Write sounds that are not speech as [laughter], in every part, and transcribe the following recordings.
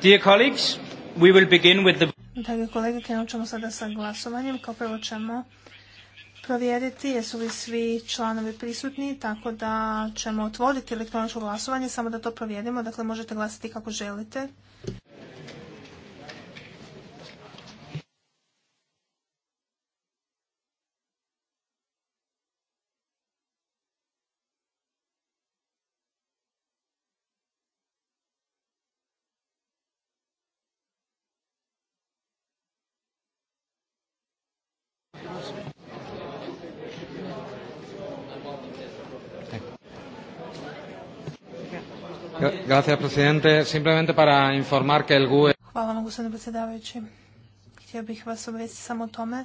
Dear colleagues, we will begin with the... Dragi kolege, krenut ćemo sada sa glasovanjem. Kao prvo ćemo provjeriti jesu li svi članovi prisutni, tako da ćemo otvoriti elektroničko glasovanje, samo da to provjerimo. Dakle, možete glasati kako želite. Gracias, presidente. Simplemente para informar que el GUE... Hvala vam, gospodine predsjedavajući. Htio bih vas obvijestiti samo o tome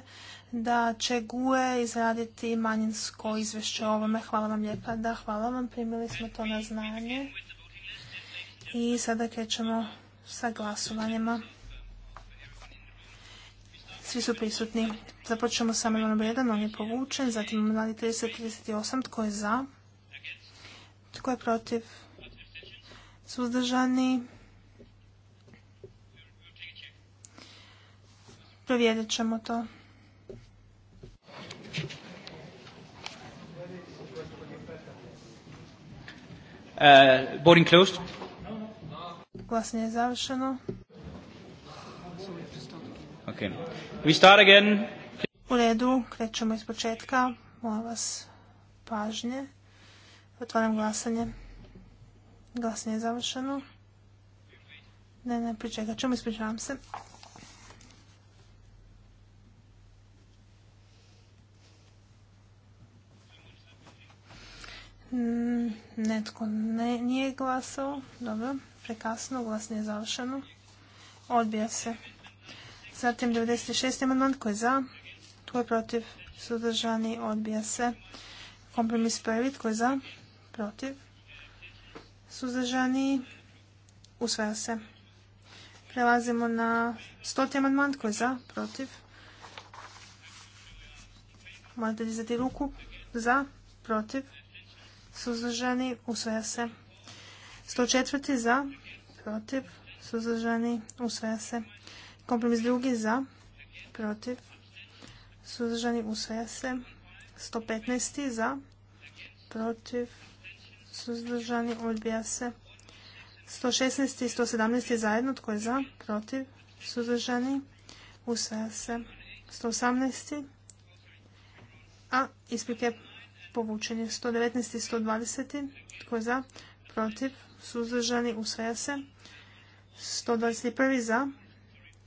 da će GUE izraditi manjinsko izvješće o ovome. Hvala vam lijepa. Da, hvala vam. Primili smo to na znanje. I sada krećemo sa glasovanjima. Svi su prisutni. Započnemo sa amandmanom jedan, on je povučen. Zatim imamo 38. Tko je za? Tko je protiv? Suzdržani. Provjerit ćemo to. Uh, glasanje je završeno. We U redu, krećemo iz početka. Molim vas pažnje. Otvaram glasanje. Glasanje je završeno. Ne, ne, pričekat ćemo, ispričavam se. Mm, netko nije glasao. Dobro, prekasno, glasanje je završeno. Odbija se. Zatim 96. amandman, tko je za? Tko je protiv? Sudržani, odbija se. Kompromis prvi, tko je za? Protiv? suzdržani, usvaja se. Prelazimo na stoti amandman, tko je za, protiv. Morate dizati ruku, za, protiv, suzdržani, usvaja se. 104. za, protiv, suzdržani, usvaja se. Kompromis drugi za, protiv, suzdržani, usvaja se. 115. za, protiv, suzdržani, odbija se. 116 i 117 zajedno, tko je za, protiv, suzdržani, usvaja se. 118. A isprike povučenje 119 i 120. Tko je za? Protiv. Suzdržani. Usvaja se. 121. za.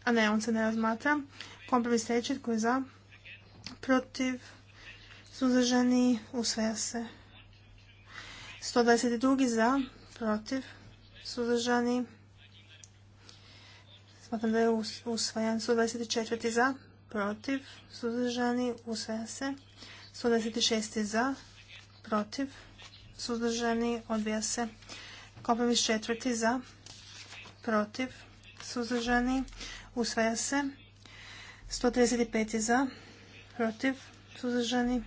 A ne, on se ne razmatra. Kompromis treći. Tko je za? Protiv. Suzdržani. Usvaja se. 122. za, protiv, suzdržani. Smatram da je usvajan. 124. za, protiv, suzdržani, usvaja se. 126. za, protiv, suzdržani, odbija se. Kompromis četvrti za, protiv, suzdržani, usvaja se. 135. za, protiv, suzdržani,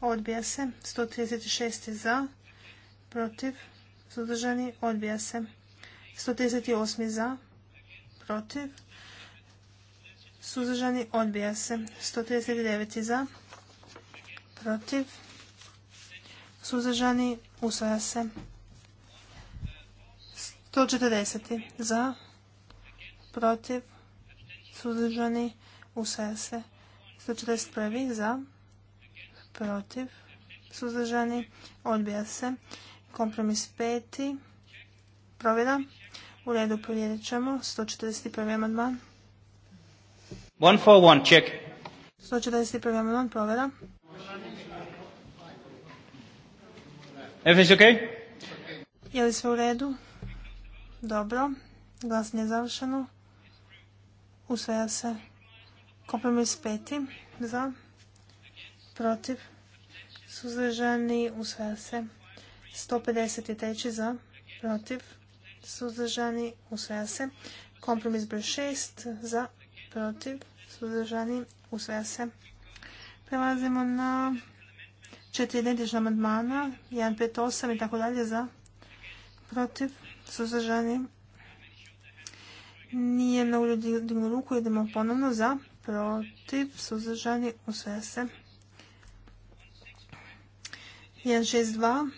odbija se. 136. za, protiv, suzdržani, odbija se. 138. za, protiv, suzdržani, odbija se. 139. za, protiv, suzdržani, usvaja se. 140. za, protiv, suzdržani, usvaja se. 141. za, protiv, suzdržani, odbija se. Kompromis peti. Provjera. U redu provjerit ćemo. 141. amandman. 141, check. 141. amandman, provjera. Everything's okay? Je li sve u redu? Dobro. Glasanje je završeno. Usvaja se. Kompromis peti. Za. Protiv. Suzdržani. Usvaja se. 153. za, protiv, suzdržani, usvaja se. Kompromis broj 6 za, protiv, suzdržani, usvaja se. Prelazimo na četiri identična amandmana, 158 i tako dalje za, protiv, suzdržani. Nije mnogo ljudi dignu ruku, idemo ponovno za, protiv, suzdržani, usvaja se. 162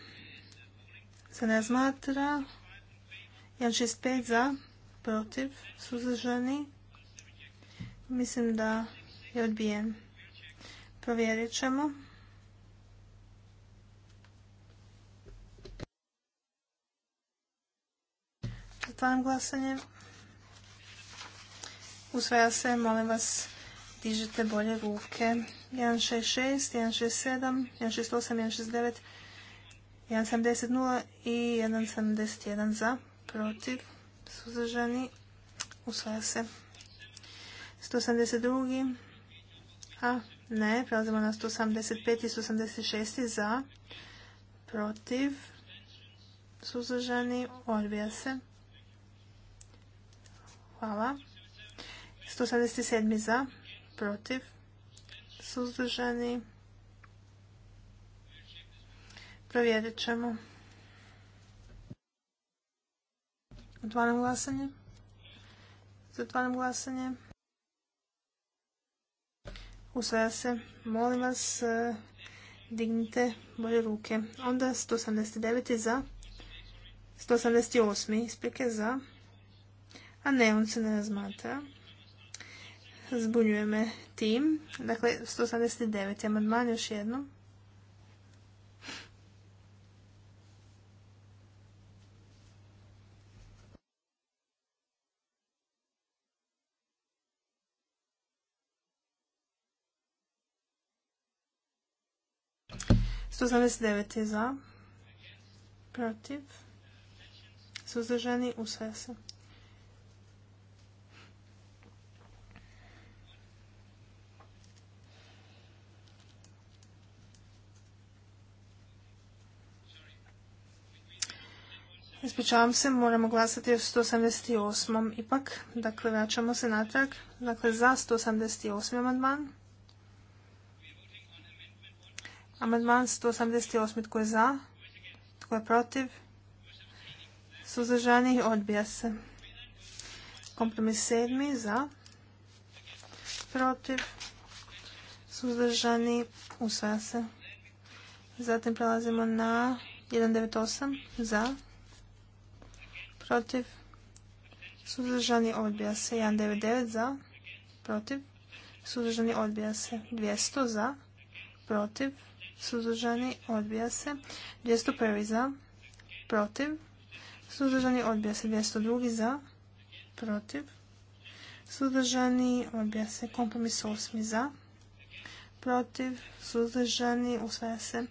se ne smatra 165 za, protiv, suzdržani. Mislim da je odbijen. Provjerit ćemo. Zatvaram glasanje. Usvaja se, molim vas, dižite bolje ruke. 166, 167, 168, 169, 1.70.0 i 1.71 za, protiv, suzdržani, usvaja se. 182. A, ne, prelazimo na 185 i 186 za, protiv, suzdržani, odbija se. Hvala. 177 za, protiv, suzdržani, odbija se. Provjerit ćemo. Otvaram glasanje. Zatvaram glasanje. Usvaja se. Molim vas, e, dignite bolje ruke. Onda 179. za. 188. isprike za. A ne, on se ne razmatra. Zbunjuje me tim. Dakle, 179. amandman još jednom. 179 je za, protiv, suzdržani, usvaja se. Ispričavam se, moramo glasati o 188. Ipak, dakle, vraćamo se natrag. Dakle, za 188. amandman. Amandman 188. Tko je za? Tko je protiv? Suzdržani odbija se. Kompromis 7. Za? Protiv? Suzdržani usvaja se. Zatim prelazimo na 198. Za? Protiv? Suzdržani odbija se. 199. Za? Protiv? Suzdržani odbija se. 200. Za? Protiv? suzdržani, odbija se. 201 za, protiv, suzdržani, odbija se. 202 za, protiv, suzdržani, odbija se. Kompromis 8 za, protiv, suzdržani, usvaja se.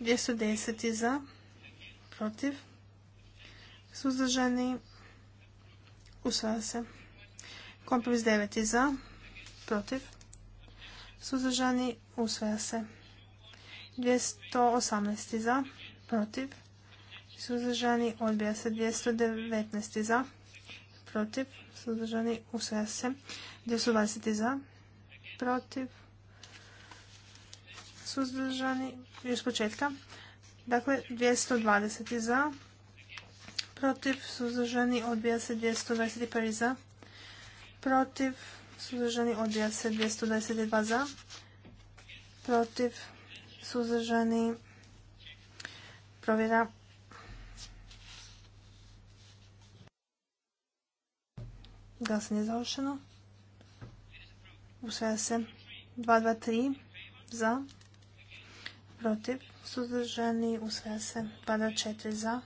210 za, protiv, suzdržani, usvaja se. Kompromis 9 za, protiv, suzdržani, usvaja se. 218. za, protiv, suzdržani, odbija se 219. za, protiv, suzdržani, usvaja se 220. za, protiv, suzdržani, još početka, dakle 220. za, protiv, suzdržani, odbija se 221. za, protiv, suzdržani, odbija se 222. za, protiv, suzdržani, provjera. Glasanje je završeno. Usvaja se 223 za, protiv, suzdržani, usvaja se 224 za,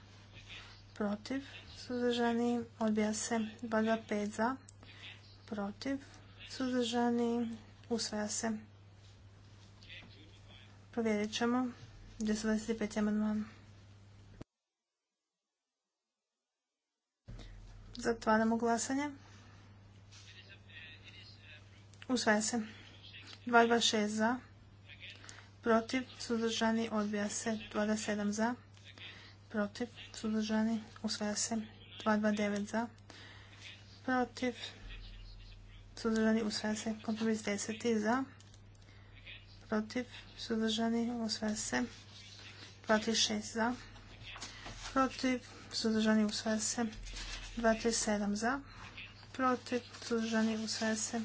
protiv, suzdržani, odbija se 225 za, protiv, suzdržani, usvaja se Provjerit ćemo. 225. amandman. Zatvaramo glasanje. Usvaja se. 226 za. Protiv. Sudržani. Odbija se. 27 za. Protiv. Sudržani. Usvaja se. 229 za. Protiv. Sudržani. Usvaja se. Kompromis 10 za protiv, suzdržani, usvaja se. 6 za, protiv, suzdržani, usvaja se. 237 za, protiv, suzdržani, usvaja se.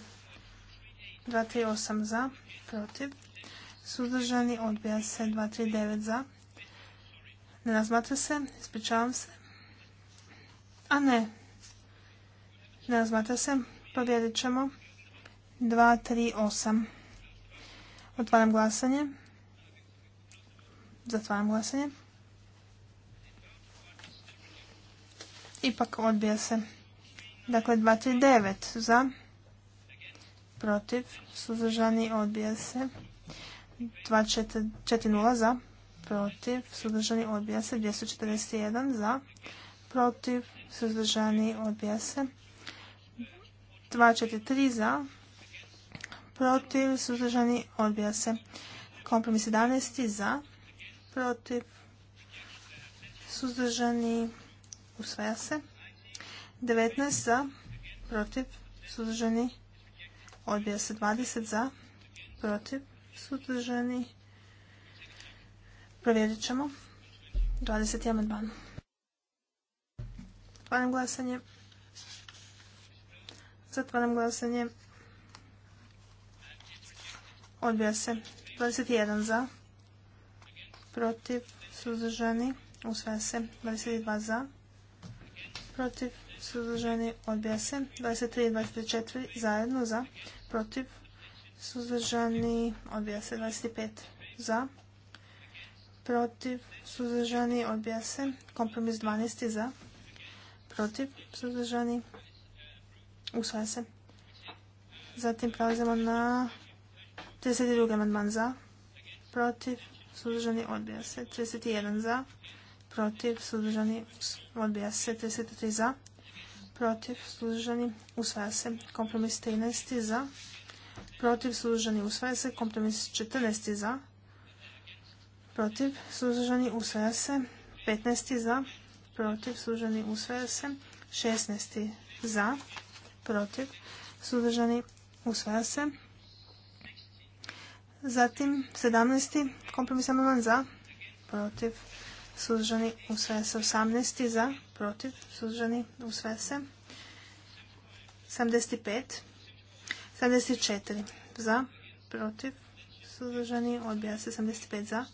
238 za, protiv, suzdržani, odbija se. 239 za, ne razmatra se, ispričavam se. A ne, ne razmatra se, provjerit ćemo. 238. Otvaram glasanje. Zatvaram glasanje. Ipak odbija se. Dakle, 239 za, protiv, suzdržani, odbija se. 240 za, protiv, suzdržani, odbija se. 241 za, protiv, suzdržani, odbija se. 243 za, protiv, suzdržani, odbija se. Kompromis 11. za, protiv, suzdržani, usvaja se. 19 za, protiv, suzdržani, odbija se. 20 za, protiv, suzdržani, provjerit ćemo. 20. amandman. Zatvaram glasanje. Zatvaram glasanje. Odbija se. 21 za. Protiv. Suzdržani. Usvaja se. 22 za. Protiv. Suzdržani. Odbija se. 23 i 24 zajedno za. Protiv. Suzdržani. Odbija se. 25 za. Protiv. Suzdržani. Odbija se. Kompromis 12 za. Protiv. Suzdržani. Usvaja se. Zatim prelazimo na 32. amandman za, protiv, suzdržani, odbija se. 31 za, protiv, suzdržani, odbija se. 33 za, protiv, suzdržani, usvaja se. Kompromis 13 za, protiv, suzdržani, usvaja se. Kompromis 14 za, protiv, suzdržani, usvaja se. 15 za, protiv, suzdržani, usvaja se. 16 za, protiv, suzdržani, usvaja se. Zatim 17. kompromis amandman za, protiv, suzdržani, u se. 18. za, protiv, suzdržani, sve se. 75. 74. za, protiv, suzdržani, odbija se. 75 za,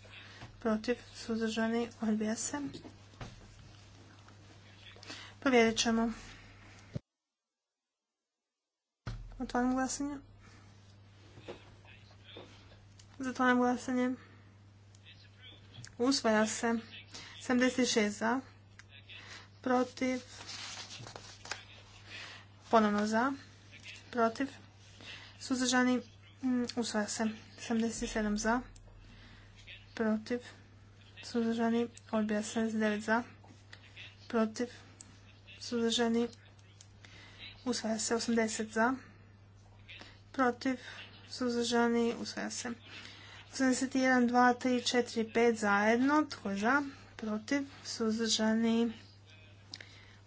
protiv, suzdržani, odbija se. Provjerit ćemo. Otvaram glasanje. Zatvaram glasanje. Usvaja se. 76 za. Protiv. Ponovno za. Protiv. Suzdržani. Mm, usvaja se. 77 za. Protiv. Suzdržani. Odbija se. 9 za. Protiv. Suzdržani. Usvaja se. 80 za. Protiv suzdržani, usvaja se. 81, 2, 3, 4, 5 zajedno, tko je za, protiv, suzdržani,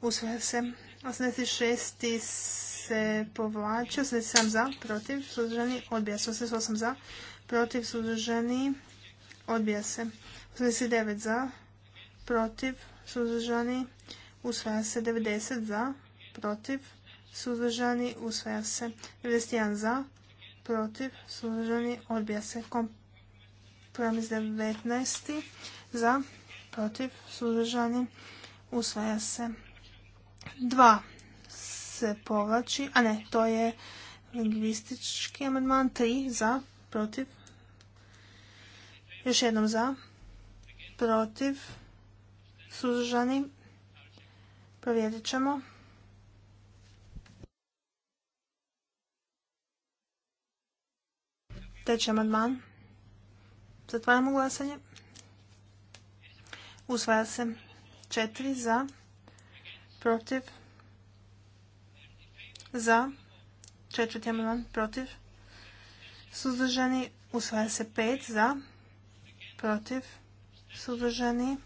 usvaja se. 86 se povlači, 87 za, protiv, suzdržani, odbija se. 88 za, protiv, suzdržani, odbija se. 89 za, protiv, suzdržani, usvaja se. 90 za, protiv, suzdržani, usvaja se. 91 za, protiv, suzdržani, odbija se. Kompromis 19. za, protiv, suzdržani, usvaja se. 2 se povlači, a ne, to je lingvistički amandman. 3 za, protiv, još jednom za, protiv, suzdržani, provjerit ćemo. Treći amandman. Zatvaramo glasanje. Usvaja se. Četiri za. Protiv. Za. Četvrti amandman. Protiv. Suzdržani. Usvaja se pet za. Protiv. Suzdržani.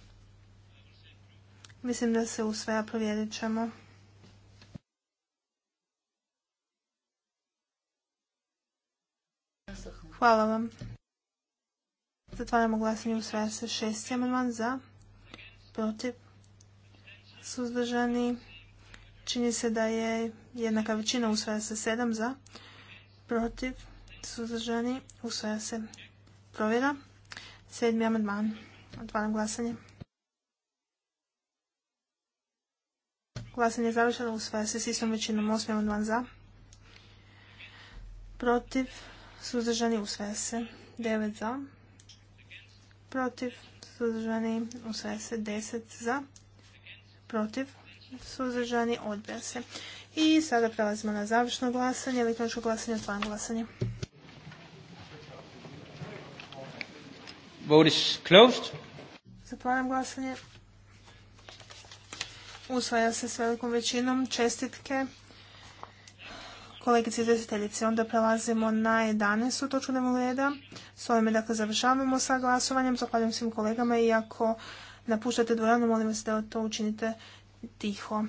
Mislim da se usvaja. Provjerit ćemo. Hvala vam. Zatvaramo glasanje u sve se šesti amandman za, protiv, suzdržani. Čini se da je jednaka većina usvaja se sedam za, protiv, suzdržani, usvaja se provjera. Sedmi amandman. Otvaram glasanje. Glasanje je završeno, usvaja se s istom većinom. Osmi amandman za, protiv, suzdržani, usvaja se. 9 za, protiv, suzdržani, usvaja se. 10 za, protiv, suzdržani, odbija se. I sada prelazimo na završno glasanje, elektroničko glasanje, otvaram glasanje. Vote is closed. Zatvaram glasanje. Usvaja se s velikom većinom čestitke kolegice izvjestiteljice. Onda prelazimo na 11. točku dnevnog reda. S ovime dakle završavamo sa glasovanjem. Zahvaljujem svim kolegama i ako napuštate dvoranu, molim vas da to učinite tiho.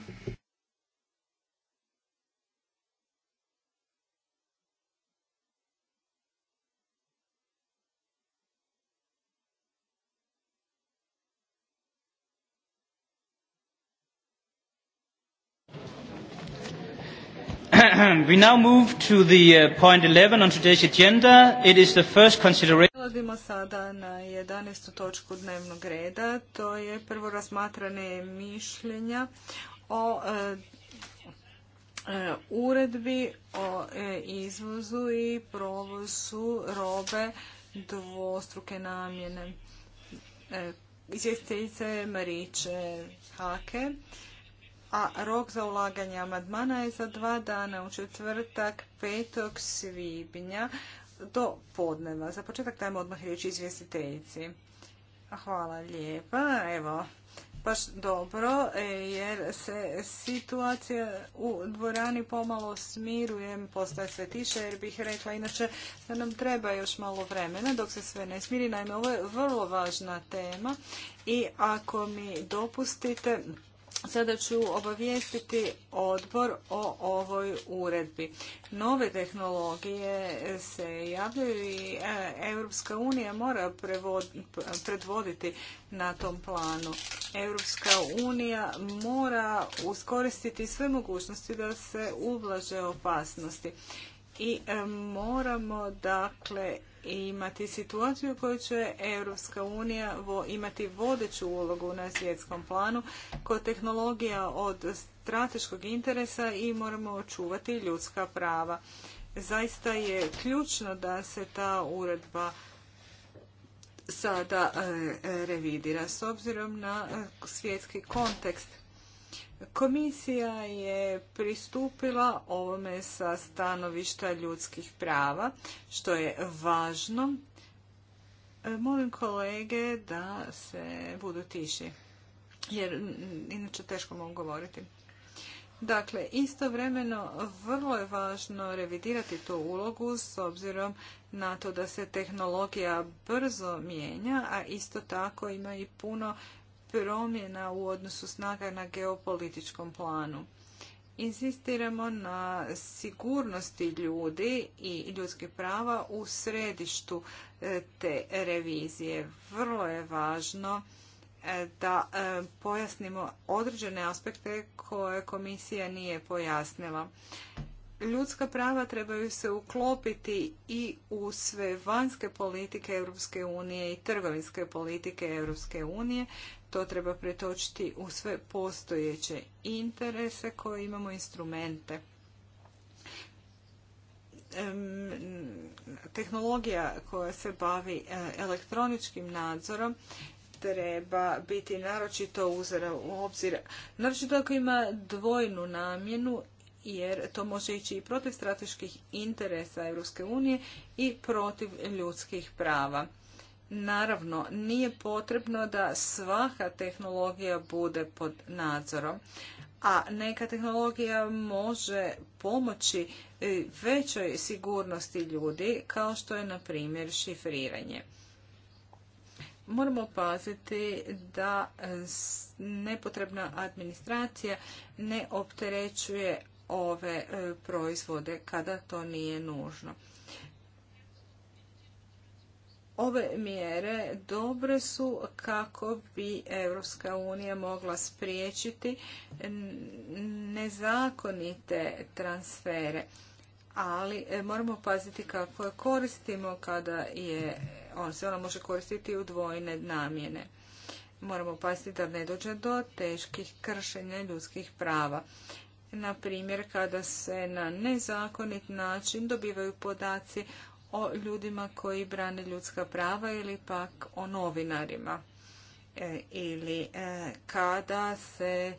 [clears throat] We now move to the uh, point 11 on today's agenda. It is the first consideration. Prelazimo sada na 11. točku dnevnog reda. To je prvo razmatranje mišljenja o e, e, uredbi o e, izvozu i provozu robe dvostruke namjene. Izvjestiteljica je Mariće Hake a rok za ulaganje amadmana je za dva dana u četvrtak 5. svibnja do podneva. Za početak dajmo odmah riječ izvjestiteljici. Hvala lijepa. Evo, baš dobro e, jer se situacija u dvorani pomalo smiruje, postaje sve tiše jer bih rekla inače da nam treba još malo vremena dok se sve ne smiri. Naime, ovo je vrlo važna tema i ako mi dopustite Sada ću obavijestiti odbor o ovoj uredbi. Nove tehnologije se javljaju i e, Europska unija mora predvoditi na tom planu. Europska unija mora uskoristiti sve mogućnosti da se ublaže opasnosti. I e, moramo dakle imati situaciju u kojoj će Europska unija imati vodeću ulogu na svjetskom planu kod tehnologija od strateškog interesa i moramo očuvati ljudska prava. Zaista je ključno da se ta uredba sada e, revidira s obzirom na e, svjetski kontekst Komisija je pristupila ovome sa stanovišta ljudskih prava, što je važno. Molim kolege da se budu tiši, jer inače teško mogu govoriti. Dakle, istovremeno vrlo je važno revidirati tu ulogu s obzirom na to da se tehnologija brzo mijenja, a isto tako ima i puno promjena u odnosu snaga na geopolitičkom planu. Insistiramo na sigurnosti ljudi i ljudskih prava u središtu e, te revizije. Vrlo je važno e, da e, pojasnimo određene aspekte koje komisija nije pojasnila. Ljudska prava trebaju se uklopiti i u sve vanjske politike Europske unije i trgovinske politike Europske unije to treba pretočiti u sve postojeće interese koje imamo instrumente. Tehnologija koja se bavi e, elektroničkim nadzorom treba biti naročito uzera u obzir, naročito ako ima dvojnu namjenu jer to može ići i protiv strateških interesa Europske unije i protiv ljudskih prava. Naravno, nije potrebno da svaka tehnologija bude pod nadzorom, a neka tehnologija može pomoći e, većoj sigurnosti ljudi, kao što je, na primjer, šifriranje. Moramo paziti da nepotrebna administracija ne opterećuje ove e, proizvode kada to nije nužno. Ove mjere dobre su kako bi Europska unija mogla spriječiti nezakonite transfere, ali e, moramo paziti kako je koristimo kada je, on se ona može koristiti u dvojne namjene. Moramo paziti da ne dođe do teških kršenja ljudskih prava. Na primjer, kada se na nezakonit način dobivaju podaci o ljudima koji brane ljudska prava ili pak o novinarima e, ili e, kada se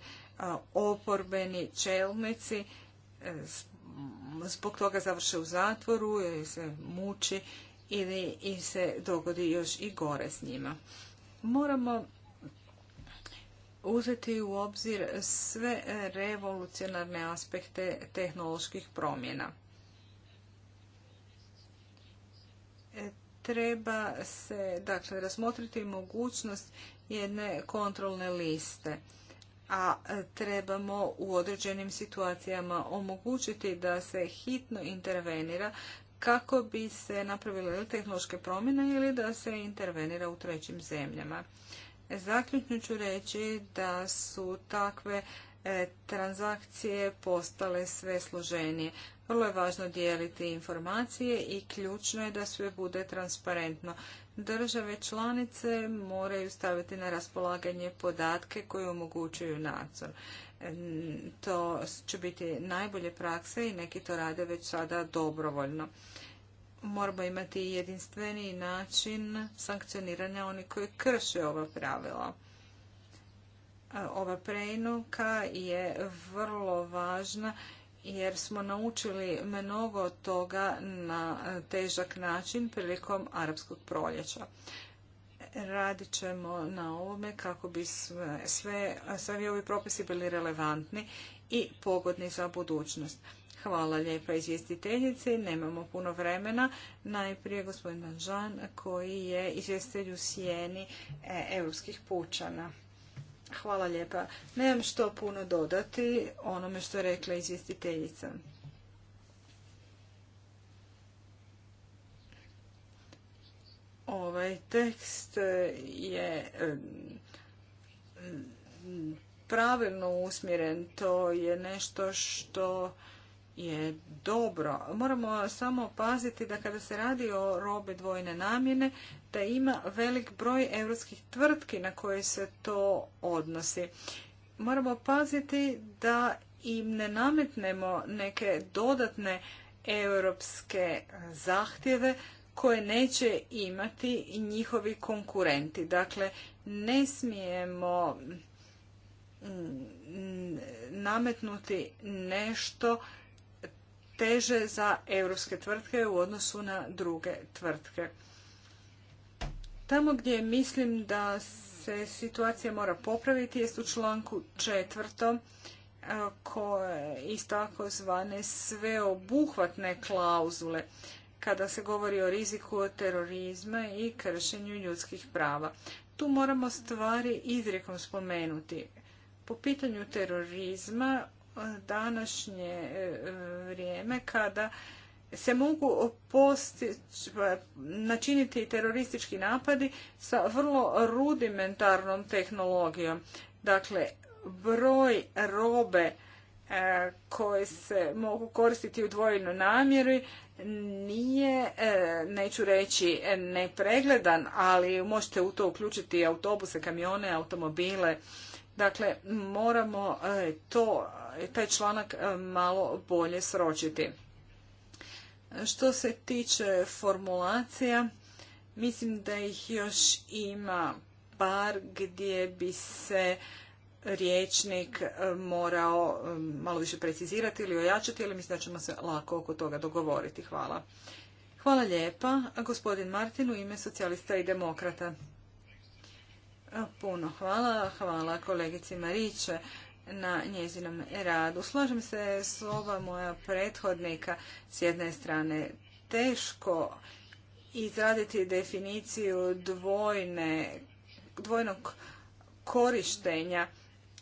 oporbeni čelnici e, zbog toga završe u zatvoru ili se muči ili se dogodi još i gore s njima. Moramo uzeti u obzir sve revolucionarne aspekte tehnoloških promjena. treba se dakle, razmotriti mogućnost jedne kontrolne liste a trebamo u određenim situacijama omogućiti da se hitno intervenira kako bi se napravile tehnološke promjene ili da se intervenira u trećim zemljama. Zaključno ću reći da su takve E, transakcije postale sve složenije. Vrlo je važno dijeliti informacije i ključno je da sve bude transparentno. Države članice moraju staviti na raspolaganje podatke koje omogućuju nadzor. E, to će biti najbolje prakse i neki to rade već sada dobrovoljno. Moramo imati jedinstveni način sankcioniranja onih koji krše ova pravila. Ova prejnuka je vrlo važna jer smo naučili mnogo toga na težak način prilikom arapskog proljeća. Radit ćemo na ovome kako bi sve, svi ovi propisi bili relevantni i pogodni za budućnost. Hvala lijepa izvjestiteljici, nemamo puno vremena. Najprije gospodin Žan koji je izvjestitelj u sjeni e, europskih pučana. Hvala lijepa. Nemam što puno dodati onome što je rekla izvjestiteljica. Ovaj tekst je pravilno usmjeren, to je nešto što je dobro. Moramo samo paziti da kada se radi o robe dvojne namjene, da ima velik broj europskih tvrtki na koje se to odnosi. Moramo paziti da im ne nametnemo neke dodatne europske zahtjeve koje neće imati njihovi konkurenti. Dakle, ne smijemo mm, nametnuti nešto teže za europske tvrtke u odnosu na druge tvrtke. Tamo gdje mislim da se situacija mora popraviti jest u članku četvrtom e, koje iz takozvane sveobuhvatne klauzule kada se govori o riziku od terorizma i kršenju ljudskih prava. Tu moramo stvari izrijekom spomenuti. Po pitanju terorizma e, današnje e, vrijeme kada se mogu načiniti teroristički napadi sa vrlo rudimentarnom tehnologijom. Dakle, broj robe e, koje se mogu koristiti u dvojnoj namjeri nije, e, neću reći nepregledan, ali možete u to uključiti autobuse, kamione, automobile. Dakle, moramo e, to, taj članak malo bolje sročiti. Što se tiče formulacija, mislim da ih još ima par gdje bi se riječnik e, morao e, malo više precizirati ili ojačati, ali mislim da ćemo se lako oko toga dogovoriti. Hvala. Hvala lijepa, gospodin Martin, u ime socijalista i demokrata. E, puno hvala, hvala kolegici Mariće na njezinom radu. Slažem se s ova moja prethodnika. S jedne strane teško izraditi definiciju dvojnog korištenja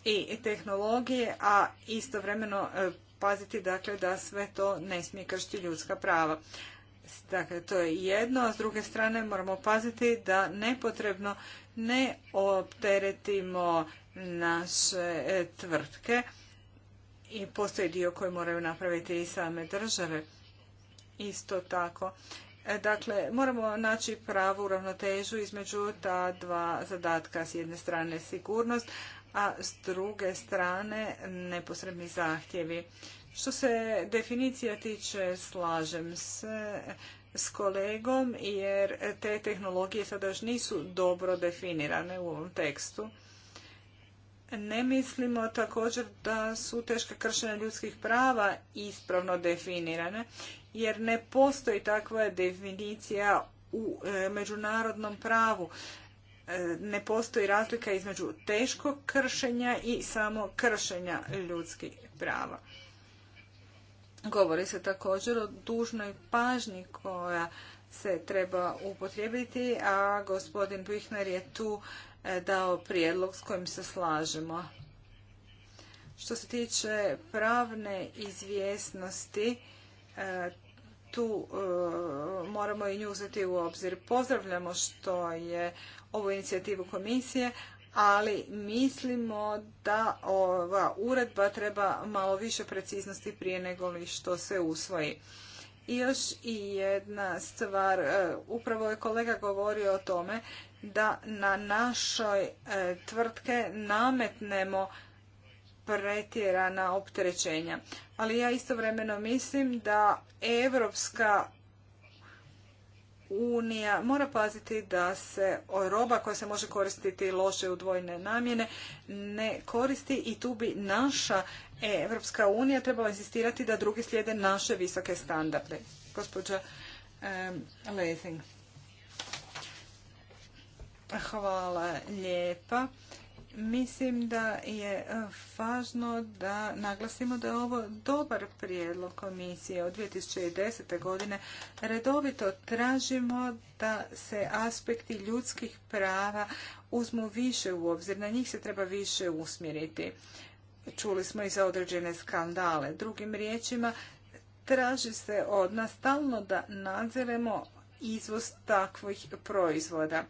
i tehnologije, a istovremeno e, paziti dakle da sve to ne smije kršiti ljudska prava. Dakle, to je jedno, a s druge strane moramo paziti da nepotrebno ne opteretimo naše e, tvrtke i postoji dio koji moraju napraviti i same države. Isto tako. E, dakle, moramo naći pravu ravnotežu između ta dva zadatka. S jedne strane sigurnost, a s druge strane neposredni zahtjevi. Što se definicija tiče, slažem se s kolegom jer te tehnologije sada još nisu dobro definirane u ovom tekstu ne mislimo također da su teška kršenja ljudskih prava ispravno definirane, jer ne postoji takva definicija u e, međunarodnom pravu. E, ne postoji razlika između teškog kršenja i samo kršenja ljudskih prava. Govori se također o dužnoj pažnji koja se treba upotrijebiti, a gospodin Bihner je tu E, dao prijedlog s kojim se slažemo. Što se tiče pravne izvjesnosti, e, tu e, moramo i nju uzeti u obzir. Pozdravljamo što je ovu inicijativu komisije, ali mislimo da ova uredba treba malo više preciznosti prije nego li što se usvoji. I još i jedna stvar, upravo je kolega govorio o tome da na našoj e, tvrtke nametnemo pretjerana opterećenja. Ali ja istovremeno mislim da Evropska Unija mora paziti da se roba koja se može koristiti loše u dvojne namjene ne koristi i tu bi naša Evropska unija trebala insistirati da drugi slijede naše visoke standarde. Gospođa um, Hvala lijepa. Mislim da je važno da naglasimo da je ovo dobar prijedlog komisije. Od 2010. godine redovito tražimo da se aspekti ljudskih prava uzmu više u obzir. Na njih se treba više usmjeriti. Čuli smo i za određene skandale. Drugim riječima, traži se od nas stalno da nadziremo izvoz takvih proizvoda.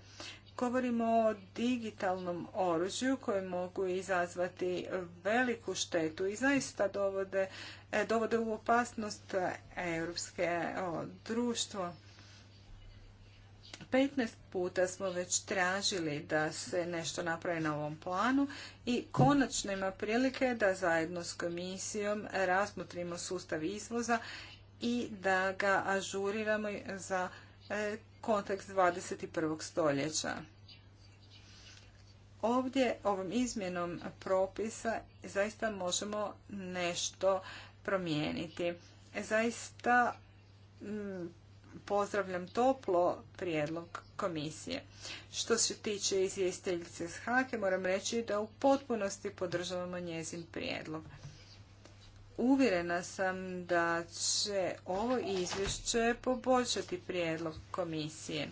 Govorimo o digitalnom oružju koje mogu izazvati veliku štetu i zaista dovode, e, dovode u opasnost europske društvo. 15 puta smo već tražili da se nešto napravi na ovom planu i konačno ima prilike da zajedno s komisijom razmotrimo sustav izvoza i da ga ažuriramo za e, kontekst 21. stoljeća. Ovdje ovom izmjenom propisa zaista možemo nešto promijeniti. Zaista mm, pozdravljam toplo prijedlog komisije. Što se tiče izvjestiteljice s Hake, moram reći da u potpunosti podržavamo njezin prijedlog uvjerena sam da će ovo izvješće poboljšati prijedlog komisije.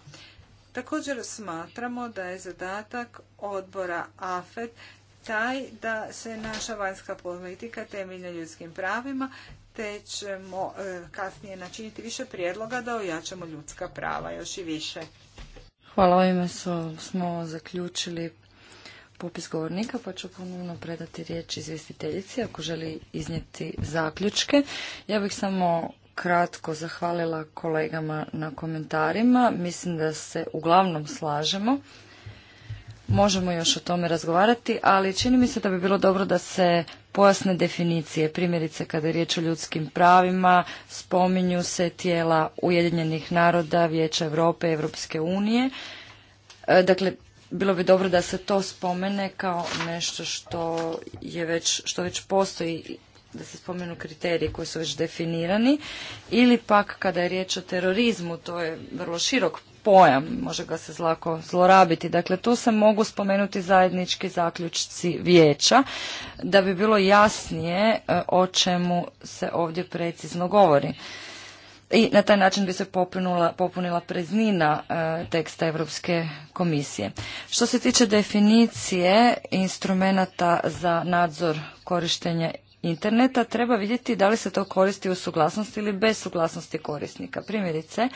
Također smatramo da je zadatak odbora AFET taj da se naša vanjska politika temelji na ljudskim pravima, te ćemo e, kasnije načiniti više prijedloga da ojačamo ljudska prava još i više. Hvala, ovime smo zaključili popis govornika, pa ću ponovno predati riječ izvjestiteljici ako želi iznijeti zaključke. Ja bih samo kratko zahvalila kolegama na komentarima. Mislim da se uglavnom slažemo. Možemo još o tome razgovarati, ali čini mi se da bi bilo dobro da se pojasne definicije. Primjerice kada je riječ o ljudskim pravima, spominju se tijela Ujedinjenih naroda, Vijeća Europe, Europske unije. E, dakle, bilo bi dobro da se to spomene kao nešto što je već, što već postoji da se spomenu kriteriji koji su već definirani ili pak kada je riječ o terorizmu, to je vrlo širok pojam, može ga se zlako zlorabiti. Dakle, tu se mogu spomenuti zajednički zaključci vijeća da bi bilo jasnije e, o čemu se ovdje precizno govori i na taj način bi se popunila preznina e, teksta Europske komisije. Što se tiče definicije instrumenta za nadzor korištenja interneta, treba vidjeti da li se to koristi u suglasnosti ili bez suglasnosti korisnika. Primjerice,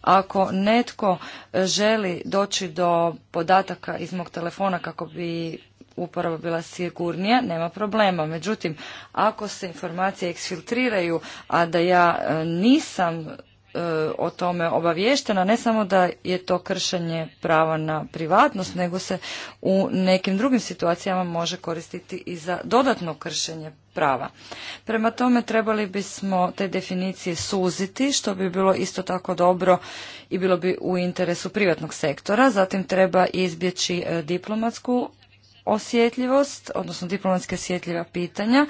ako netko želi doći do podataka iz mog telefona kako bi uporaba bila sigurnija, nema problema. Međutim, ako se informacije eksfiltriraju, a da ja e, nisam e, o tome obavještena, ne samo da je to kršenje prava na privatnost, nego se u nekim drugim situacijama može koristiti i za dodatno kršenje prava. Prema tome trebali bismo te definicije suziti, što bi bilo isto tako dobro i bilo bi u interesu privatnog sektora. Zatim treba izbjeći e, diplomatsku osjetljivost, odnosno diplomatske osjetljiva pitanja,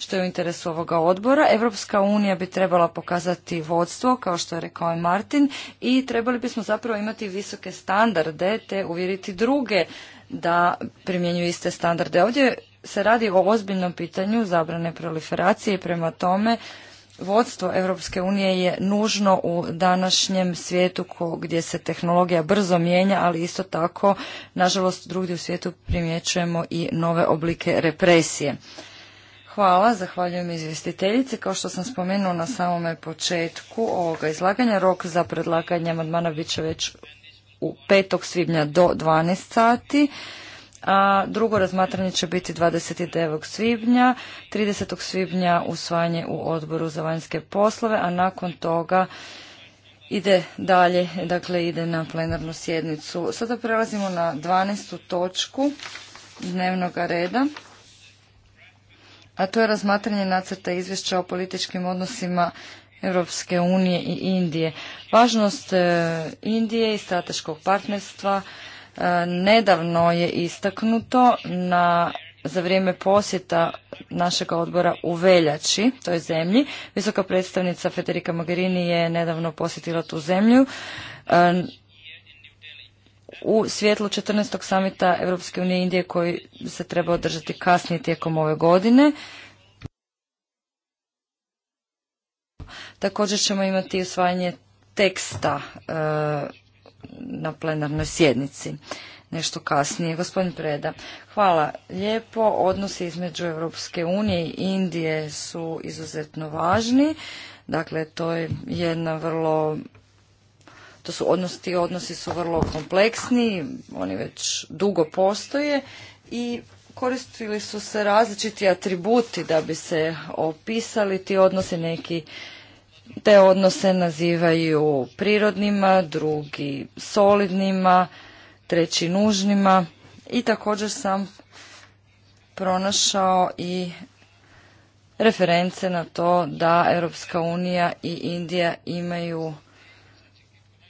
što je u interesu ovoga odbora. Evropska unija bi trebala pokazati vodstvo, kao što je rekao i Martin, i trebali bismo zapravo imati visoke standarde te uvjeriti druge da primjenjuju iste standarde. Ovdje se radi o ozbiljnom pitanju zabrane proliferacije i prema tome vodstvo Europske unije je nužno u današnjem svijetu gdje se tehnologija brzo mijenja, ali isto tako, nažalost, drugdje u svijetu primjećujemo i nove oblike represije. Hvala, zahvaljujem izvjestiteljice, Kao što sam spomenula na samome početku ovoga izlaganja, rok za predlaganje amandmana bit će već u 5. svibnja do 12 sati a drugo razmatranje će biti 29. svibnja, 30. svibnja usvajanje u odboru za vanjske poslove, a nakon toga ide dalje, dakle ide na plenarnu sjednicu. Sada prelazimo na 12. točku dnevnog reda, a to je razmatranje nacrta izvješća o političkim odnosima Europske unije i Indije. Važnost e, Indije i strateškog partnerstva E, nedavno je istaknuto na za vrijeme posjeta našeg odbora u Veljači, toj zemlji. Visoka predstavnica Federica Mogherini je nedavno posjetila tu zemlju e, u svjetlu 14. samita Europske unije Indije koji se treba održati kasnije tijekom ove godine. Također ćemo imati usvajanje teksta e, na plenarnoj sjednici nešto kasnije. Gospodin Preda, hvala lijepo. Odnosi između Europske unije i Indije su izuzetno važni. Dakle, to je jedna vrlo to su odnosi, odnosi su vrlo kompleksni, oni već dugo postoje i koristili su se različiti atributi da bi se opisali ti odnosi neki te odnose nazivaju prirodnima, drugi solidnima, treći nužnima i također sam pronašao i reference na to da Europska unija i Indija imaju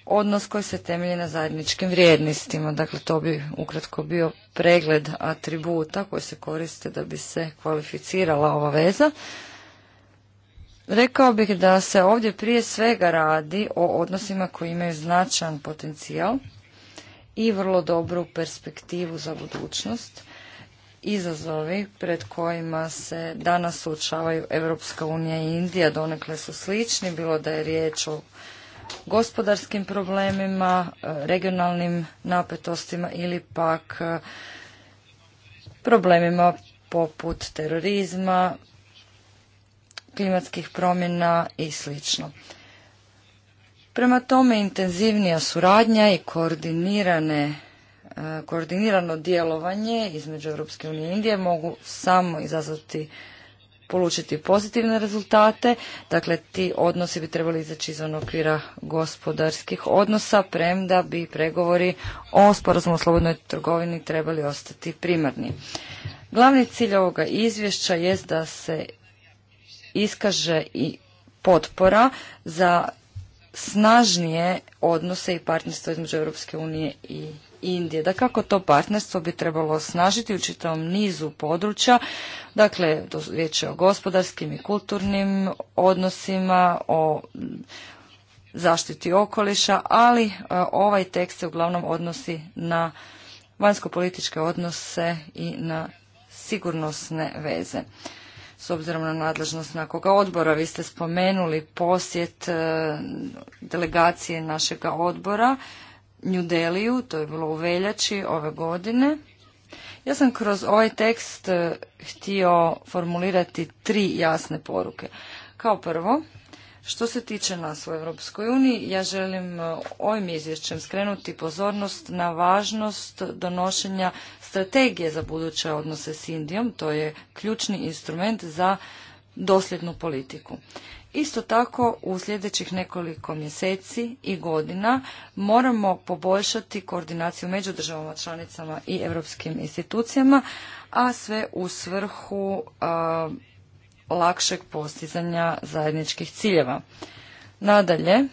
odnos koji se temelji na zajedničkim vrijednostima. Dakle, to bi ukratko bio pregled atributa koji se koriste da bi se kvalificirala ova veza. Rekao bih da se ovdje prije svega radi o odnosima koji imaju značajan potencijal i vrlo dobru perspektivu za budućnost. Izazovi pred kojima se danas suočavaju Europska unija i Indija donekle su slični, bilo da je riječ o gospodarskim problemima, regionalnim napetostima ili pak problemima poput terorizma, klimatskih promjena i sl. Prema tome intenzivnija suradnja i koordinirane e, koordinirano djelovanje između Europske unije i Indije mogu samo izazvati polučiti pozitivne rezultate. Dakle, ti odnosi bi trebali izaći izvan okvira gospodarskih odnosa, premda bi pregovori o sporazumu o slobodnoj trgovini trebali ostati primarni. Glavni cilj ovoga izvješća jest da se iskaže i potpora za snažnije odnose i partnerstvo između Europske unije i Indije. Da kako to partnerstvo bi trebalo snažiti u čitavom nizu područja, dakle, riječ je o gospodarskim i kulturnim odnosima, o zaštiti okoliša, ali e, ovaj tekst se uglavnom odnosi na vanjskopolitičke odnose i na sigurnosne veze s obzirom na nadležnost koga odbora. Vi ste spomenuli posjet e, delegacije našega odbora New Deliju, to je bilo u veljači ove godine. Ja sam kroz ovaj tekst e, htio formulirati tri jasne poruke. Kao prvo, što se tiče nas u Europskoj uniji, ja želim e, ovim izvješćem skrenuti pozornost na važnost donošenja strategije za buduće odnose s Indijom, to je ključni instrument za dosljednu politiku. Isto tako u sljedećih nekoliko mjeseci i godina moramo poboljšati koordinaciju među državama članicama i europskim institucijama, a sve u svrhu lakšeg postizanja zajedničkih ciljeva. Nadalje,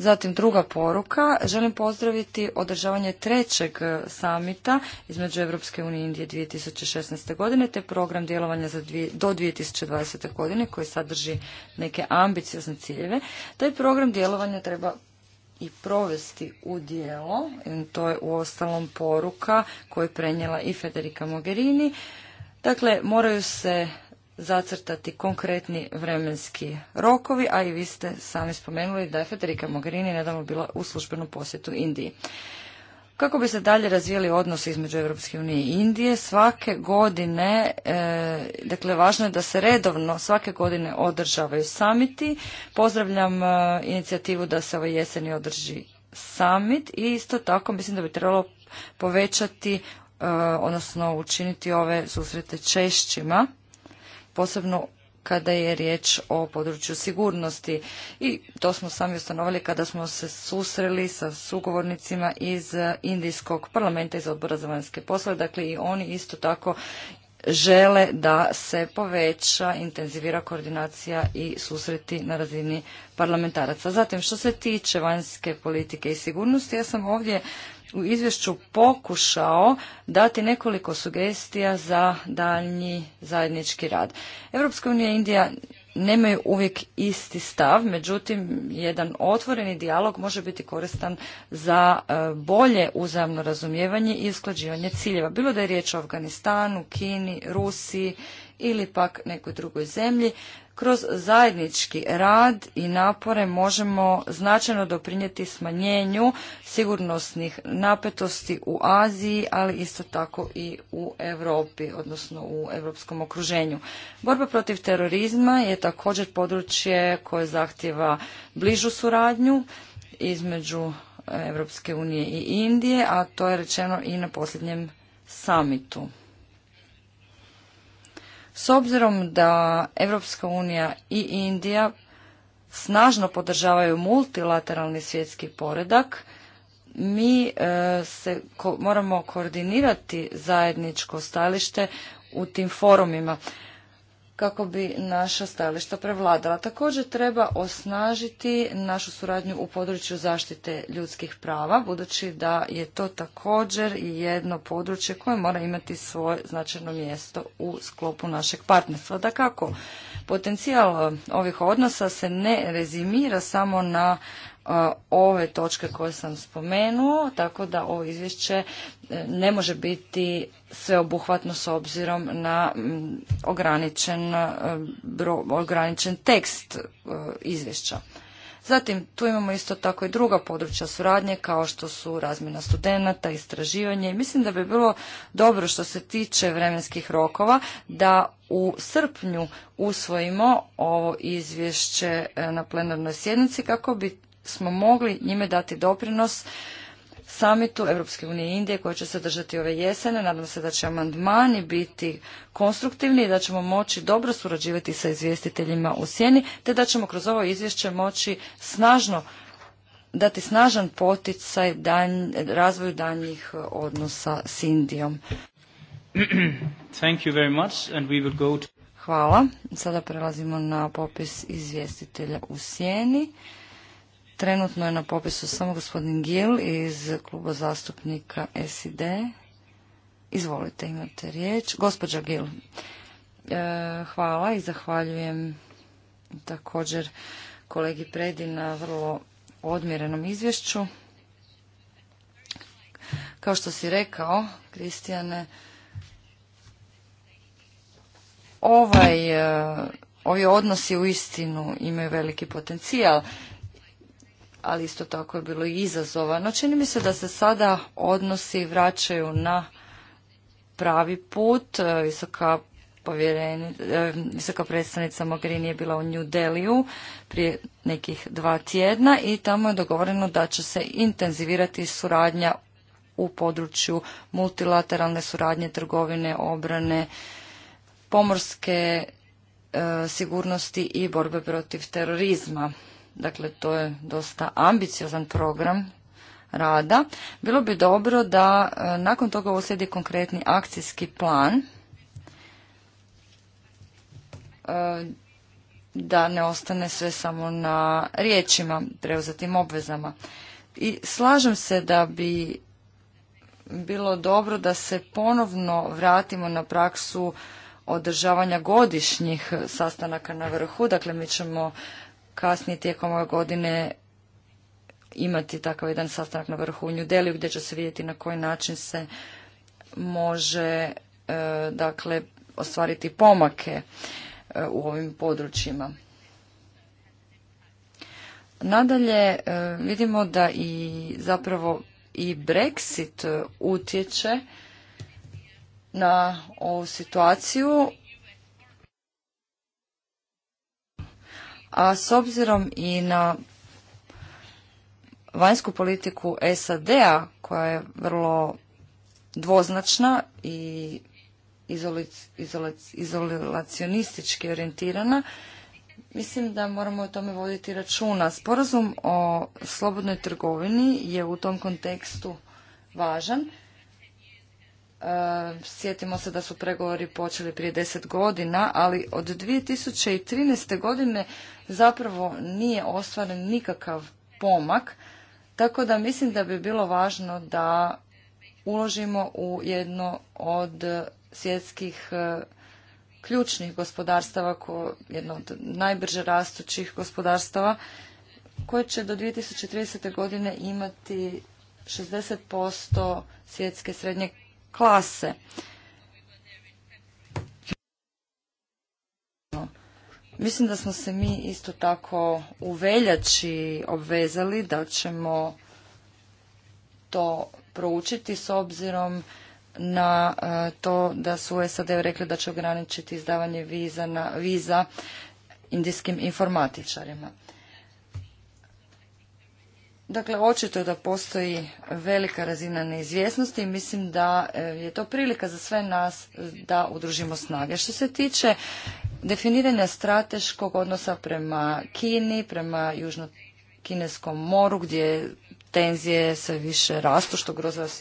Zatim druga poruka, želim pozdraviti održavanje trećeg e, samita između Europske unije i Indije 2016. godine te program djelovanja za dvije, do 2020. godine koji sadrži neke ambiciozne ciljeve. Taj program djelovanja treba i provesti u dijelo, to je u ostalom poruka koju je prenijela i Federica Mogherini. Dakle, moraju se zacrtati konkretni vremenski rokovi, a i vi ste sami spomenuli da je Federica Mogherini nedavno bila u službenom posjetu Indiji. Kako bi se dalje razvijeli odnosi između Europske unije i Indije, svake godine, e, dakle važno je da se redovno svake godine održavaju samiti. Pozdravljam e, inicijativu da se ovo jeseni održi summit i isto tako mislim da bi trebalo povećati, e, odnosno učiniti ove susrete češćima posebno kada je riječ o području sigurnosti. I to smo sami ustanovili kada smo se susreli sa sugovornicima iz Indijskog parlamenta iz odbora za vanjske poslove. Dakle, i oni isto tako žele da se poveća, intenzivira koordinacija i susreti na razini parlamentaraca. Zatim, što se tiče vanjske politike i sigurnosti, ja sam ovdje u izvješću pokušao dati nekoliko sugestija za daljnji zajednički rad. Europska unija i Indija nemaju uvijek isti stav, međutim jedan otvoreni dijalog može biti koristan za e, bolje uzajamno razumijevanje i usklađivanje ciljeva. Bilo da je riječ o Afganistanu, Kini, Rusiji ili pak nekoj drugoj zemlji, kroz zajednički rad i napore možemo značajno doprinijeti smanjenju sigurnosnih napetosti u Aziji, ali isto tako i u Europi, odnosno u europskom okruženju. Borba protiv terorizma je također područje koje zahtjeva bližu suradnju između Europske unije i Indije, a to je rečeno i na posljednjem samitu. S obzirom da Europska unija i Indija snažno podržavaju multilateralni svjetski poredak, mi e, se moramo koordinirati zajedničko stajalište u tim forumima kako bi naša stajališta prevladala. Također treba osnažiti našu suradnju u području zaštite ljudskih prava, budući da je to također jedno područje koje mora imati svoje značajno mjesto u sklopu našeg partnerstva. Da kako potencijal ovih odnosa se ne rezimira samo na ove točke koje sam spomenuo, tako da ovo izvješće e, ne može biti sveobuhvatno s obzirom na ograničen, e, ograničen tekst e, izvješća. Zatim, tu imamo isto tako i druga područja suradnje, kao što su razmjena studenata, istraživanje. Mislim da bi bilo dobro što se tiče vremenskih rokova da u srpnju usvojimo ovo izvješće na plenarnoj sjednici kako bi smo mogli njime dati doprinos samitu Europske unije i Indije koji će se držati ove jesene. Nadam se da će amandmani biti konstruktivni i da ćemo moći dobro surađivati sa izvjestiteljima u sjeni, te da ćemo kroz ovo izvješće moći snažno dati snažan poticaj razvoju danjih odnosa s Indijom. [clears throat] Thank Hvala. Sada prelazimo na popis izvjestitelja u sjeni. Trenutno je na popisu samo gospodin Gil iz kluba zastupnika SID. Izvolite, imate riječ. Gospođa Gil, e, hvala i zahvaljujem također kolegi Predi na vrlo odmjerenom izvješću. Kao što si rekao, Kristijane, ovaj, e, ovi odnosi u istinu imaju veliki potencijal ali isto tako je bilo i izazova. No čini mi se da se sada odnosi vraćaju na pravi put. E, visoka e, visoka predstavnica Mogherini je bila u New Deliju prije nekih dva tjedna i tamo je dogovoreno da će se intenzivirati suradnja u području multilateralne suradnje, trgovine, obrane, pomorske e, sigurnosti i borbe protiv terorizma. Dakle, to je dosta ambiciozan program rada. Bilo bi dobro da e, nakon toga uslijedi konkretni akcijski plan e, da ne ostane sve samo na riječima, preuzetim obvezama. I slažem se da bi bilo dobro da se ponovno vratimo na praksu održavanja godišnjih sastanaka na vrhu. Dakle, mi ćemo kasnije tijekom ove godine imati takav jedan sastanak na vrhu u New gdje će se vidjeti na koji način se može e, dakle ostvariti pomake e, u ovim područjima. Nadalje e, vidimo da i zapravo i Brexit utječe na ovu situaciju a s obzirom i na vanjsku politiku SAD-a koja je vrlo dvoznačna i izolacionistički orijentirana, mislim da moramo o tome voditi računa. Sporazum o slobodnoj trgovini je u tom kontekstu važan E, sjetimo se da su pregovori počeli prije deset godina, ali od 2013. godine zapravo nije ostvaren nikakav pomak, tako da mislim da bi bilo važno da uložimo u jedno od svjetskih e, ključnih gospodarstava, jedno od najbrže rastućih gospodarstava, koje će do 2030. godine imati 60% svjetske srednje klase. Mislim da smo se mi isto tako u veljači obvezali da ćemo to proučiti s obzirom na e, to da su SAD rekli da će ograničiti izdavanje viza, na, viza indijskim informatičarima. Dakle, očito da postoji velika razina neizvjesnosti i mislim da e, je to prilika za sve nas e, da udružimo snage. Što se tiče definiranja strateškog odnosa prema Kini, prema Južno-Kineskom moru, gdje je tenzije sve više rastu što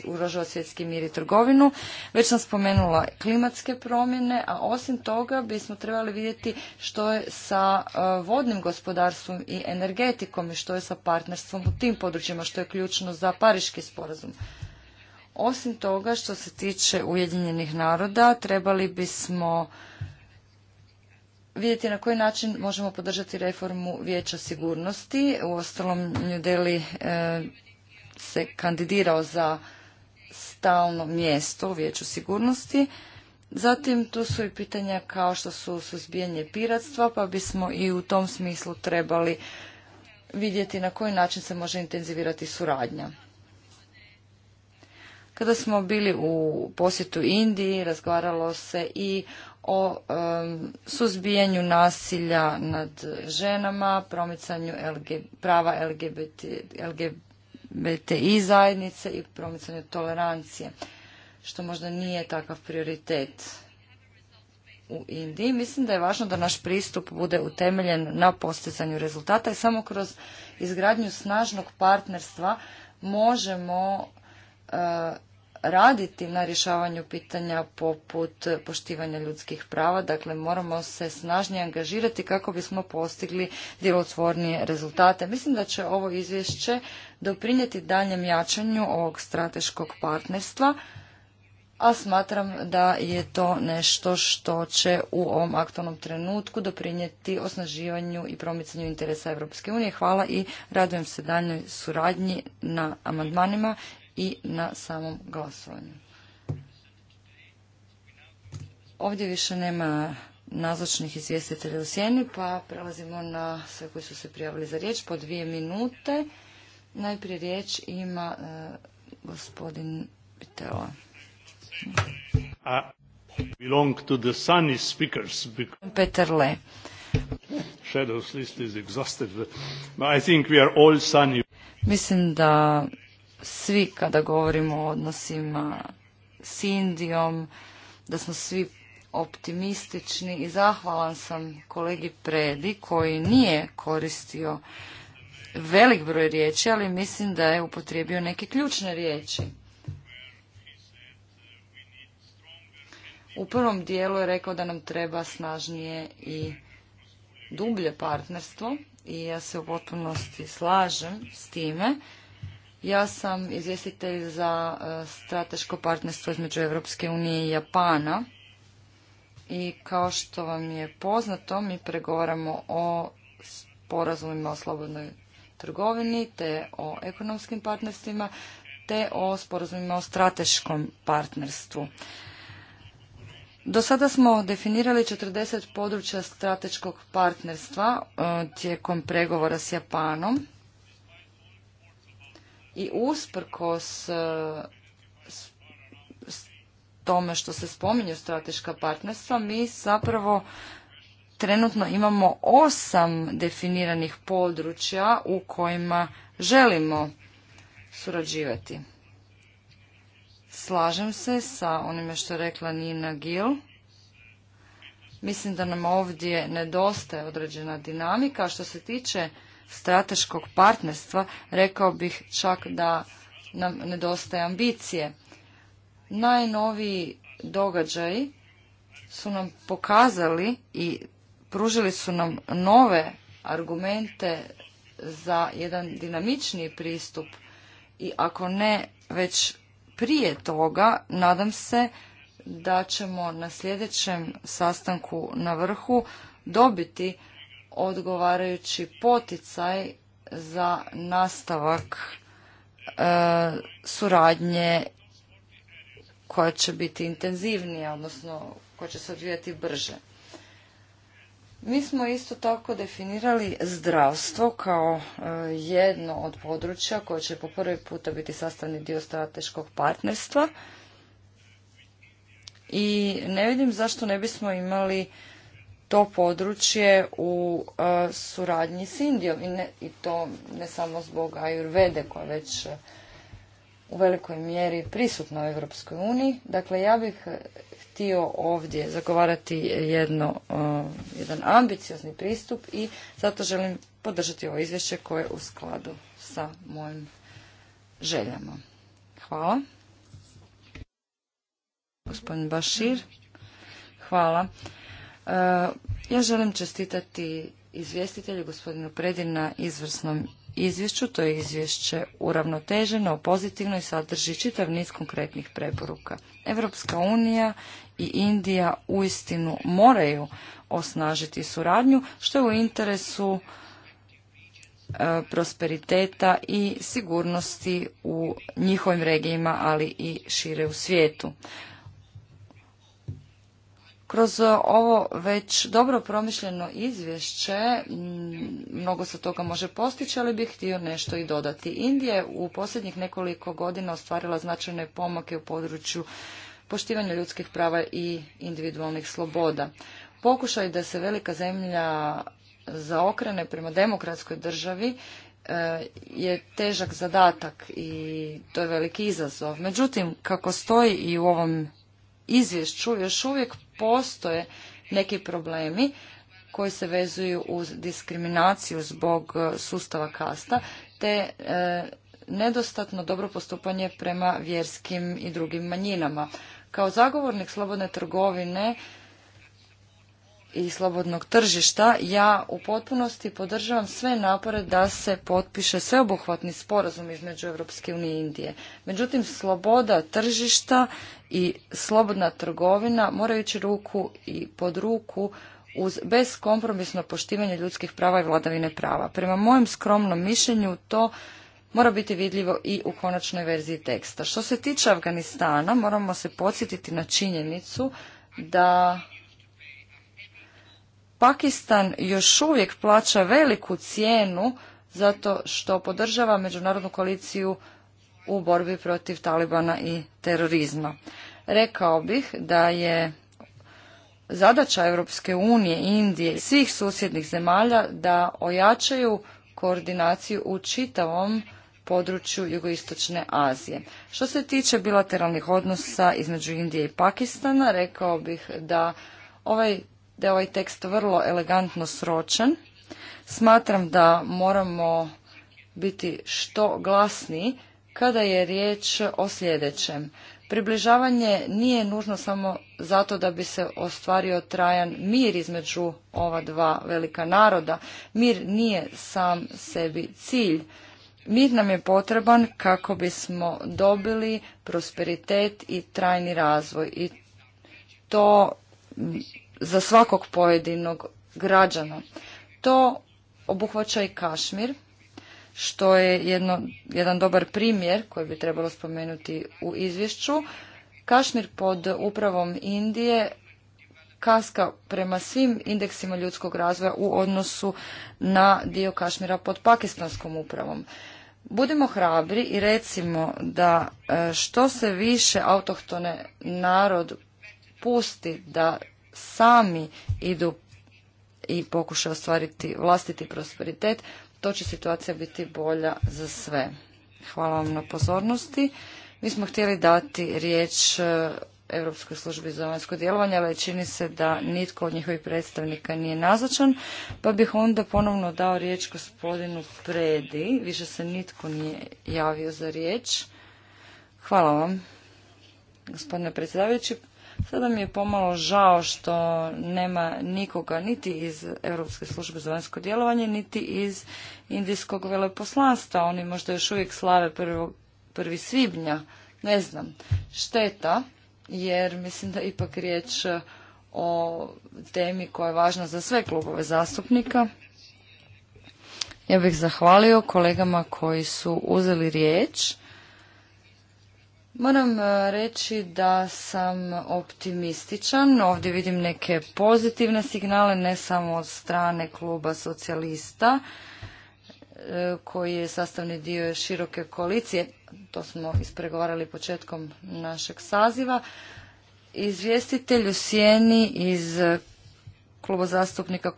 ugrožava svjetski mir i trgovinu. Već sam spomenula klimatske promjene, a osim toga bismo trebali vidjeti što je sa e, vodnim gospodarstvom i energetikom i što je sa partnerstvom u tim područjima što je ključno za Pariški sporazum. Osim toga što se tiče Ujedinjenih naroda trebali bismo vidjeti na koji način možemo podržati reformu Vijeća sigurnosti. U ostalom, New e, se kandidirao za stalno mjesto u Vijeću sigurnosti. Zatim tu su i pitanja kao što su suzbijanje piratstva, pa bismo i u tom smislu trebali vidjeti na koji način se može intenzivirati suradnja. Kada smo bili u posjetu Indiji, razgovaralo se i o suzbijanju nasilja nad ženama, promicanju prava LGBT, LGBTI zajednice i promicanju tolerancije, što možda nije takav prioritet u Indiji. Mislim da je važno da naš pristup bude utemeljen na postizanju rezultata i samo kroz izgradnju snažnog partnerstva možemo eh, raditi na rješavanju pitanja poput poštivanja ljudskih prava. Dakle, moramo se snažnije angažirati kako bismo postigli djelotvornije rezultate. Mislim da će ovo izvješće doprinijeti daljem jačanju ovog strateškog partnerstva, a smatram da je to nešto što će u ovom aktualnom trenutku doprinijeti osnaživanju i promicanju interesa Europske unije. Hvala i radujem se daljnoj suradnji na amandmanima i na samom glasovanju. Ovdje više nema nazočnih izvjestitelja u sjeni, pa prelazimo na sve koji su se prijavili za riječ po dvije minute. Najprije riječ ima e, gospodin Pitela. Belong to the sunny speakers Le. list is exhausted. I think we are all sunny. Mislim da svi kada govorimo o odnosima s Indijom, da smo svi optimistični i zahvalan sam kolegi Predi koji nije koristio velik broj riječi, ali mislim da je upotrijebio neke ključne riječi. U prvom dijelu je rekao da nam treba snažnije i dublje partnerstvo i ja se u potpunosti slažem s time. Ja sam izvjestitelj za e, strateško partnerstvo između Europske unije i Japana i kao što vam je poznato mi pregovaramo o sporazumima o slobodnoj trgovini te o ekonomskim partnerstvima te o sporazumima o strateškom partnerstvu. Do sada smo definirali 40 područja strateškog partnerstva e, tijekom pregovora s Japanom i usprkos e, tome što se spominju strateška partnerstva, mi zapravo trenutno imamo osam definiranih područja u kojima želimo surađivati. Slažem se sa onime što je rekla Nina Gil. Mislim da nam ovdje nedostaje određena dinamika. Što se tiče strateškog partnerstva, rekao bih čak da nam nedostaje ambicije. Najnoviji događaji su nam pokazali i pružili su nam nove argumente za jedan dinamičniji pristup i ako ne već prije toga, nadam se da ćemo na sljedećem sastanku na vrhu dobiti odgovarajući poticaj za nastavak e, suradnje koja će biti intenzivnija, odnosno koja će se odvijati brže. Mi smo isto tako definirali zdravstvo kao e, jedno od područja koje će po prvi puta biti sastavni dio strateškog partnerstva i ne vidim zašto ne bismo imali to područje u e, suradnji s Indijom i, to ne samo zbog Ajurvede koja već e, u velikoj mjeri prisutna u Europskoj uniji. Dakle, ja bih e, htio ovdje zagovarati jedno, jedan ambiciozni pristup i zato želim podržati ovo izvješće koje je u skladu sa mojim željama. Hvala. Gospodin Bašir. Hvala. E, ja želim čestitati izvjestitelju gospodinu Predi na izvrsnom izvješću. To je izvješće uravnoteženo, pozitivno i sadrži čitav niz konkretnih preporuka. Evropska unija i Indija uistinu moraju osnažiti suradnju, što je u interesu e, prosperiteta i sigurnosti u njihovim regijima, ali i šire u svijetu. Kroz e, ovo već dobro promišljeno izvješće mnogo se toga može postići, ali bih htio nešto i dodati. Indija je u posljednjih nekoliko godina ostvarila značajne pomake u području poštivanja ljudskih prava i individualnih sloboda. Pokušaj da se velika zemlja zaokrene prema demokratskoj državi e, je težak zadatak i to je veliki izazov. Međutim, kako stoji i u ovom izvješću još uvijek postoje neki problemi koji se vezuju uz diskriminaciju zbog e, sustava kasta te e, nedostatno dobro postupanje prema vjerskim i drugim manjinama. Kao zagovornik slobodne trgovine i slobodnog tržišta, ja u potpunosti podržavam sve napore da se potpiše sveobuhvatni sporazum između Europske unije i Indije. Međutim, sloboda tržišta i slobodna trgovina moraju ići ruku i pod ruku uz beskompromisno poštivanje ljudskih prava i vladavine prava. Prema mojem skromnom mišljenju to mora biti vidljivo i u konačnoj verziji teksta. Što se tiče Afganistana, moramo se podsjetiti na činjenicu da Pakistan još uvijek plaća veliku cijenu zato što podržava međunarodnu koaliciju u borbi protiv Talibana i terorizma. Rekao bih da je zadaća Europske unije, Indije i svih susjednih zemalja da ojačaju koordinaciju u čitavom području jugoistočne Azije. Što se tiče bilateralnih odnosa između Indije i Pakistana, rekao bih da ovaj da je ovaj tekst vrlo elegantno sročen. Smatram da moramo biti što glasniji kada je riječ o sljedećem. Približavanje nije nužno samo zato da bi se ostvario trajan mir između ova dva velika naroda. Mir nije sam sebi cilj. Mir nam je potreban kako bismo dobili prosperitet i trajni razvoj. I to za svakog pojedinog građana. To obuhvaća i Kašmir, što je jedno, jedan dobar primjer koji bi trebalo spomenuti u izvješću. Kašmir pod upravom Indije kaska prema svim indeksima ljudskog razvoja u odnosu na dio Kašmira pod pakistanskom upravom. Budimo hrabri i recimo da e, što se više autohtone narod pusti da sami idu i pokušaju ostvariti vlastiti prosperitet, to će situacija biti bolja za sve. Hvala vam na pozornosti. Mi smo htjeli dati riječ e, Europskoj službi za vanjsko djelovanje, ali čini se da nitko od njihovih predstavnika nije nazočan, pa bih onda ponovno dao riječ gospodinu Predi. Više se nitko nije javio za riječ. Hvala vam, gospodine predsjedavajući. Sada mi je pomalo žao što nema nikoga niti iz Europske službe za vanjsko djelovanje, niti iz Indijskog veleposlanstva. Oni možda još uvijek slave 1. Prvi svibnja, ne znam, šteta, jer mislim da je ipak riječ o temi koja je važna za sve klubove zastupnika. Ja bih zahvalio kolegama koji su uzeli riječ Moram e, reći da sam optimističan. Ovdje vidim neke pozitivne signale, ne samo od strane kluba socijalista, e, koji je sastavni dio široke koalicije. To smo ispregovarali početkom našeg saziva. Izvjestitelj u Sjeni iz Kluba zastupnika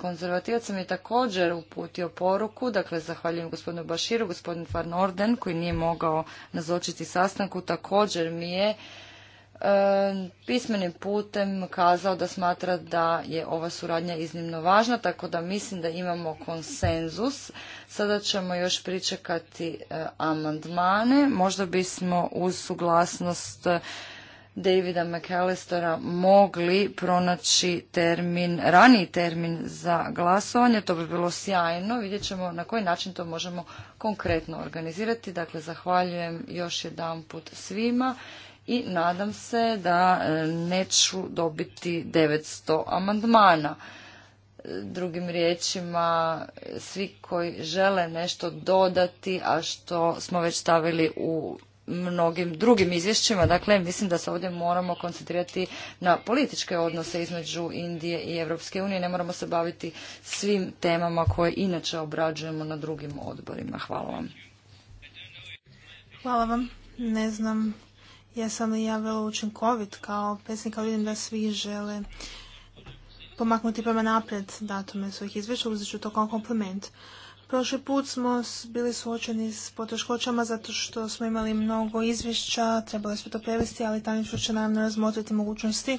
konzervativaca mi je također uputio poruku, dakle zahvaljujem gospodinu Baširu, gospodinu Van Orden koji nije mogao nazočiti sastanku, također mi je e, pismenim putem kazao da smatra da je ova suradnja iznimno važna, tako da mislim da imamo konsenzus. Sada ćemo još pričekati e, amandmane, možda bismo uz suglasnost Davida McAllistera mogli pronaći termin, raniji termin za glasovanje. To bi bilo sjajno. Vidjet ćemo na koji način to možemo konkretno organizirati. Dakle, zahvaljujem još jedan put svima i nadam se da e, neću dobiti 900 amandmana. Drugim riječima, svi koji žele nešto dodati, a što smo već stavili u mnogim drugim izvješćima. Dakle, mislim da se ovdje moramo koncentrirati na političke odnose između Indije i Europske unije. Ne moramo se baviti svim temama koje inače obrađujemo na drugim odborima. Hvala vam. Hvala vam. Ne znam jesam li ja vrlo učinkovit kao pesnik, ali vidim da svi žele pomaknuti prema naprijed datume svojih izvješća, uzet ću to kao kompliment. Prošli put smo bili suočeni s poteškoćama zato što smo imali mnogo izvješća, trebali smo to prevesti, ali tajništvo će naravno razmotriti mogućnosti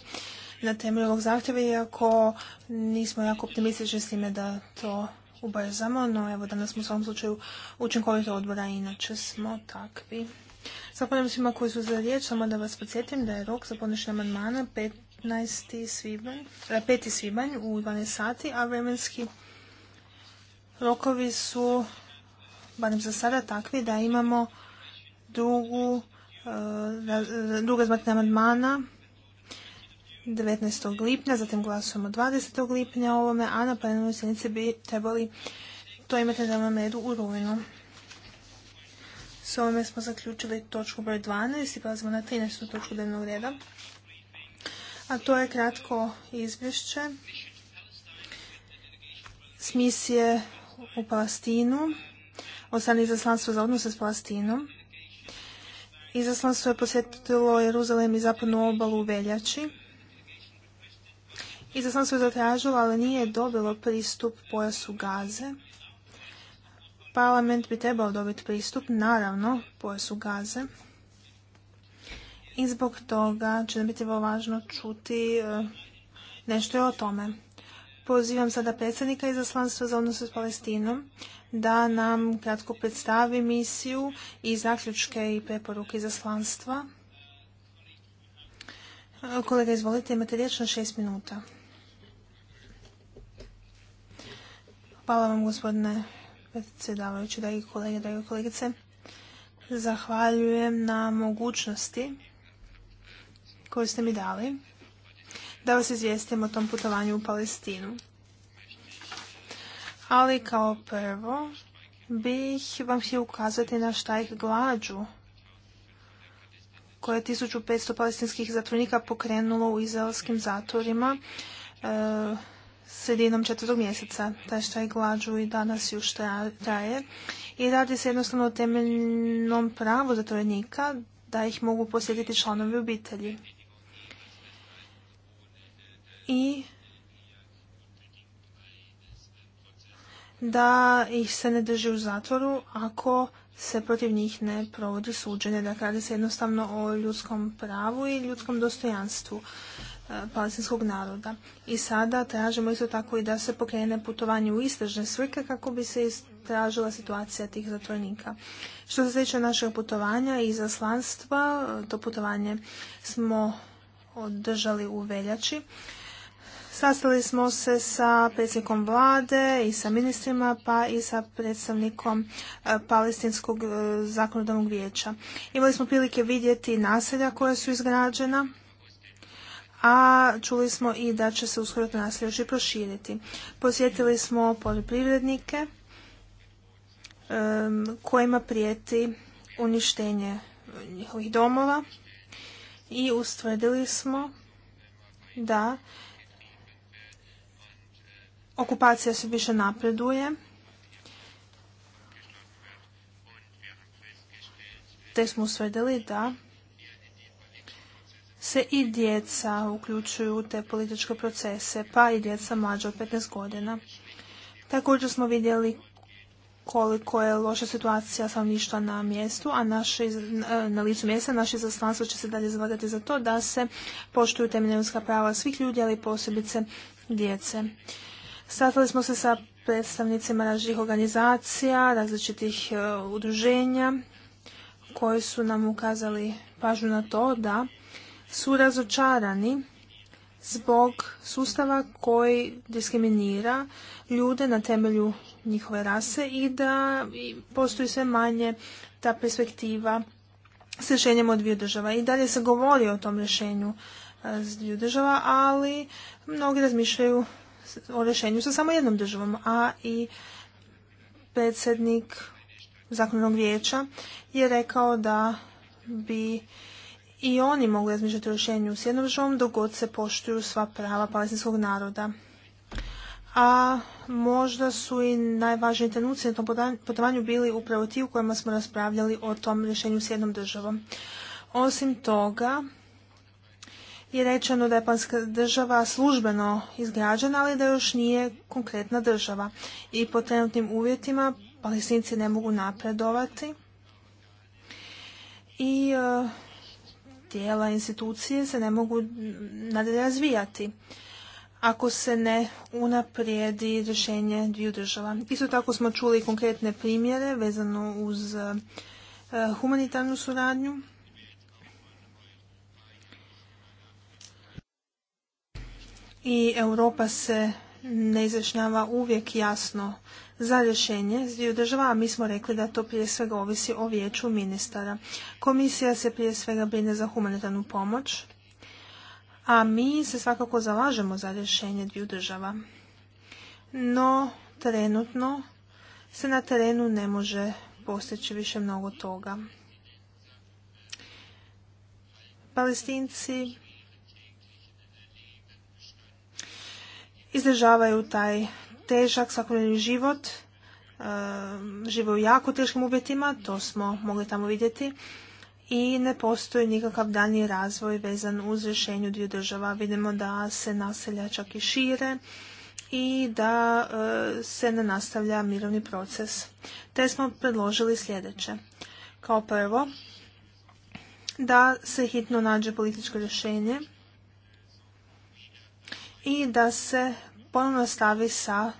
na temelju ovog zahtjeva, iako nismo jako optimistični s time da to ubrzamo, no evo danas smo u svom slučaju učinkovito odbora, inače smo takvi. Zahvaljujem svima koji su za riječ, samo da vas podsjetim da je rok za podnošenje amandmana 15. svibanj, 5. Eh, svibanj u 12 sati, a vremenski rokovi su, barem za sada, takvi da imamo drugu, e, druga zmatna amandmana 19. lipnja, zatim glasujemo 20. lipnja ovome, a na plenarnoj sjednici bi trebali to imati na dnevnom redu u rujnu. S ovime smo zaključili točku broj 12 i prelazimo na 13. točku dnevnog reda. A to je kratko izvješće s misije u Palestinu od strane za odnose s Palestinom. Izaslanstvo je posjetilo Jeruzalem i zapadnu obalu u Veljači. Izaslanstvo je zatražilo, ali nije dobilo pristup pojasu Gaze. Parlament bi trebao dobiti pristup, naravno, pojasu Gaze. I zbog toga će nam biti vrlo važno čuti e, nešto o tome. Pozivam sada predsjednika izaslanstva za odnose s Palestinom da nam kratko predstavi misiju i zaključke i preporuke izaslanstva. Kolega, izvolite, imate riječ na šest minuta. Hvala vam, gospodine predsjedavajući, dragi kolege, dragi kolegice. Zahvaljujem na mogućnosti koju ste mi dali da vas izvijestim o tom putovanju u Palestinu. Ali kao prvo bih vam htio ukazati na štajk glađu koje je 1500 palestinskih zatvornika pokrenulo u izraelskim zatvorima e, sredinom četvrtog mjeseca. Taj štaj glađu i danas još traje. I radi se jednostavno o temeljnom pravu zatvorenika da ih mogu posjetiti članovi obitelji i da ih se ne drži u zatvoru ako se protiv njih ne provodi suđenje. Dakle, radi se jednostavno o ljudskom pravu i ljudskom dostojanstvu e, palestinskog naroda. I sada tražimo isto tako i da se pokrene putovanje u istražne svrke kako bi se istražila situacija tih zatvornika. Što se tiče našeg putovanja i zaslanstva, e, to putovanje smo održali u veljači. Sastali smo se sa predsjednikom vlade i sa ministrima pa i sa predstavnikom e, Palestinskog e, zakonodavnog vijeća. Imali smo prilike vidjeti naselja koja su izgrađena, a čuli smo i da će se uskoro to naselje proširiti. Posjetili smo poljoprivrednike kojima prijeti uništenje njihovih domova i ustvrdili smo da okupacija se više napreduje. Te smo usvedili da se i djeca uključuju u te političke procese, pa i djeca mlađa od 15 godina. Također smo vidjeli koliko je loša situacija ništa na mjestu, a na licu mjesta naše izaslanstvo će se dalje zalagati za to da se poštuju temeljna prava svih ljudi, ali posebice djece. Sastali smo se sa predstavnicima različitih organizacija, različitih e, udruženja koji su nam ukazali pažnju na to da su razočarani zbog sustava koji diskriminira ljude na temelju njihove rase i da postoji sve manje ta perspektiva s rješenjem od dviju država. I dalje se govori o tom rješenju e, s dviju država, ali mnogi razmišljaju o rješenju sa samo jednom državom, a i predsjednik zakonodnog vijeća je rekao da bi i oni mogli razmišljati o rješenju s jednom državom dok god se poštuju sva prava palestinskog naroda. A možda su i najvažniji trenuci na tom putovanju bili upravo ti u kojima smo raspravljali o tom rješenju s jednom državom. Osim toga, je rečeno da je Japanska država službeno izgrađena, ali da još nije konkretna država. I po trenutnim uvjetima palestinci ne mogu napredovati. I e, tijela, institucije se ne mogu nadalje razvijati ako se ne unaprijedi rješenje dviju država. Isto tako smo čuli konkretne primjere vezano uz e, humanitarnu suradnju i Europa se ne izjašnjava uvijek jasno za rješenje dviju država, a mi smo rekli da to prije svega ovisi o vijeću ministara. Komisija se prije svega brine za humanitarnu pomoć, a mi se svakako zalažemo za rješenje dviju država. No, trenutno se na terenu ne može postići više mnogo toga. Palestinci izdržavaju taj težak svakodnevni život, e, žive u jako teškim uvjetima, to smo mogli tamo vidjeti i ne postoji nikakav daljnji razvoj vezan uz rješenju dviju država. Vidimo da se naselja čak i šire i da e, se ne nastavlja mirovni proces. Te smo predložili sljedeće. Kao prvo, da se hitno nađe političko rješenje i da se ponovno stavi sa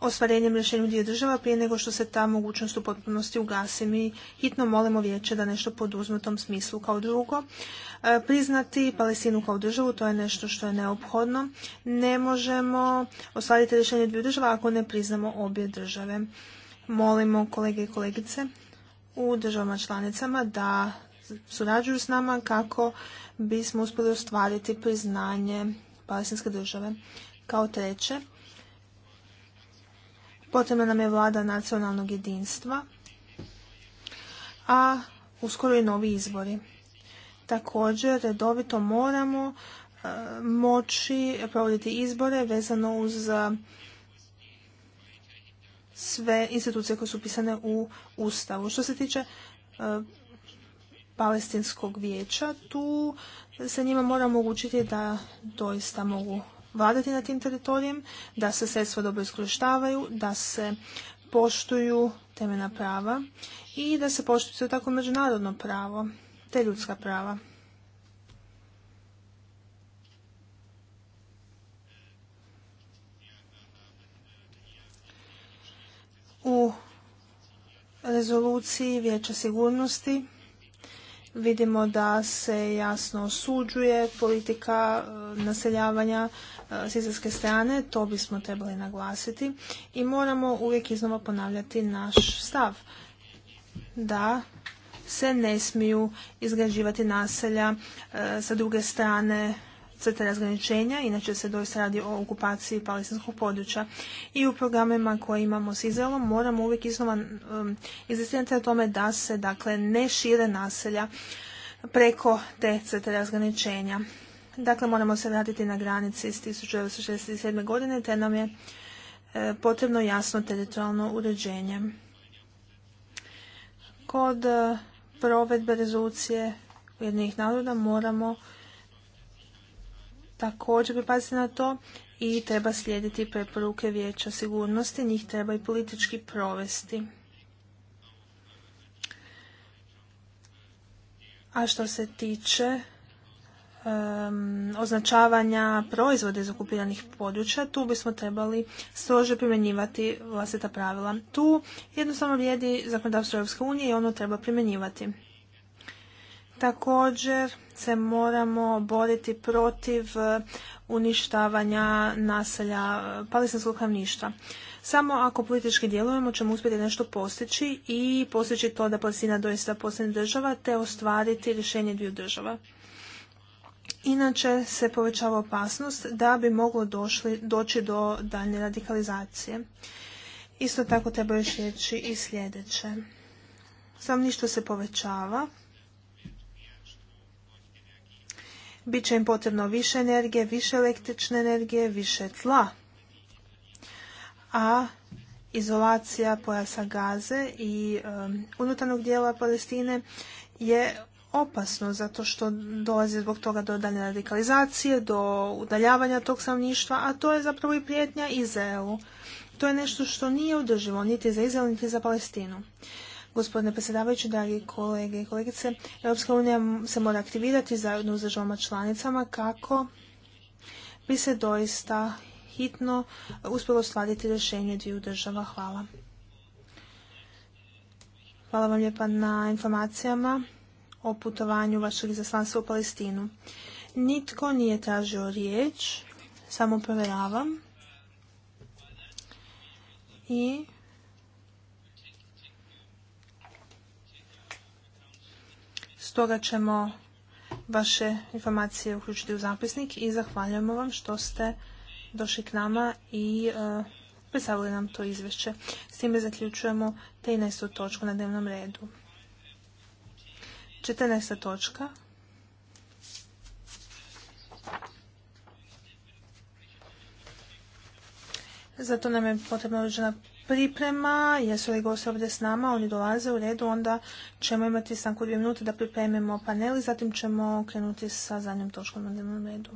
ostvarenjem rješenja dvije država prije nego što se ta mogućnost u potpunosti ugasi. Mi hitno molimo vijeće da nešto poduzme u tom smislu kao drugo. E, priznati Palestinu kao državu, to je nešto što je neophodno. Ne možemo ostvariti rješenje dvije država ako ne priznamo obje države. Molimo kolege i kolegice u državama članicama da surađuju s nama kako bismo uspjeli ostvariti priznanje palestinske države. Kao treće, potrebna nam je vlada nacionalnog jedinstva, a uskoro i novi izbori. Također, redovito moramo e, moći provoditi izbore vezano uz e, sve institucije koje su pisane u Ustavu. Što se tiče e, palestinskog vijeća, tu se njima mora omogućiti da doista mogu vladati na tim teritorijem, da se sredstva dobro iskorištavaju, da se poštuju temena prava i da se poštuju tako međunarodno pravo te ljudska prava. U rezoluciji Vijeća sigurnosti vidimo da se jasno osuđuje politika e, naseljavanja e, s strane, to bismo trebali naglasiti i moramo uvijek iznova ponavljati naš stav da se ne smiju izgrađivati naselja e, sa druge strane crte razgraničenja, inače se doista radi o okupaciji palestinskog područja. I u programima koje imamo s Izraelom moramo uvijek iznova um, tome da se dakle ne šire naselja preko te crte razgraničenja. Dakle, moramo se vratiti na granici iz 1967. godine, te nam je e, potrebno jasno teritorijalno uređenje. Kod e, provedbe rezolucije jednih naroda moramo također pripaziti na to i treba slijediti preporuke vijeća sigurnosti, njih treba i politički provesti. A što se tiče um, označavanja proizvode iz okupiranih područja, tu bismo trebali strože primjenjivati vlastita pravila. Tu jednostavno vrijedi zakonodavstvo Europske unije i ono treba primjenjivati. Također se moramo boriti protiv e, uništavanja naselja e, palestinskog hamništva. Samo ako politički djelujemo ćemo uspjeti nešto postići i postići to da Palestina doista postane država te ostvariti rješenje dviju država. Inače se povećava opasnost da bi moglo došli, doći do daljne radikalizacije. Isto tako treba još reći i sljedeće. ništa se povećava, bit će im potrebno više energije, više električne energije, više tla. A izolacija pojasa gaze i um, unutarnog dijela Palestine je opasno zato što dolazi zbog toga do daljne radikalizacije, do udaljavanja tog stanovništva, a to je zapravo i prijetnja Izraelu. To je nešto što nije održivo niti za Izrael, niti za Palestinu. Gospodine predsjedavajući, dragi kolege i kolegice, Europska unija se mora aktivirati zajedno s državama članicama kako bi se doista hitno uspjelo ostvariti rješenje dviju država. Hvala. Hvala vam lijepa na informacijama o putovanju vašeg izaslanstva u Palestinu. Nitko nije tražio riječ, samo provjeravam. I Stoga ćemo vaše informacije uključiti u zapisnik i zahvaljujemo vam što ste došli k nama i e, predstavili nam to izvješće. S time zaključujemo 13. točku na dnevnom redu. 14. točka. Zato nam je potrebna određena priprema, jesu li gosti ovdje s nama, oni dolaze u redu, onda ćemo imati stanku dvije minute da pripremimo panel i zatim ćemo krenuti sa zadnjom točkom na dnevnom redu.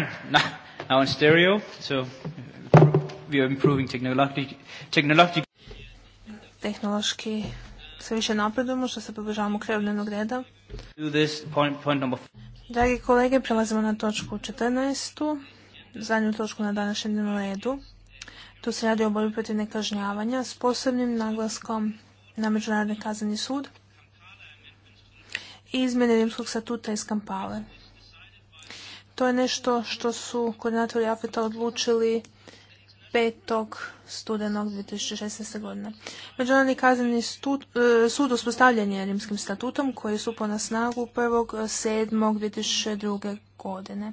[clears throat] now on stereo, so we are improving Tehnološki sve više napredujemo što se približavamo kraju dnevnog reda. Dragi kolege, prelazimo na točku 14. Zadnju točku na današnjem dnevnom redu. Tu se radi o borbi protiv nekažnjavanja s posebnim naglaskom na Međunarodni kazneni sud i izmjene Rimskog statuta iz Kampale. To je nešto što su koordinatori AFETA odlučili 5. studenog 2016. godine. Međunarodni kazneni e, sud uspostavljen je rimskim statutom koji je po na snagu 1.7.2002. godine.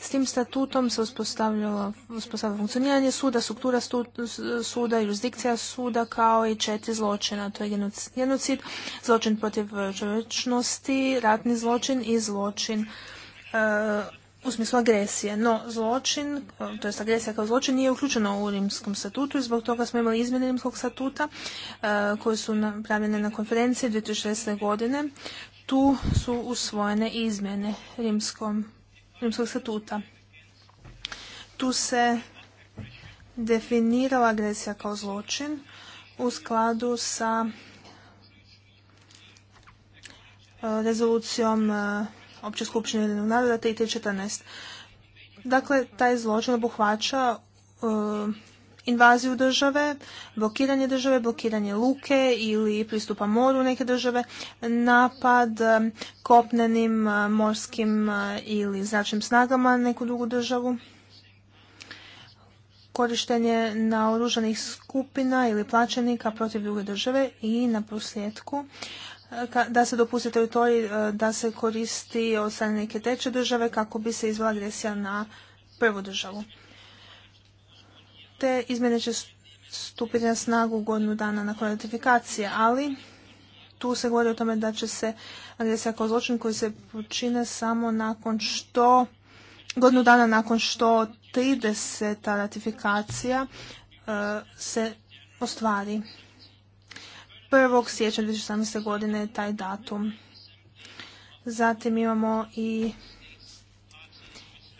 S tim statutom se uspostavljalo, funkcioniranje suda, struktura suda, jurisdikcija suda kao i četiri zločina. To je genocid, zločin protiv čovječnosti, ratni zločin i zločin e, u smislu agresije. No, zločin, to je agresija kao zločin, nije uključena u rimskom statutu i zbog toga smo imali izmjene rimskog statuta e, koje su napravljene na konferenciji 2016. godine. Tu su usvojene izmjene rimskog statuta. Tu se definirala agresija kao zločin u skladu sa e, rezolucijom e, Opće skupštine jedinog naroda 3.14. Dakle, taj zločin obuhvaća e, invaziju države, blokiranje države, blokiranje luke ili pristupa moru neke države, napad e, kopnenim, e, morskim ili zračnim snagama neku drugu državu, korištenje naoružanih skupina ili plaćenika protiv druge države i na posljedku da se dopusti teritorij e, da se koristi od strane neke treće države kako bi se izvela agresija na prvu državu. Te izmjene će stupiti na snagu godinu dana nakon ratifikacije, ali tu se govori o tome da će se agresija kao zločin koji se počine samo nakon što godinu dana nakon što 30. ratifikacija e, se ostvari. 1. siječnja 2018. godine je taj datum. Zatim imamo i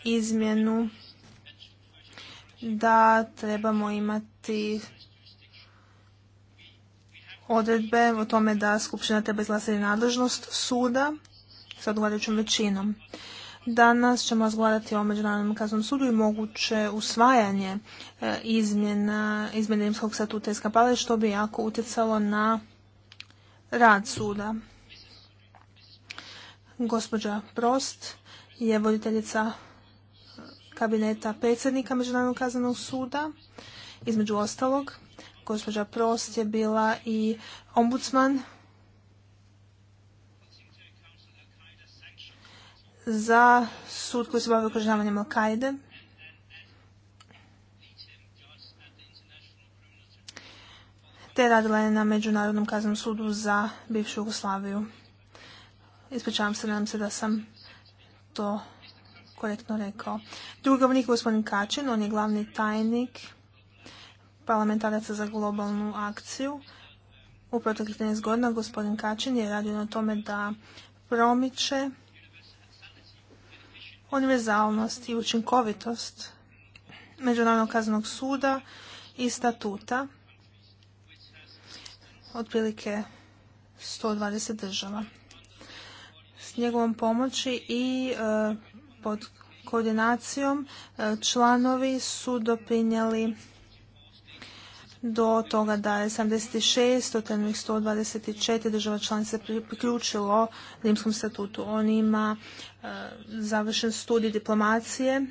izmjenu da trebamo imati odredbe o tome da skupština treba izglasiti nadležnost suda sa odgovarajućom većinom. Danas ćemo razgovarati o Međunarodnom kaznom sudu i moguće usvajanje e, izmjena, izmjene rimskog statuta što bi jako utjecalo na rad suda. Gospođa Prost je voditeljica kabineta predsjednika Međunarodnog kaznenog suda, između ostalog. Gospođa Prost je bila i ombudsman za sud koji se bavio upražnjavanjem al Te radila je na Međunarodnom kaznom sudu za bivšu Jugoslaviju. Ispričavam se, nadam se da sam to korektno rekao. Drugi govornik je gospodin Kačin, on je glavni tajnik parlamentaraca za globalnu akciju. U proteklih 13 godina gospodin Kačin je radio na tome da promiče univerzalnost i učinkovitost Međunarodnog kaznenog suda i statuta otprilike 120 država. S njegovom pomoći i e, pod koordinacijom e, članovi su doprinijeli do toga da je 76 od 124 država članica priključilo Rimskom statutu. On ima e, završen studij diplomacije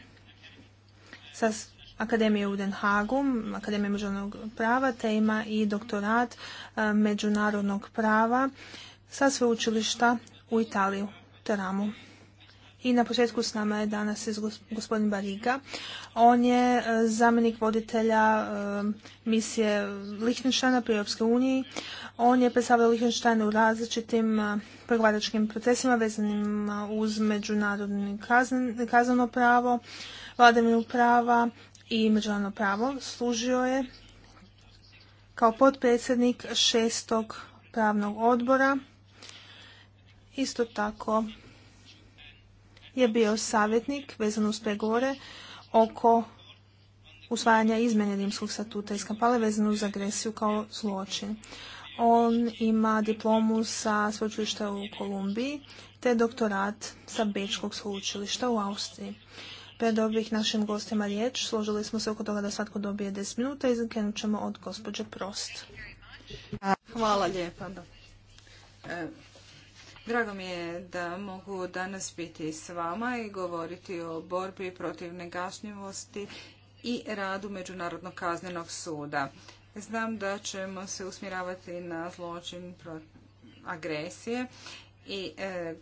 sa Akademije u Den Hagu, Akademije međunarodnog prava, te ima i doktorat e, međunarodnog prava sa sveučilišta u Italiju, Teramu. I na početku s nama je danas gospodin Bariga. On je e, zamjenik voditelja e, misije Lichtensteina pri Europske uniji. On je predstavljao Lichtenstein u različitim e, pregovaračkim procesima vezanim uz međunarodno kazneno pravo, vladavinu prava i međunarodno pravo. Služio je kao potpredsjednik šestog pravnog odbora Isto tako je bio savjetnik vezan uz pregovore oko usvajanja izmjene Rimskog statuta iz Kampale vezano uz agresiju kao zločin. On ima diplomu sa sveučilišta u Kolumbiji te doktorat sa Bečkog sveučilišta u Austriji. Pred ovih našim gostima riječ, složili smo se oko toga da svatko dobije 10 minuta i zakrenut ćemo od gospođe Prost. Hvala lijepa. E, Drago mi je da mogu danas biti s vama i govoriti o borbi protiv negašnjivosti i radu Međunarodnog kaznenog suda. Znam da ćemo se usmjeravati na zločin agresije i e,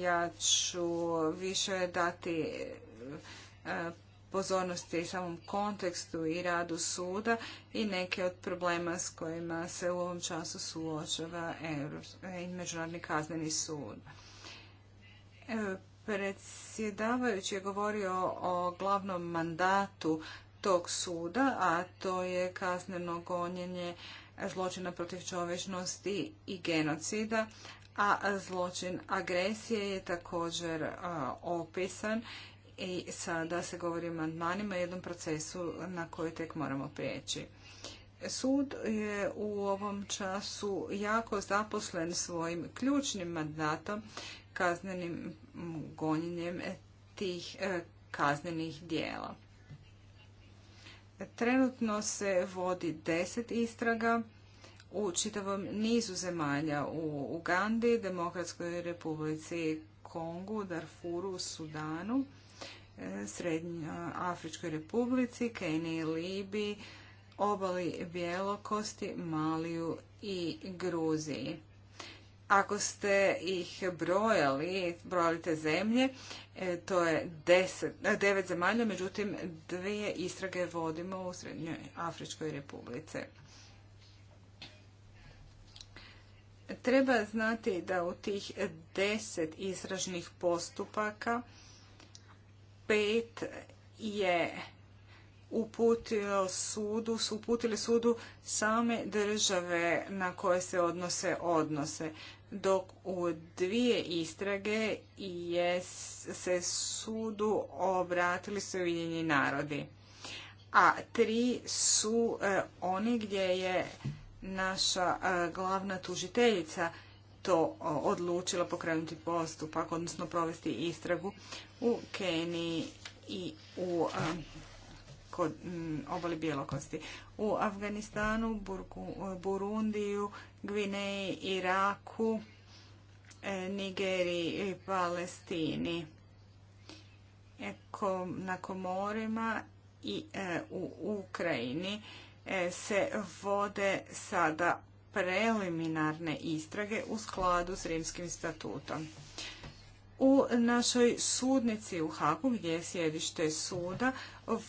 ja ću više dati e, pozornosti i samom kontekstu i radu suda i neke od problema s kojima se u ovom času suočava e, Međunarodni kazneni sud. E, predsjedavajući je govorio o glavnom mandatu tog suda, a to je kazneno gonjenje zločina protiv čovječnosti i genocida, a zločin agresije je također opisan i sada se govori o amandmanima, jednom procesu na koji tek moramo prijeći. Sud je u ovom času jako zaposlen svojim ključnim mandatom kaznenim gonjenjem tih e, kaznenih dijela. Trenutno se vodi deset istraga u čitavom nizu zemalja u Ugandi, Demokratskoj republici Kongu, Darfuru, Sudanu Afričkoj republici, Keniji, Libiji, obali Bjelokosti, Maliju i Gruziji. Ako ste ih brojali, brojali te zemlje, e, to je e, devet zemalja, međutim dvije istrage vodimo u Srednjoj Afričkoj republice. Treba znati da u tih deset istražnih postupaka pet je uputilo sudu, su uputili sudu same države na koje se odnose odnose, dok u dvije istrage je se sudu obratili su narodi. A tri su e, oni gdje je naša e, glavna tužiteljica to odlučilo pokrenuti postupak, odnosno provesti istragu u Keniji i u obali Bjelokosti. U Afganistanu, Burundiju, Gvineji, Iraku, e, Nigeriji i Palestini. E, na komorima i e, u Ukrajini se vode sada preliminarne istrage u skladu s rimskim statutom. U našoj sudnici u Haku, gdje je sjedište suda,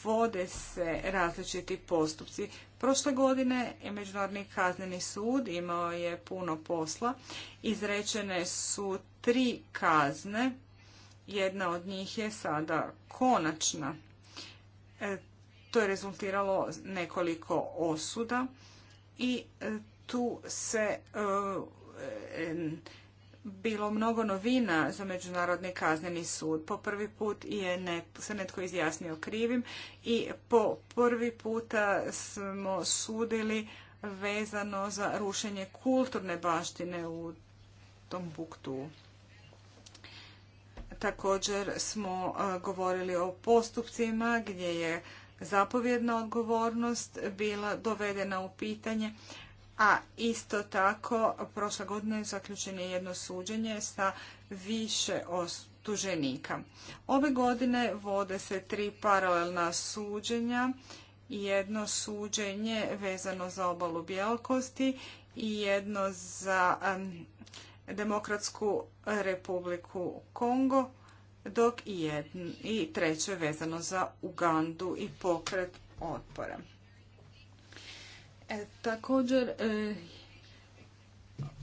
vode se različiti postupci. Prošle godine je Međunarodni kazneni sud imao je puno posla. Izrečene su tri kazne. Jedna od njih je sada konačna. E, to je rezultiralo nekoliko osuda i e, tu se e, e, bilo mnogo novina za Međunarodni kazneni sud. Po prvi put je se netko izjasnio krivim i po prvi puta smo sudili vezano za rušenje kulturne baštine u tom Tombuktu. Također smo e, govorili o postupcima gdje je zapovjedna odgovornost bila dovedena u pitanje a isto tako prošle godine zaključeno je jedno suđenje sa više tuženika. Ove godine vode se tri paralelna suđenja, jedno suđenje vezano za obalu Bjelkosti i jedno za Demokratsku republiku Kongo, dok i, i treće vezano za Ugandu i pokret otpora. E, također, e,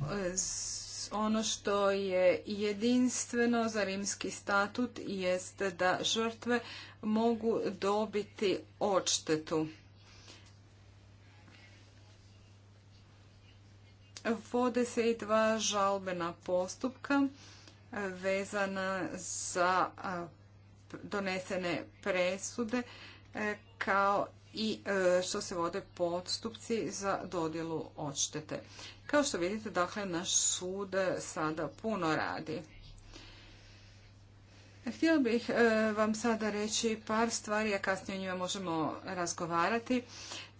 e, ono što je jedinstveno za rimski statut jeste da žrtve mogu dobiti odštetu. Vode se i dva žalbena postupka vezana za donesene presude kao i e, što se vode postupci za dodjelu odštete. Kao što vidite, dakle, naš sud sada puno radi. Htjela bih e, vam sada reći par stvari, a kasnije o njima možemo razgovarati.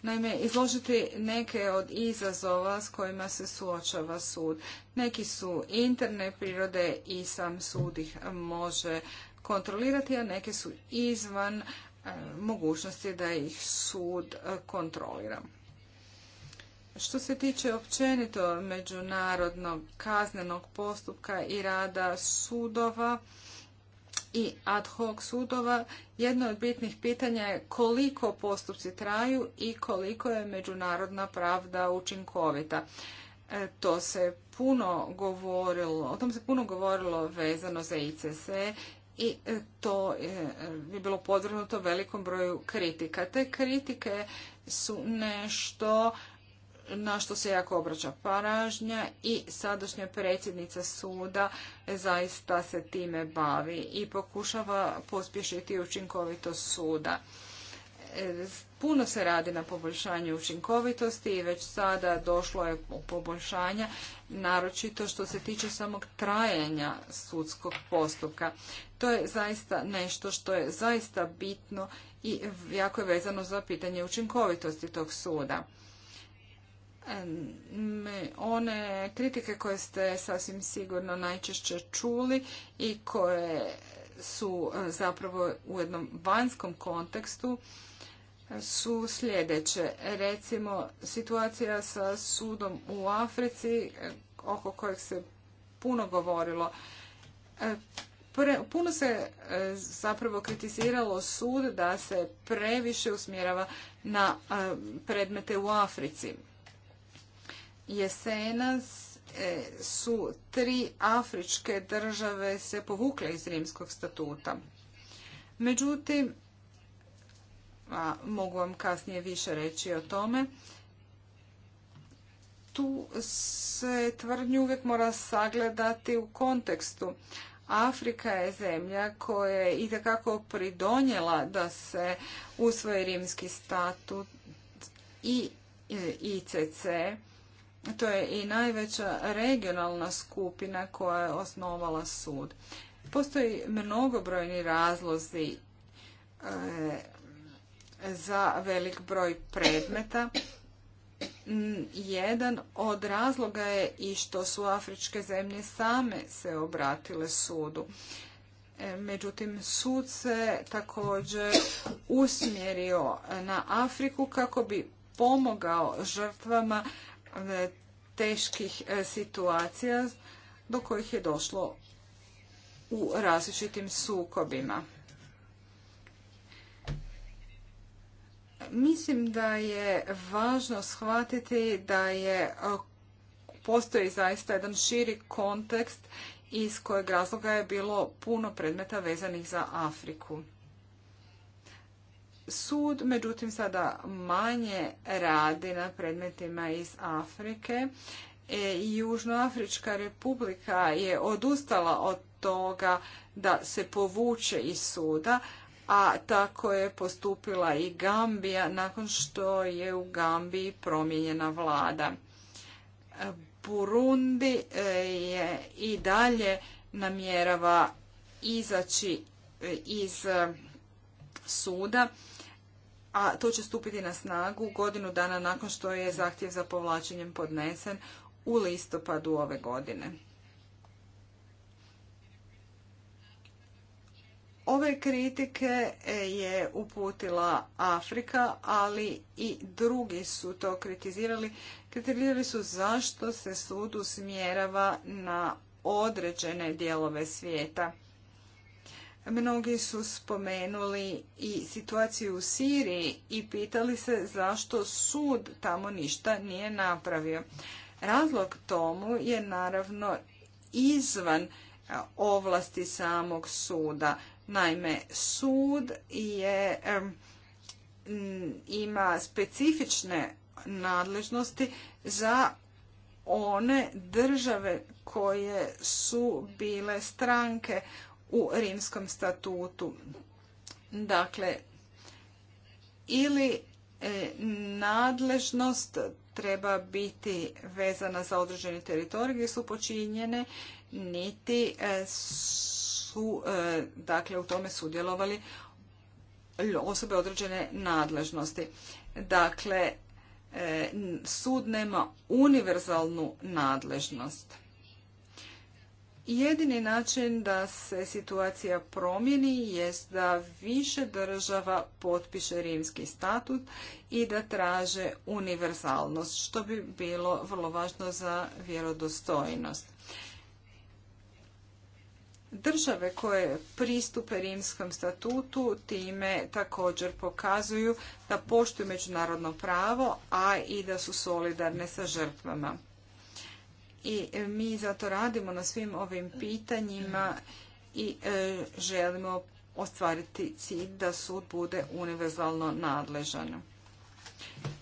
Naime, izložiti neke od izazova s kojima se suočava sud. Neki su interne prirode i sam sud ih može kontrolirati, a neke su izvan mogućnosti da ih sud e, kontrolira. Što se tiče općenito međunarodnog kaznenog postupka i rada sudova i ad hoc sudova, jedno od bitnih pitanja je koliko postupci traju i koliko je međunarodna pravda učinkovita. E, to se puno govorilo, o tom se puno govorilo vezano za ICC i e, to je bilo podvrnuto velikom broju kritika. Te kritike su nešto na što se jako obraća paražnja i sadašnja predsjednica suda zaista se time bavi i pokušava pospješiti učinkovitost suda. E, Puno se radi na poboljšanju učinkovitosti i već sada došlo je poboljšanja, naročito što se tiče samog trajanja sudskog postupka. To je zaista nešto što je zaista bitno i jako je vezano za pitanje učinkovitosti tog suda. One kritike koje ste sasvim sigurno najčešće čuli i koje su e, zapravo u jednom vanjskom kontekstu su sljedeće. Recimo, situacija sa sudom u Africi, e, oko kojeg se puno govorilo. E, puno se e, zapravo kritiziralo sud da se previše usmjerava na predmete u Africi. Jesena su tri afričke države se povukle iz rimskog statuta. Međutim, a mogu vam kasnije više reći o tome. Tu se tvrdnju uvijek mora sagledati u kontekstu. Afrika je zemlja koja je itekako pridonjela da se usvoji rimski statut i ICC. To je i najveća regionalna skupina koja je osnovala sud. Postoji mnogobrojni razlozi e, za velik broj predmeta. Mm, jedan od razloga je i što su afričke zemlje same se obratile sudu. E, međutim, sud se također usmjerio na Afriku kako bi pomogao žrtvama e, teških e, situacija do kojih je došlo u različitim sukobima. Mislim da je važno shvatiti da je e, postoji zaista jedan širi kontekst iz kojeg razloga je bilo puno predmeta vezanih za Afriku. Sud, međutim, sada manje radi na predmetima iz Afrike. E, Južnoafrička republika je odustala od toga da se povuče iz suda, a tako je postupila i Gambija nakon što je u Gambiji promijenjena vlada. Burundi e, je i dalje namjerava izaći e, iz e, suda, a to će stupiti na snagu godinu dana nakon što je zahtjev za povlačenjem podnesen u listopadu ove godine. Ove kritike e, je uputila Afrika, ali i drugi su to kritizirali. Kritizirali su zašto se sud usmjerava na određene dijelove svijeta. Mnogi su spomenuli i situaciju u Siriji i pitali se zašto sud tamo ništa nije napravio. Razlog tomu je naravno izvan e, ovlasti samog suda. Naime, sud je, ima specifične nadležnosti za one države koje su bile stranke u rimskom statutu. Dakle, ili e, nadležnost treba biti vezana za određeni teritorij gdje su počinjene niti e, E, dakle u tome sudjelovali osobe određene nadležnosti. Dakle, e, sud nema univerzalnu nadležnost. Jedini način da se situacija promijeni jest da više država potpiše rimski statut i da traže univerzalnost, što bi bilo vrlo važno za vjerodostojnost. Države koje pristupe rimskom statutu time također pokazuju da poštuju međunarodno pravo, a i da su solidarne sa žrtvama. I mi zato radimo na svim ovim pitanjima i e, želimo ostvariti cilj da sud bude univerzalno nadležan.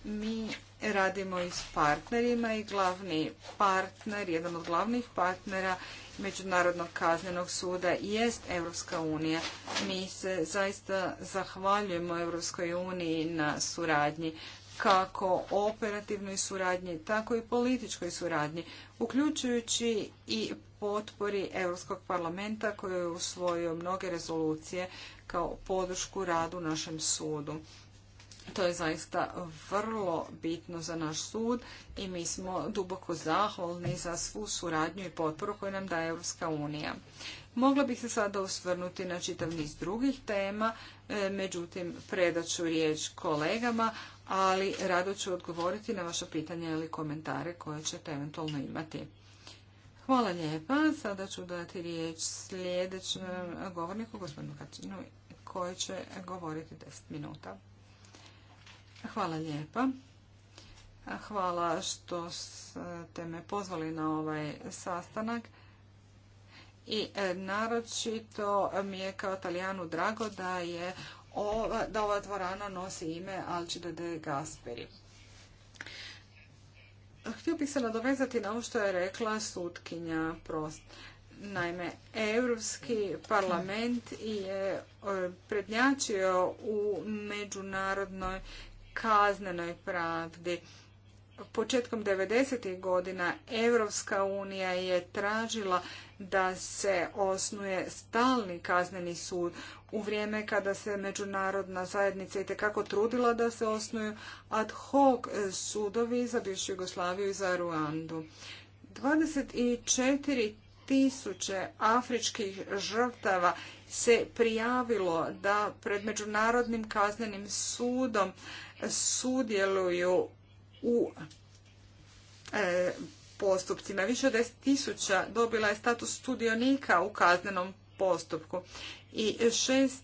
Mi radimo i s partnerima i glavni partner, jedan od glavnih partnera Međunarodnog kaznenog suda jest Europska unija. Mi se zaista zahvaljujemo Europskoj uniji na suradnji kako operativnoj suradnji, tako i političkoj suradnji, uključujući i potpori Europskog parlamenta koji je usvojio mnoge rezolucije kao podršku radu našem sudu. To je zaista vrlo bitno za naš sud i mi smo duboko zahvalni za svu suradnju i potporu koju nam daje Europska unija. Mogla bih se sada osvrnuti na čitav niz drugih tema, e, međutim predaću riječ kolegama, ali rado ću odgovoriti na vaše pitanja ili komentare koje ćete eventualno imati. Hvala lijepa. Sada ću dati riječ sljedećem govorniku, gospodinu Kačinu, koji će govoriti 10 minuta. Hvala lijepa. Hvala što ste me pozvali na ovaj sastanak. I e, naročito mi je kao Italijanu drago da je ova, da ova dvorana nosi ime Alcide de Gasperi. Htio bih se nadovezati na ovo što je rekla sutkinja Prost. Naime, Europski parlament je e, prednjačio u međunarodnoj kaznenoj pravdi. Početkom 90. godina Europska unija je tražila da se osnuje stalni kazneni sud u vrijeme kada se međunarodna zajednica i tekako trudila da se osnuju ad hoc sudovi za bivšu Jugoslaviju i za Ruandu. 24 tisuće afričkih žrtava se prijavilo da pred Međunarodnim kaznenim sudom sudjeluju u e, postupcima. Više od tisuća dobila je status studionika u kaznenom postupku i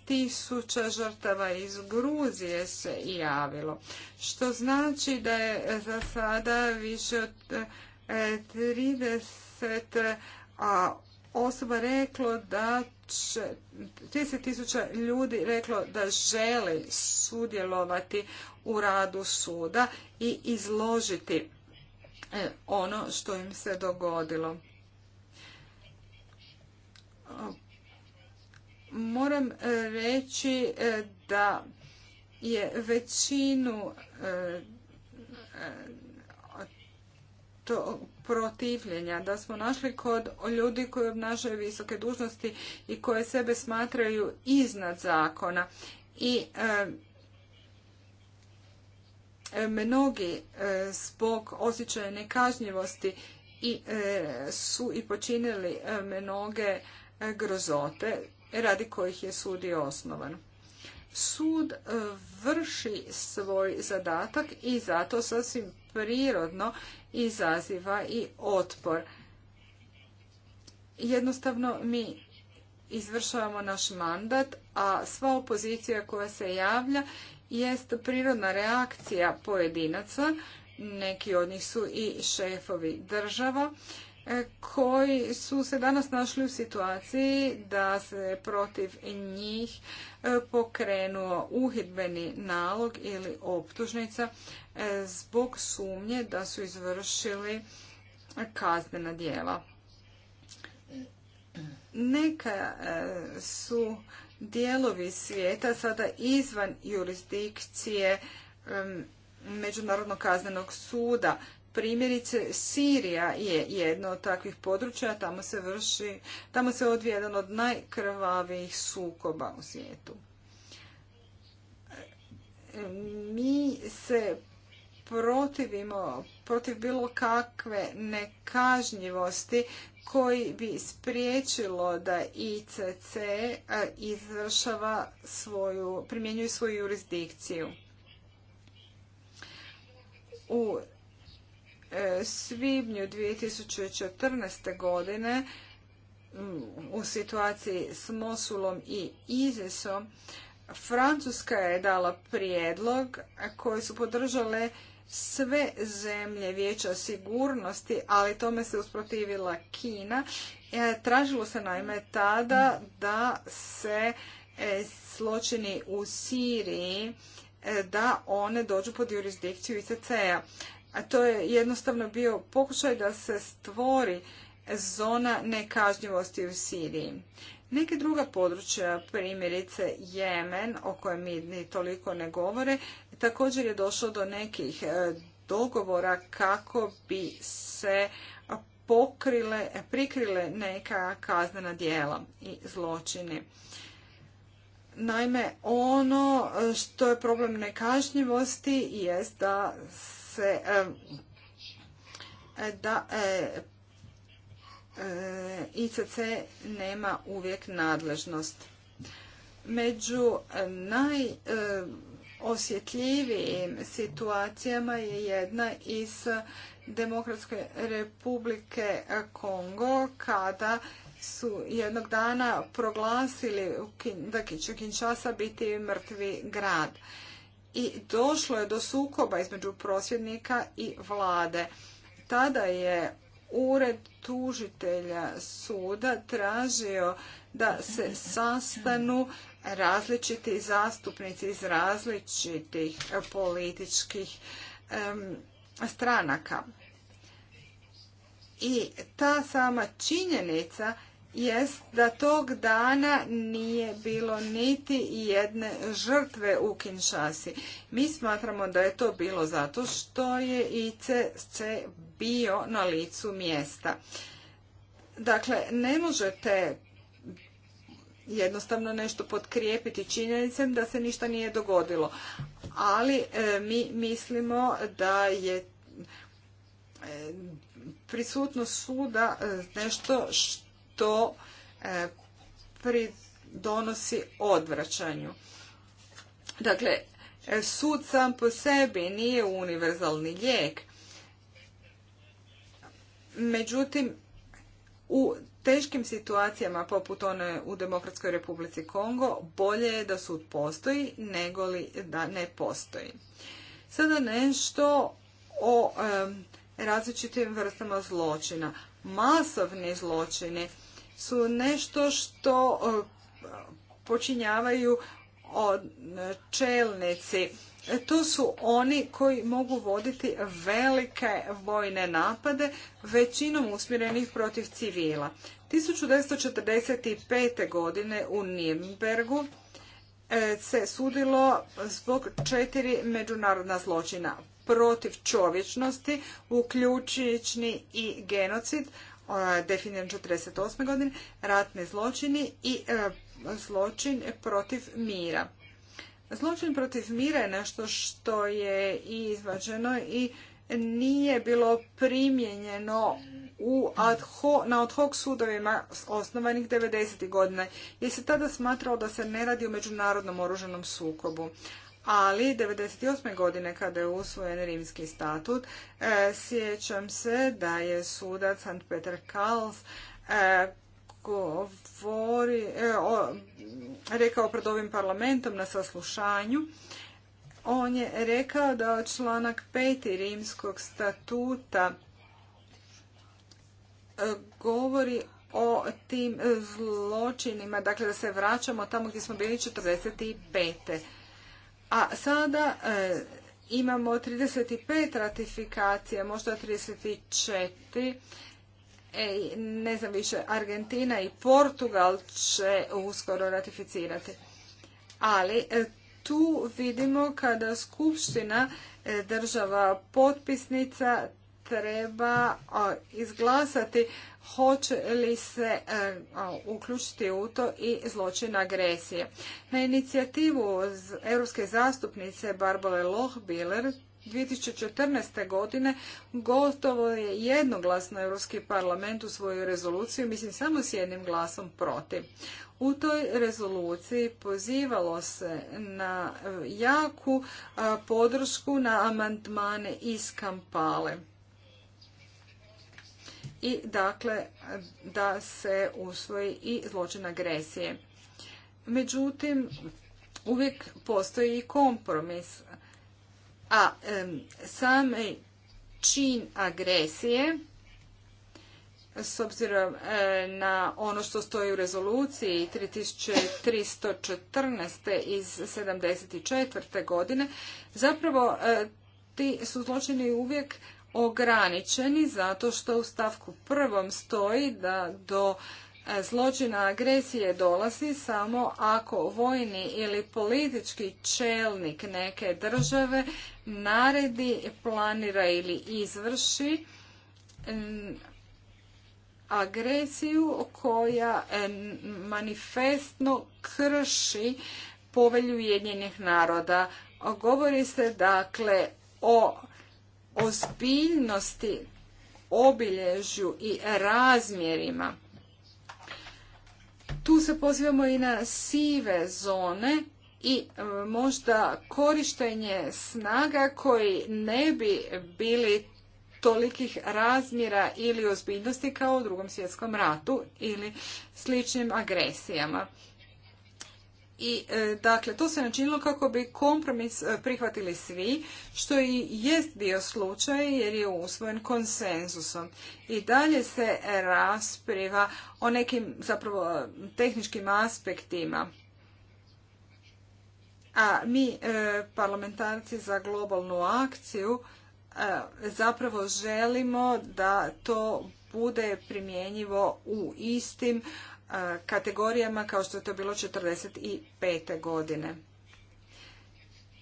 tisuća žrtava iz Gruzije se javilo, što znači da je za sada više od 30 e, a, osoba reklo da 30 tisuća ljudi reklo da želi sudjelovati u radu suda i izložiti e, ono što im se dogodilo. Moram e, reći e, da je većinu protivljenja, da smo našli kod ljudi koji obnašaju visoke dužnosti i koje sebe smatraju iznad zakona. I e, mnogi e, zbog osjećaja nekažnjivosti i e, su i počinili e, mnoge e, grozote radi kojih je sud i osnovan. Sud vrši svoj zadatak i zato sasvim prirodno izaziva i otpor. Jednostavno mi izvršavamo naš mandat, a sva opozicija koja se javlja jest prirodna reakcija pojedinaca, neki od njih su i šefovi država koji su se danas našli u situaciji da se protiv njih e, pokrenuo uhidbeni nalog ili optužnica e, zbog sumnje da su izvršili kaznena djela. Neka e, su dijelovi svijeta sada izvan jurisdikcije Međunarodnog kaznenog suda Primjerice, Sirija je jedno od takvih područja, tamo se vrši, tamo se odvija jedan od najkrvavijih sukoba u svijetu. Mi se protivimo protiv bilo kakve nekažnjivosti koji bi spriječilo da ICC izvršava svoju, primjenjuje svoju jurisdikciju. U E, svibnju 2014. godine mm, u situaciji s Mosulom i Izisom Francuska je dala prijedlog koji su podržale sve zemlje vijeća sigurnosti, ali tome se usprotivila Kina. E, tražilo se naime tada da se e, zločini u Siriji da one dođu pod jurisdikciju ICC-a a to je jednostavno bio pokušaj da se stvori zona nekažnjivosti u Siriji. Neke druga područja, primjerice Jemen, o kojem mi ni toliko ne govore, također je došlo do nekih e, dogovora kako bi se pokrile, prikrile neka kaznena djela i zločini. Naime, ono što je problem nekažnjivosti jest da se da e, e, ICC nema uvijek nadležnost. Među najosjetljivijim e, situacijama je jedna iz Demokratske republike Kongo kada su jednog dana proglasili da će Kinshasa biti mrtvi grad i došlo je do sukoba između prosvjednika i vlade. Tada je ured tužitelja suda tražio da se sastanu različiti zastupnici iz različitih političkih stranaka. I ta sama činjenica jest da tog dana nije bilo niti jedne žrtve u Kinshasi. Mi smatramo da je to bilo zato što je ICC bio na licu mjesta. Dakle, ne možete jednostavno nešto potkrijepiti činjenicom da se ništa nije dogodilo. Ali e, mi mislimo da je e, prisutnost suda e, nešto što to e, pridonosi odvraćanju. Dakle, e, sud sam po sebi nije univerzalni lijek. Međutim, u teškim situacijama poput one u Demokratskoj republici Kongo bolje je da sud postoji nego li da ne postoji. Sada nešto o e, različitim vrstama zločina. Masovni zločini su nešto što e, počinjavaju e, čelnici. E, to su oni koji mogu voditi velike vojne napade, većinom usmjerenih protiv civila. 1945. godine u Nijembergu se sudilo zbog četiri međunarodna zločina protiv čovječnosti, uključujući i genocid, definiran 1948. godine, ratne zločini i e, zločin protiv mira. Zločin protiv mira je nešto što je izvađeno i nije bilo primjenjeno u ad na ad hoc sudovima osnovanih 90. godina, jer se tada smatralo da se ne radi o međunarodnom oruženom sukobu ali 1998. godine kada je usvojen rimski statut, e, sjećam se da je sudac St. Peter Kals e, govori, e, rekao pred ovim parlamentom na saslušanju, on je rekao da članak 5. rimskog statuta govori o tim zločinima, dakle da se vraćamo tamo gdje smo bili 45. A sada e, imamo 35 ratifikacija, možda 34, e, ne znam više, Argentina i Portugal će uskoro ratificirati. Ali e, tu vidimo kada skupština e, država potpisnica treba izglasati hoće li se e, uključiti u to i zločin agresije. Na inicijativu europske zastupnice Barbole Lohbiller 2014. godine gotovo je jednoglasno Europski parlament u svoju rezoluciju, mislim samo s jednim glasom protiv. U toj rezoluciji pozivalo se na e, jaku podršku na amandmane iz Kampale i dakle da se usvoji i zločin agresije. Međutim, uvijek postoji i kompromis, a sam čin agresije s obzirom na ono što stoji u rezoluciji 3314. iz 74. godine, zapravo ti su zločini uvijek ograničeni zato što u stavku prvom stoji da do e, zločina agresije dolazi samo ako vojni ili politički čelnik neke države naredi, planira ili izvrši agresiju koja e, manifestno krši povelju Ujedinjenih naroda. Govori se dakle o ozbiljnosti, obilježju i razmjerima. Tu se pozivamo i na sive zone i e, možda korištenje snaga koji ne bi bili tolikih razmjera ili ozbiljnosti kao u drugom svjetskom ratu ili sličnim agresijama. I e, dakle, to se načinilo kako bi kompromis e, prihvatili svi, što i jest bio slučaj jer je usvojen konsenzusom. I dalje se raspriva o nekim zapravo tehničkim aspektima. A mi e, parlamentarci za globalnu akciju zapravo želimo da to bude primjenjivo u istim kategorijama kao što je to bilo 45. godine.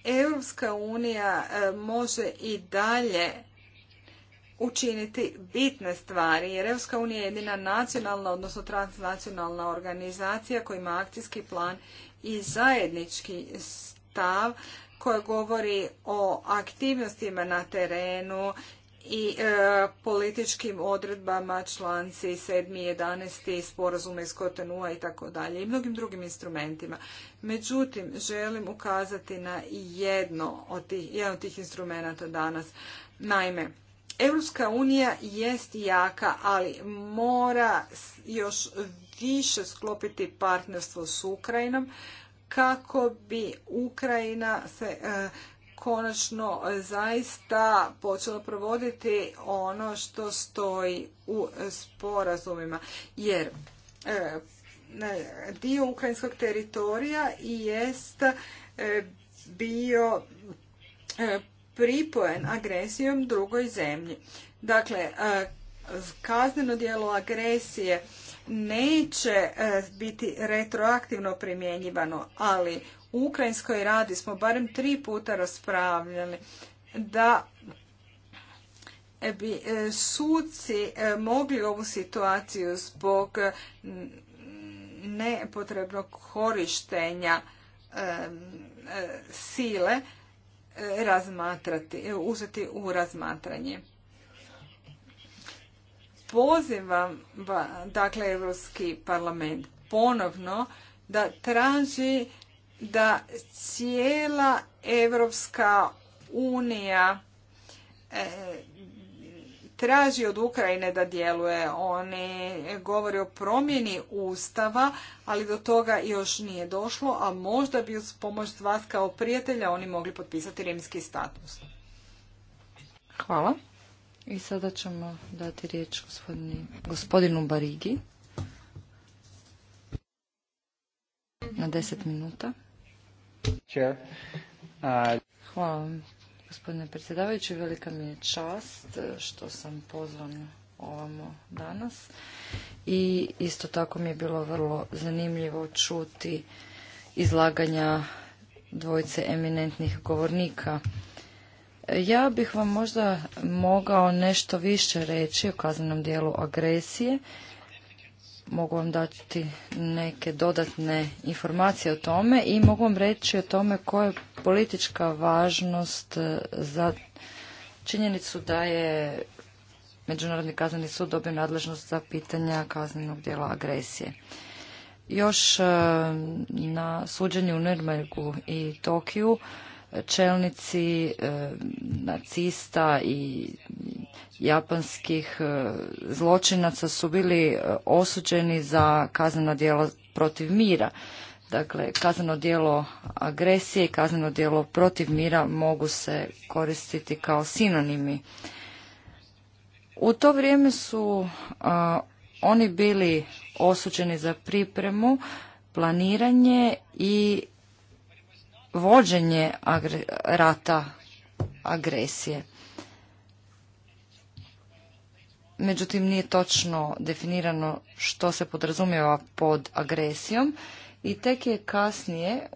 Europska unija e, može i dalje učiniti bitne stvari, jer Europska unija je jedina nacionalna, odnosno transnacionalna organizacija koja ima akcijski plan i zajednički stav koja govori o aktivnostima na terenu, i e, političkim odredbama članci 7. i 11. sporazuma iz Kotonua i tako dalje i mnogim drugim instrumentima. Međutim, želim ukazati na jedno od tih, jedan od tih instrumenta danas. Naime, Europska unija jest jaka, ali mora još više sklopiti partnerstvo s Ukrajinom kako bi Ukrajina se e, konačno e, zaista počelo provoditi ono što stoji u e, sporazumima. Jer e, dio ukrajinskog teritorija jest bio pripojen agresijom drugoj zemlji. Dakle, kazneno djelo agresije neće biti retroaktivno primjenjivano, ali u ukrajinskoj radi smo barem tri puta raspravljali da bi e, suci e, mogli ovu situaciju zbog e, nepotrebnog korištenja sile razmatrati, uzeti u razmatranje. Pozivam dakle Europski parlament ponovno da traži da cijela Evropska unija e, traži od Ukrajine da djeluje. Oni govori o promjeni ustava, ali do toga još nije došlo, a možda bi uz pomoć vas kao prijatelja oni mogli potpisati rimski status. Hvala. I sada ćemo dati riječ gospodinu Barigi na deset minuta. Uh, Hvala vam, gospodine predsjedavajući. Velika mi je čast e, što sam pozvan ovamo danas. I isto tako mi je bilo vrlo zanimljivo čuti izlaganja dvojce eminentnih govornika. E, ja bih vam možda mogao nešto više reći o kaznenom dijelu agresije, mogu vam dati neke dodatne informacije o tome i mogu vam reći o tome koja je politička važnost e, za činjenicu da je Međunarodni kazneni sud dobio nadležnost za pitanja kaznenog djela agresije. Još e, na suđenju u Nürnbergu i Tokiju e, čelnici nacista i japanskih e, zločinaca su bili e, osuđeni za kazneno djelo protiv mira. Dakle, kazneno djelo agresije i kazneno djelo protiv mira mogu se koristiti kao sinonimi. U to vrijeme su oni bili osuđeni za pripremu, planiranje i vođenje rata agresije međutim nije točno definirano što se podrazumijeva pod agresijom i tek je kasnije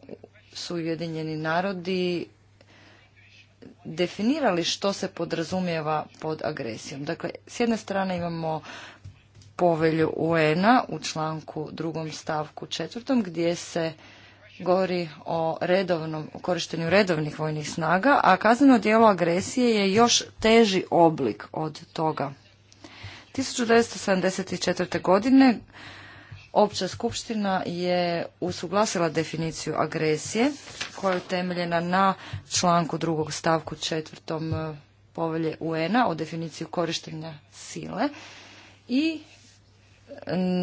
su Ujedinjeni narodi definirali što se podrazumijeva pod agresijom. Dakle, s jedne strane imamo povelju UN-a u članku drugom stavku četvrtom gdje se govori o redovnom korištenju redovnih vojnih snaga, a kazneno djelo agresije je još teži oblik od toga. 1974. godine Opća skupština je usuglasila definiciju agresije koja je temeljena na članku drugog stavku četvrtom eh, povelje UN-a o definiciju korištenja sile i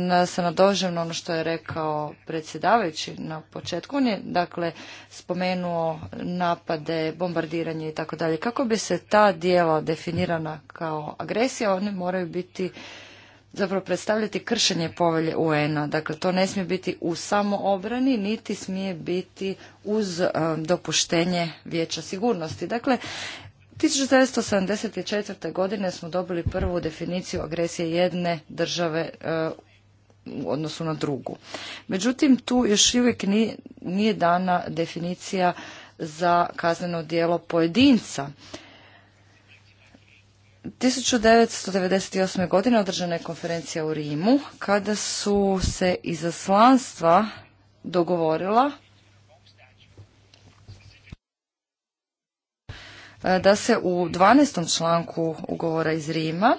da se nadožem na ono što je rekao predsjedavajući na početku. On je, dakle, spomenuo napade, bombardiranje i tako dalje. Kako bi se ta dijela definirana kao agresija, one moraju biti zapravo predstavljati kršenje povelje UN-a. Dakle, to ne smije biti u samoobrani, niti smije biti uz eh, dopuštenje vijeća sigurnosti. Dakle, 1974. godine smo dobili prvu definiciju agresije jedne države e, u odnosu na drugu. Međutim, tu još uvijek nije, dana definicija za kazneno djelo pojedinca. 1998. godine održana je konferencija u Rimu kada su se izaslanstva dogovorila E, da se u 12. članku ugovora iz Rima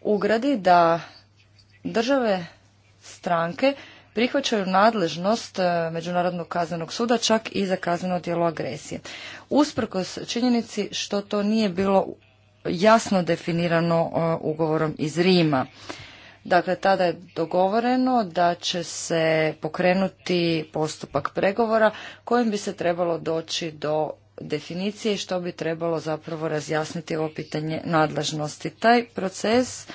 ugradi da države stranke prihvaćaju nadležnost e, Međunarodnog kaznenog suda čak i za kazneno djelo agresije. Usprkos činjenici što to nije bilo jasno definirano e, ugovorom iz Rima. Dakle, tada je dogovoreno da će se pokrenuti postupak pregovora kojim bi se trebalo doći do definicije i što bi trebalo zapravo razjasniti ovo pitanje nadležnosti. Taj proces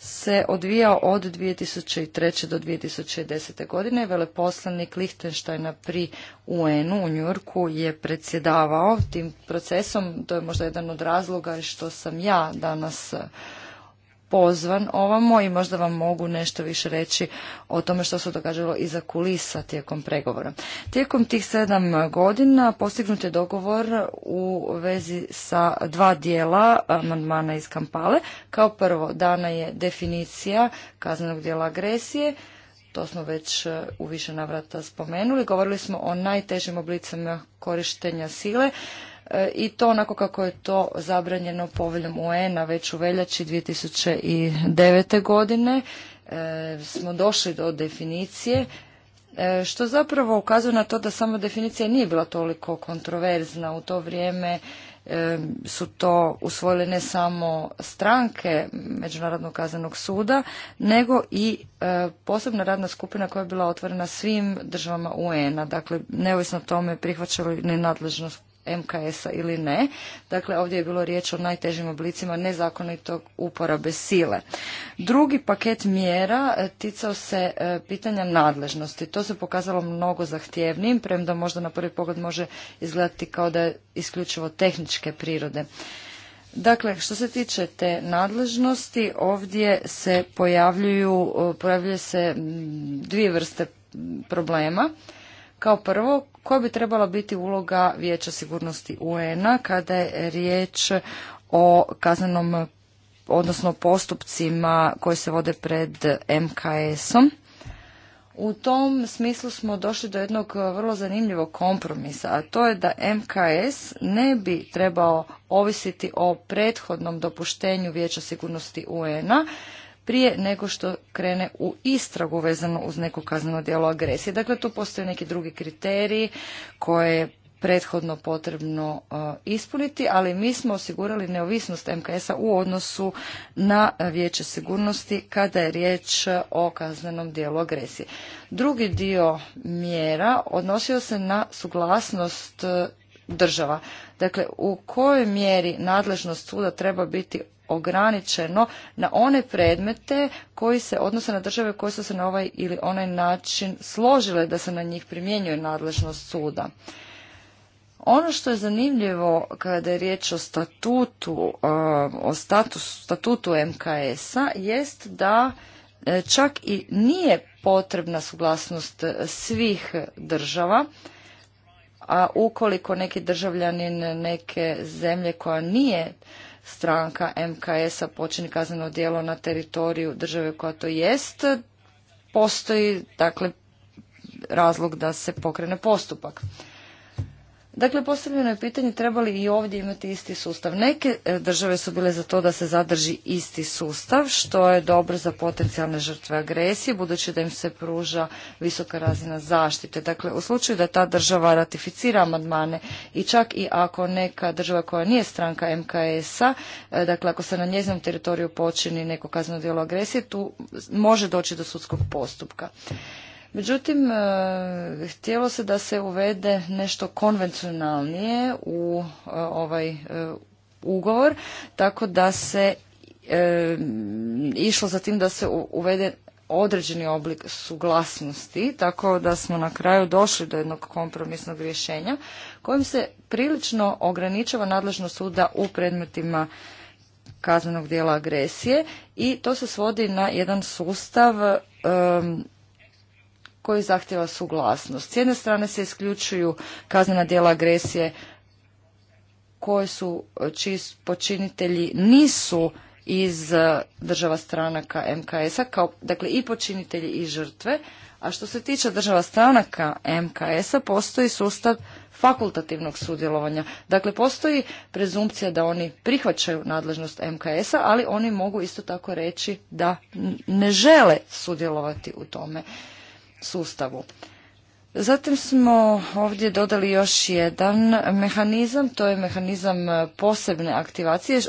se odvijao od 2003. do 2010. godine. Veleposlanik Lichtensteina pri UN-u u Njurku je predsjedavao tim procesom. To je možda jedan od razloga što sam ja danas pozvan ovamo i možda vam mogu nešto više reći o tome što se događalo iza kulisa tijekom pregovora. Tijekom tih sedam godina postignut je dogovor u vezi sa dva dijela amandmana iz Kampale. Kao prvo dana je definicija kaznenog dijela agresije, to smo već e, u više navrata spomenuli. Govorili smo o najtežim oblicama korištenja sile E, i to onako kako je to zabranjeno poveljom UN-a već u veljači 2009. godine e, smo došli do definicije e, što zapravo ukazuje na to da sama definicija nije bila toliko kontroverzna u to vrijeme su to usvojile ne samo stranke Međunarodnog kaznenog suda, nego i posebna radna skupina koja je bila otvorena svim državama UN-a. Dakle, neovisno tome prihvaćali nenadležnost MKS-a ili ne. Dakle, ovdje je bilo riječ o najtežim oblicima nezakonitog uporabe sile. Drugi paket mjera e, ticao se e, pitanja nadležnosti. To se pokazalo mnogo zahtjevnim, premda možda na prvi pogled može izgledati kao da je isključivo tehničke prirode. Dakle, što se tiče te nadležnosti, ovdje se pojavljuju, e, pojavljuje se dvije vrste problema. Kao prvo, koja bi trebala biti uloga Vijeća sigurnosti UN-a kada je riječ o kaznenom, odnosno postupcima koji se vode pred MKS-om? U tom smislu smo došli do jednog vrlo zanimljivog kompromisa, a to je da MKS ne bi trebao ovisiti o prethodnom dopuštenju Vijeća sigurnosti UN-a, prije nego što krene u istragu vezano uz neko kazneno djelo agresije. Dakle, tu postoje neki drugi kriteriji koje je prethodno potrebno e, ispuniti, ali mi smo osigurali neovisnost MKS-a u odnosu na vijeće sigurnosti kada je riječ o kaznenom dijelu agresije. Drugi dio mjera odnosio se na suglasnost e, država. Dakle, u kojoj mjeri nadležnost suda treba biti ograničeno na one predmete koji se odnose na države koje su se na ovaj ili onaj način složile da se na njih primjenjuje nadležnost suda. Ono što je zanimljivo kada je riječ o statutu, o statutu MKS-a jest da e, čak i nije potrebna suglasnost svih država, a ukoliko neki državljanin neke zemlje koja nije stranka MKS-a počini kazneno djelo na teritoriju države koja to jest, postoji dakle razlog da se pokrene postupak. Dakle, postavljeno je pitanje treba li i ovdje imati isti sustav. Neke e, države su bile za to da se zadrži isti sustav, što je dobro za potencijalne žrtve agresije, budući da im se pruža visoka razina zaštite. Dakle, u slučaju da ta država ratificira amandmane i čak i ako neka država koja nije stranka MKS-a, e, dakle, ako se na njezinom teritoriju počini neko kazneno djelo agresije, tu može doći do sudskog postupka. Međutim, e, htjelo se da se uvede nešto konvencionalnije u e, ovaj e, ugovor, tako da se išlo za tim da se uvede određeni oblik suglasnosti, tako da smo na kraju došli do jednog kompromisnog rješenja kojim se prilično ograničava nadležnost suda u predmetima kaznenog dijela agresije i to se svodi na jedan sustav koji zahtjeva suglasnost. S jedne strane se isključuju kaznena djela agresije koje su čiji počinitelji nisu iz e, država stranaka MKS-a, kao, dakle i počinitelji i žrtve, a što se tiče država stranaka MKS-a postoji sustav fakultativnog sudjelovanja. Dakle, postoji prezumpcija da oni prihvaćaju nadležnost MKS-a, ali oni mogu isto tako reći da ne žele sudjelovati u tome sustavu. Zatim smo ovdje dodali još jedan mehanizam, to je mehanizam posebne aktivacije,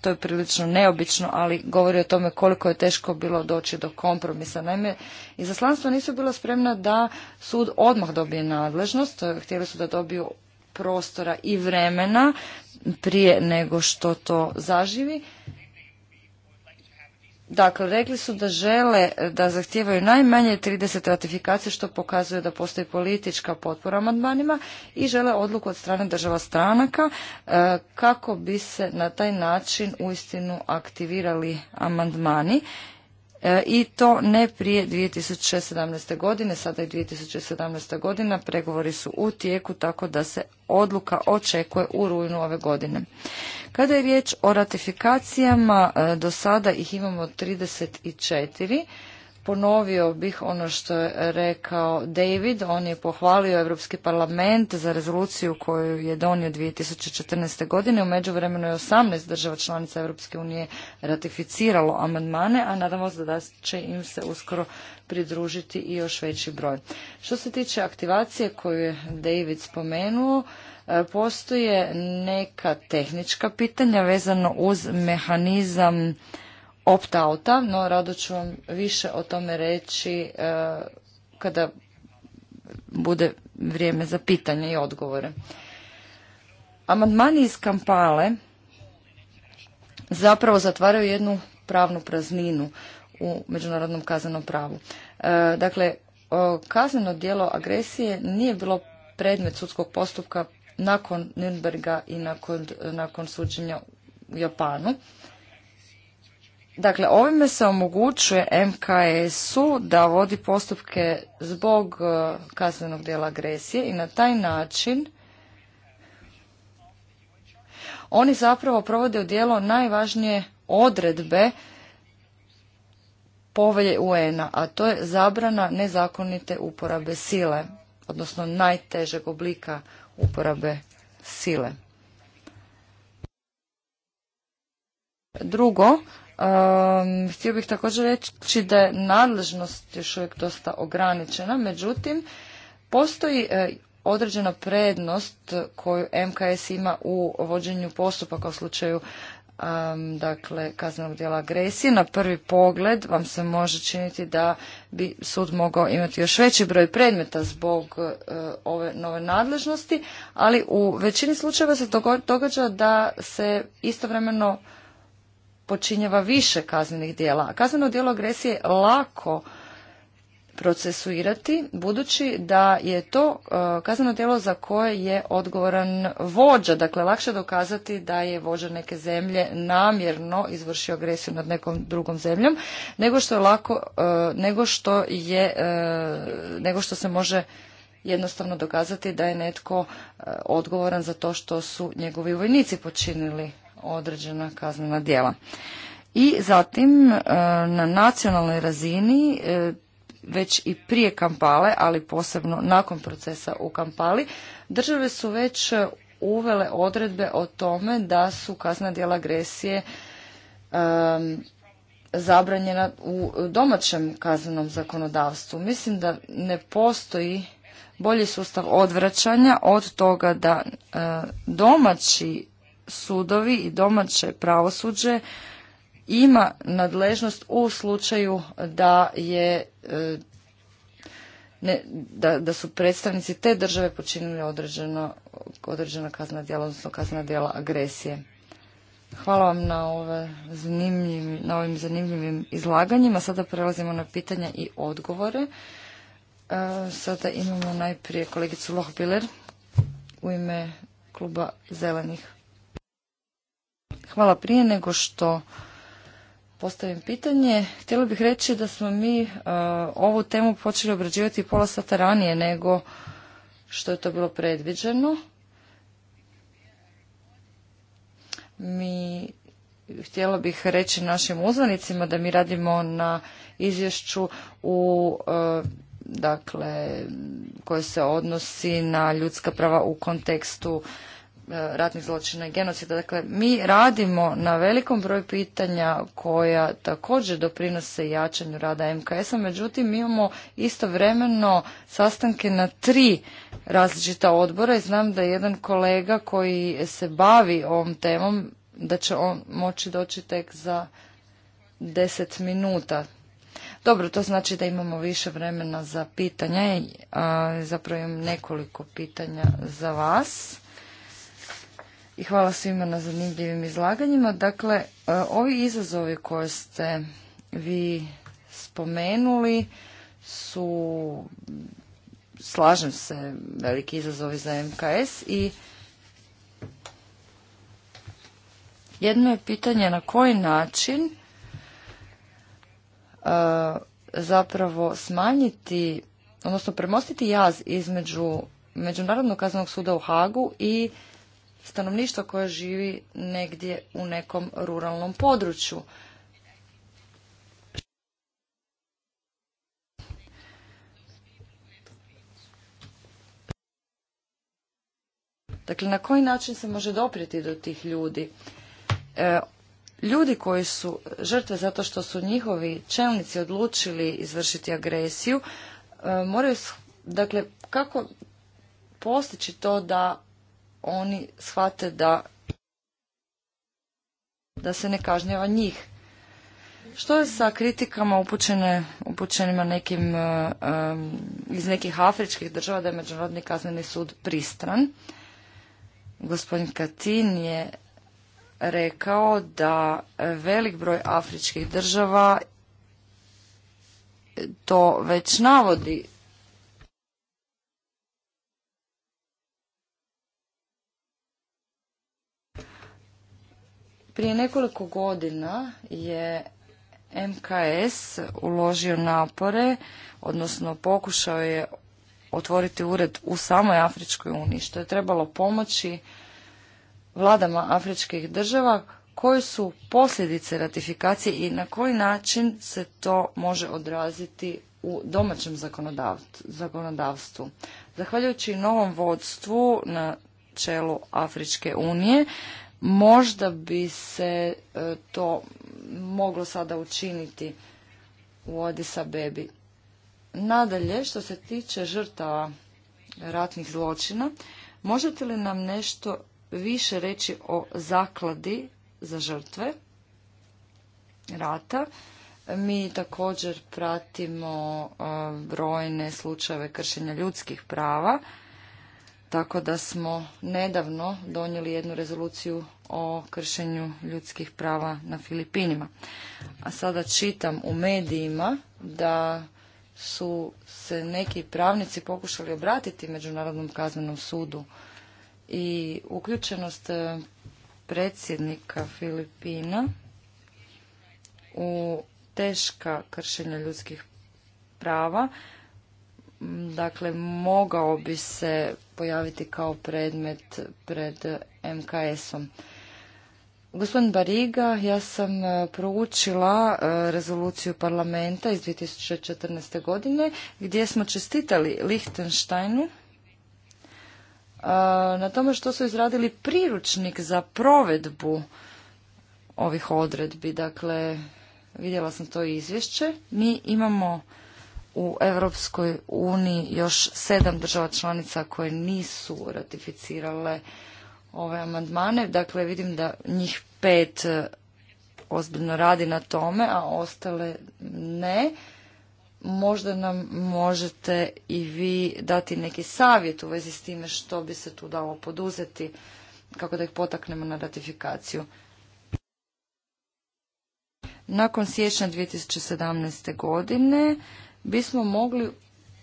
to je prilično neobično, ali govori o tome koliko je teško bilo doći do kompromisa. Naime, izaslanstva nisu bila spremna da sud odmah dobije nadležnost, htjeli su da dobiju prostora i vremena prije nego što to zaživi Dakle, rekli su da žele eh, da zahtijevaju najmanje 30 ratifikacija, što pokazuje da postoji politička potpora amandmanima i žele odluku od strane država stranaka eh, kako bi se na taj način uistinu aktivirali amandmani eh, i to ne prije 2017. godine, sada je 2017. godina, pregovori su u tijeku tako da se odluka očekuje u rujnu ove godine. Kada je riječ o ratifikacijama, e, do sada ih imamo 34. Ponovio bih ono što je rekao David, on je pohvalio Europski parlament za rezoluciju koju je donio 2014. godine. U međuvremenu je 18 država članica Europske unije ratificiralo amandmane, a nadamo se da će im se uskoro pridružiti i još veći broj. Što se tiče aktivacije koju je David spomenuo, E, postoje neka tehnička pitanja vezano uz mehanizam opt-outa, no rado ću vam više o tome reći e, kada bude vrijeme za pitanje i odgovore. Amandmani iz Kampale zapravo zatvaraju jednu pravnu prazninu u međunarodnom kaznenom pravu. E, dakle, kazneno djelo agresije nije bilo predmet sudskog postupka nakon Nürnberga i nakon, nakon suđenja u Japanu. Dakle, ovime se omogućuje MKS-u da vodi postupke zbog e, kaznenog dijela agresije i na taj način oni zapravo provode u djelo najvažnije odredbe povelje UN-a, a to je zabrana nezakonite uporabe sile, odnosno najtežeg oblika uporabe sile. Drugo, um, htio bih također reći da je nadležnost još uvijek dosta ograničena, međutim, postoji e, određena prednost koju MKS ima u vođenju postupaka u slučaju dakle kaznenog djela agresije. Na prvi pogled vam se može činiti da bi sud mogao imati još veći broj predmeta zbog e, ove nove nadležnosti, ali u većini slučajeva se događa da se istovremeno počinjeva više kaznenih djela. Kazneno djelo agresije lako procesuirati budući da je to e, kazneno djelo za koje je odgovoran vođa. Dakle, lakše dokazati da je vođa neke zemlje namjerno izvršio agresiju nad nekom drugom zemljom nego što je lako, e, nego što je, e, nego što se može jednostavno dokazati da je netko odgovoran za to što su njegovi vojnici počinili određena kaznena djela. I zatim na nacionalnoj razini već i prije Kampale, ali posebno nakon procesa u Kampali, države su već e, uvele odredbe o tome da su kazna djela agresije zabranjena u domaćem kaznenom zakonodavstvu. Mislim da ne postoji bolji sustav odvraćanja od toga da e, domaći sudovi i domaće pravosuđe ima nadležnost u slučaju da je e, ne, da, da su predstavnici te države počinili određena, određena kazna djela, odnosno kazna djela agresije. Hvala vam na, na ovim zanimljivim izlaganjima. Sada prelazimo na pitanja i odgovore. E, sada imamo najprije kolegicu Lohbiler u ime kluba Zelenih. Hvala prije nego što postavim pitanje. Htjela bih reći da smo mi e, ovu temu počeli obrađivati pola sata ranije nego što je to bilo predviđeno. Mi htjela bih reći našim uzvanicima da mi radimo na izvješću u e, dakle koje se odnosi na ljudska prava u kontekstu E, ratnih zločina i genocida. Dakle, mi radimo na velikom broju pitanja koja također doprinose jačanju rada MKS-a, međutim mi imamo istovremeno sastanke na tri različita odbora i znam da jedan kolega koji se bavi ovom temom, da će on moći doći tek za deset minuta. Dobro, to znači da imamo više vremena za pitanja. Zapravo imam nekoliko pitanja za vas i hvala svima na zanimljivim izlaganjima. Dakle, e, ovi izazovi koje ste vi spomenuli su, slažem se, veliki izazovi za MKS i jedno je pitanje na koji način e, zapravo smanjiti, odnosno premostiti jaz između Međunarodnog kaznenog suda u Hagu i stanovništva koje živi negdje u nekom ruralnom području. Dakle, na koji način se može doprijeti do tih ljudi? E, ljudi koji su žrtve zato što su njihovi čelnici odlučili izvršiti agresiju, e, moraju, dakle, kako postići to da oni shvate da da se ne kažnjava njih. Što je sa kritikama upućene, upućenima nekim, uh, um, iz nekih afričkih država da je Međunarodni kazneni sud pristran? Gospodin Katin je rekao da velik broj afričkih država to već navodi Prije nekoliko godina je MKS uložio napore, odnosno pokušao je otvoriti ured u samoj Afričkoj uniji, što je trebalo pomoći vladama afričkih država koje su posljedice ratifikacije i na koji način se to može odraziti u domaćem zakonodavstvu. Zahvaljujući novom vodstvu na čelu Afričke unije, Možda bi se e, to moglo sada učiniti u Odisa Bebi. Nadalje, što se tiče žrtava ratnih zločina, možete li nam nešto više reći o zakladi za žrtve rata? Mi također pratimo e, brojne slučajeve kršenja ljudskih prava tako da smo nedavno donijeli jednu rezoluciju o kršenju ljudskih prava na Filipinima. A sada čitam u medijima da su se neki pravnici pokušali obratiti Međunarodnom kaznenom sudu i uključenost e, predsjednika Filipina u teška kršenja ljudskih prava dakle mogao bi se pojaviti kao predmet pred MKS-om. Gospodin Bariga, ja sam e, proučila e, rezoluciju parlamenta iz 2014. godine gdje smo čestitali Lichtensteinu e, na tome što su izradili priručnik za provedbu ovih odredbi. Dakle, vidjela sam to izvješće. Mi imamo u Europskoj uniji još sedam država članica koje nisu ratificirale ove amandmane. Dakle, vidim da njih pet e, ozbiljno radi na tome, a ostale ne. Možda nam možete i vi dati neki savjet u vezi s time što bi se tu dalo poduzeti, kako da ih potaknemo na ratifikaciju. Nakon siječnja 2017. godine bismo mogli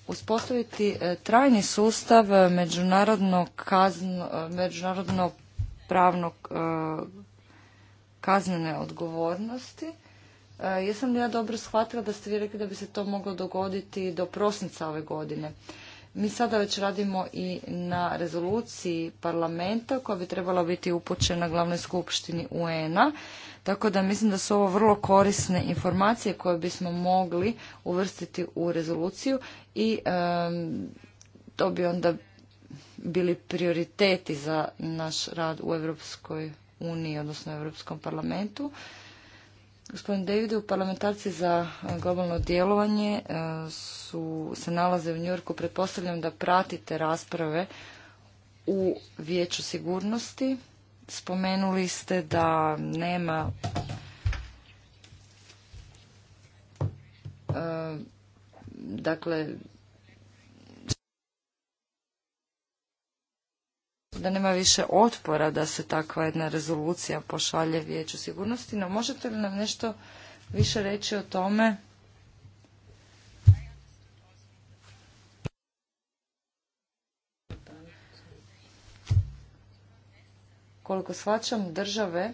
uspostaviti e, trajni sustav e, međunarodno, pravno e, pravnog kaznene odgovornosti. Jesam li ja dobro shvatila da ste vi rekli da bi se to moglo dogoditi do prosinca ove godine? Mi sada već radimo i na rezoluciji parlamenta koja bi trebala biti upućena glavnoj skupštini UN-a. Tako da mislim da su ovo vrlo korisne informacije koje bismo mogli uvrstiti u rezoluciju i to bi onda bili prioriteti za naš rad u Europskoj uniji, odnosno u Europskom parlamentu. Gospodin u parlamentarci za globalno djelovanje eh, su, se nalaze u Njorku. Pretpostavljam da pratite rasprave u Vijeću sigurnosti spomenuli ste da nema e, dakle da nema više otpora da se takva jedna rezolucija pošalje vijeću sigurnosti, no možete li nam nešto više reći o tome Koliko shvaćam, države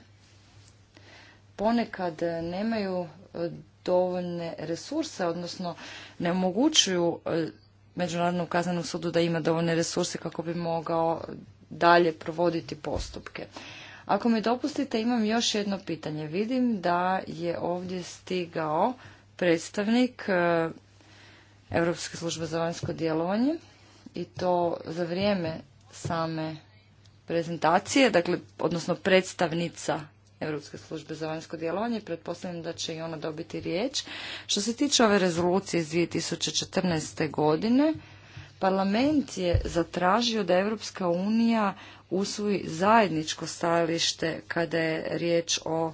ponekad nemaju e, dovoljne resurse, odnosno ne omogućuju e, Međunarodnom kaznenom sudu da ima dovoljne resurse kako bi mogao dalje provoditi postupke. Ako mi dopustite, imam još jedno pitanje. Vidim da je ovdje stigao predstavnik e, Europske službe za vanjsko djelovanje i to za vrijeme same prezentacije, dakle, odnosno predstavnica Europske službe za vanjsko djelovanje. Pretpostavljam da će i ona dobiti riječ. Što se tiče ove rezolucije iz 2014. godine, parlament je zatražio da Europska unija usvoji zajedničko stajalište kada je riječ o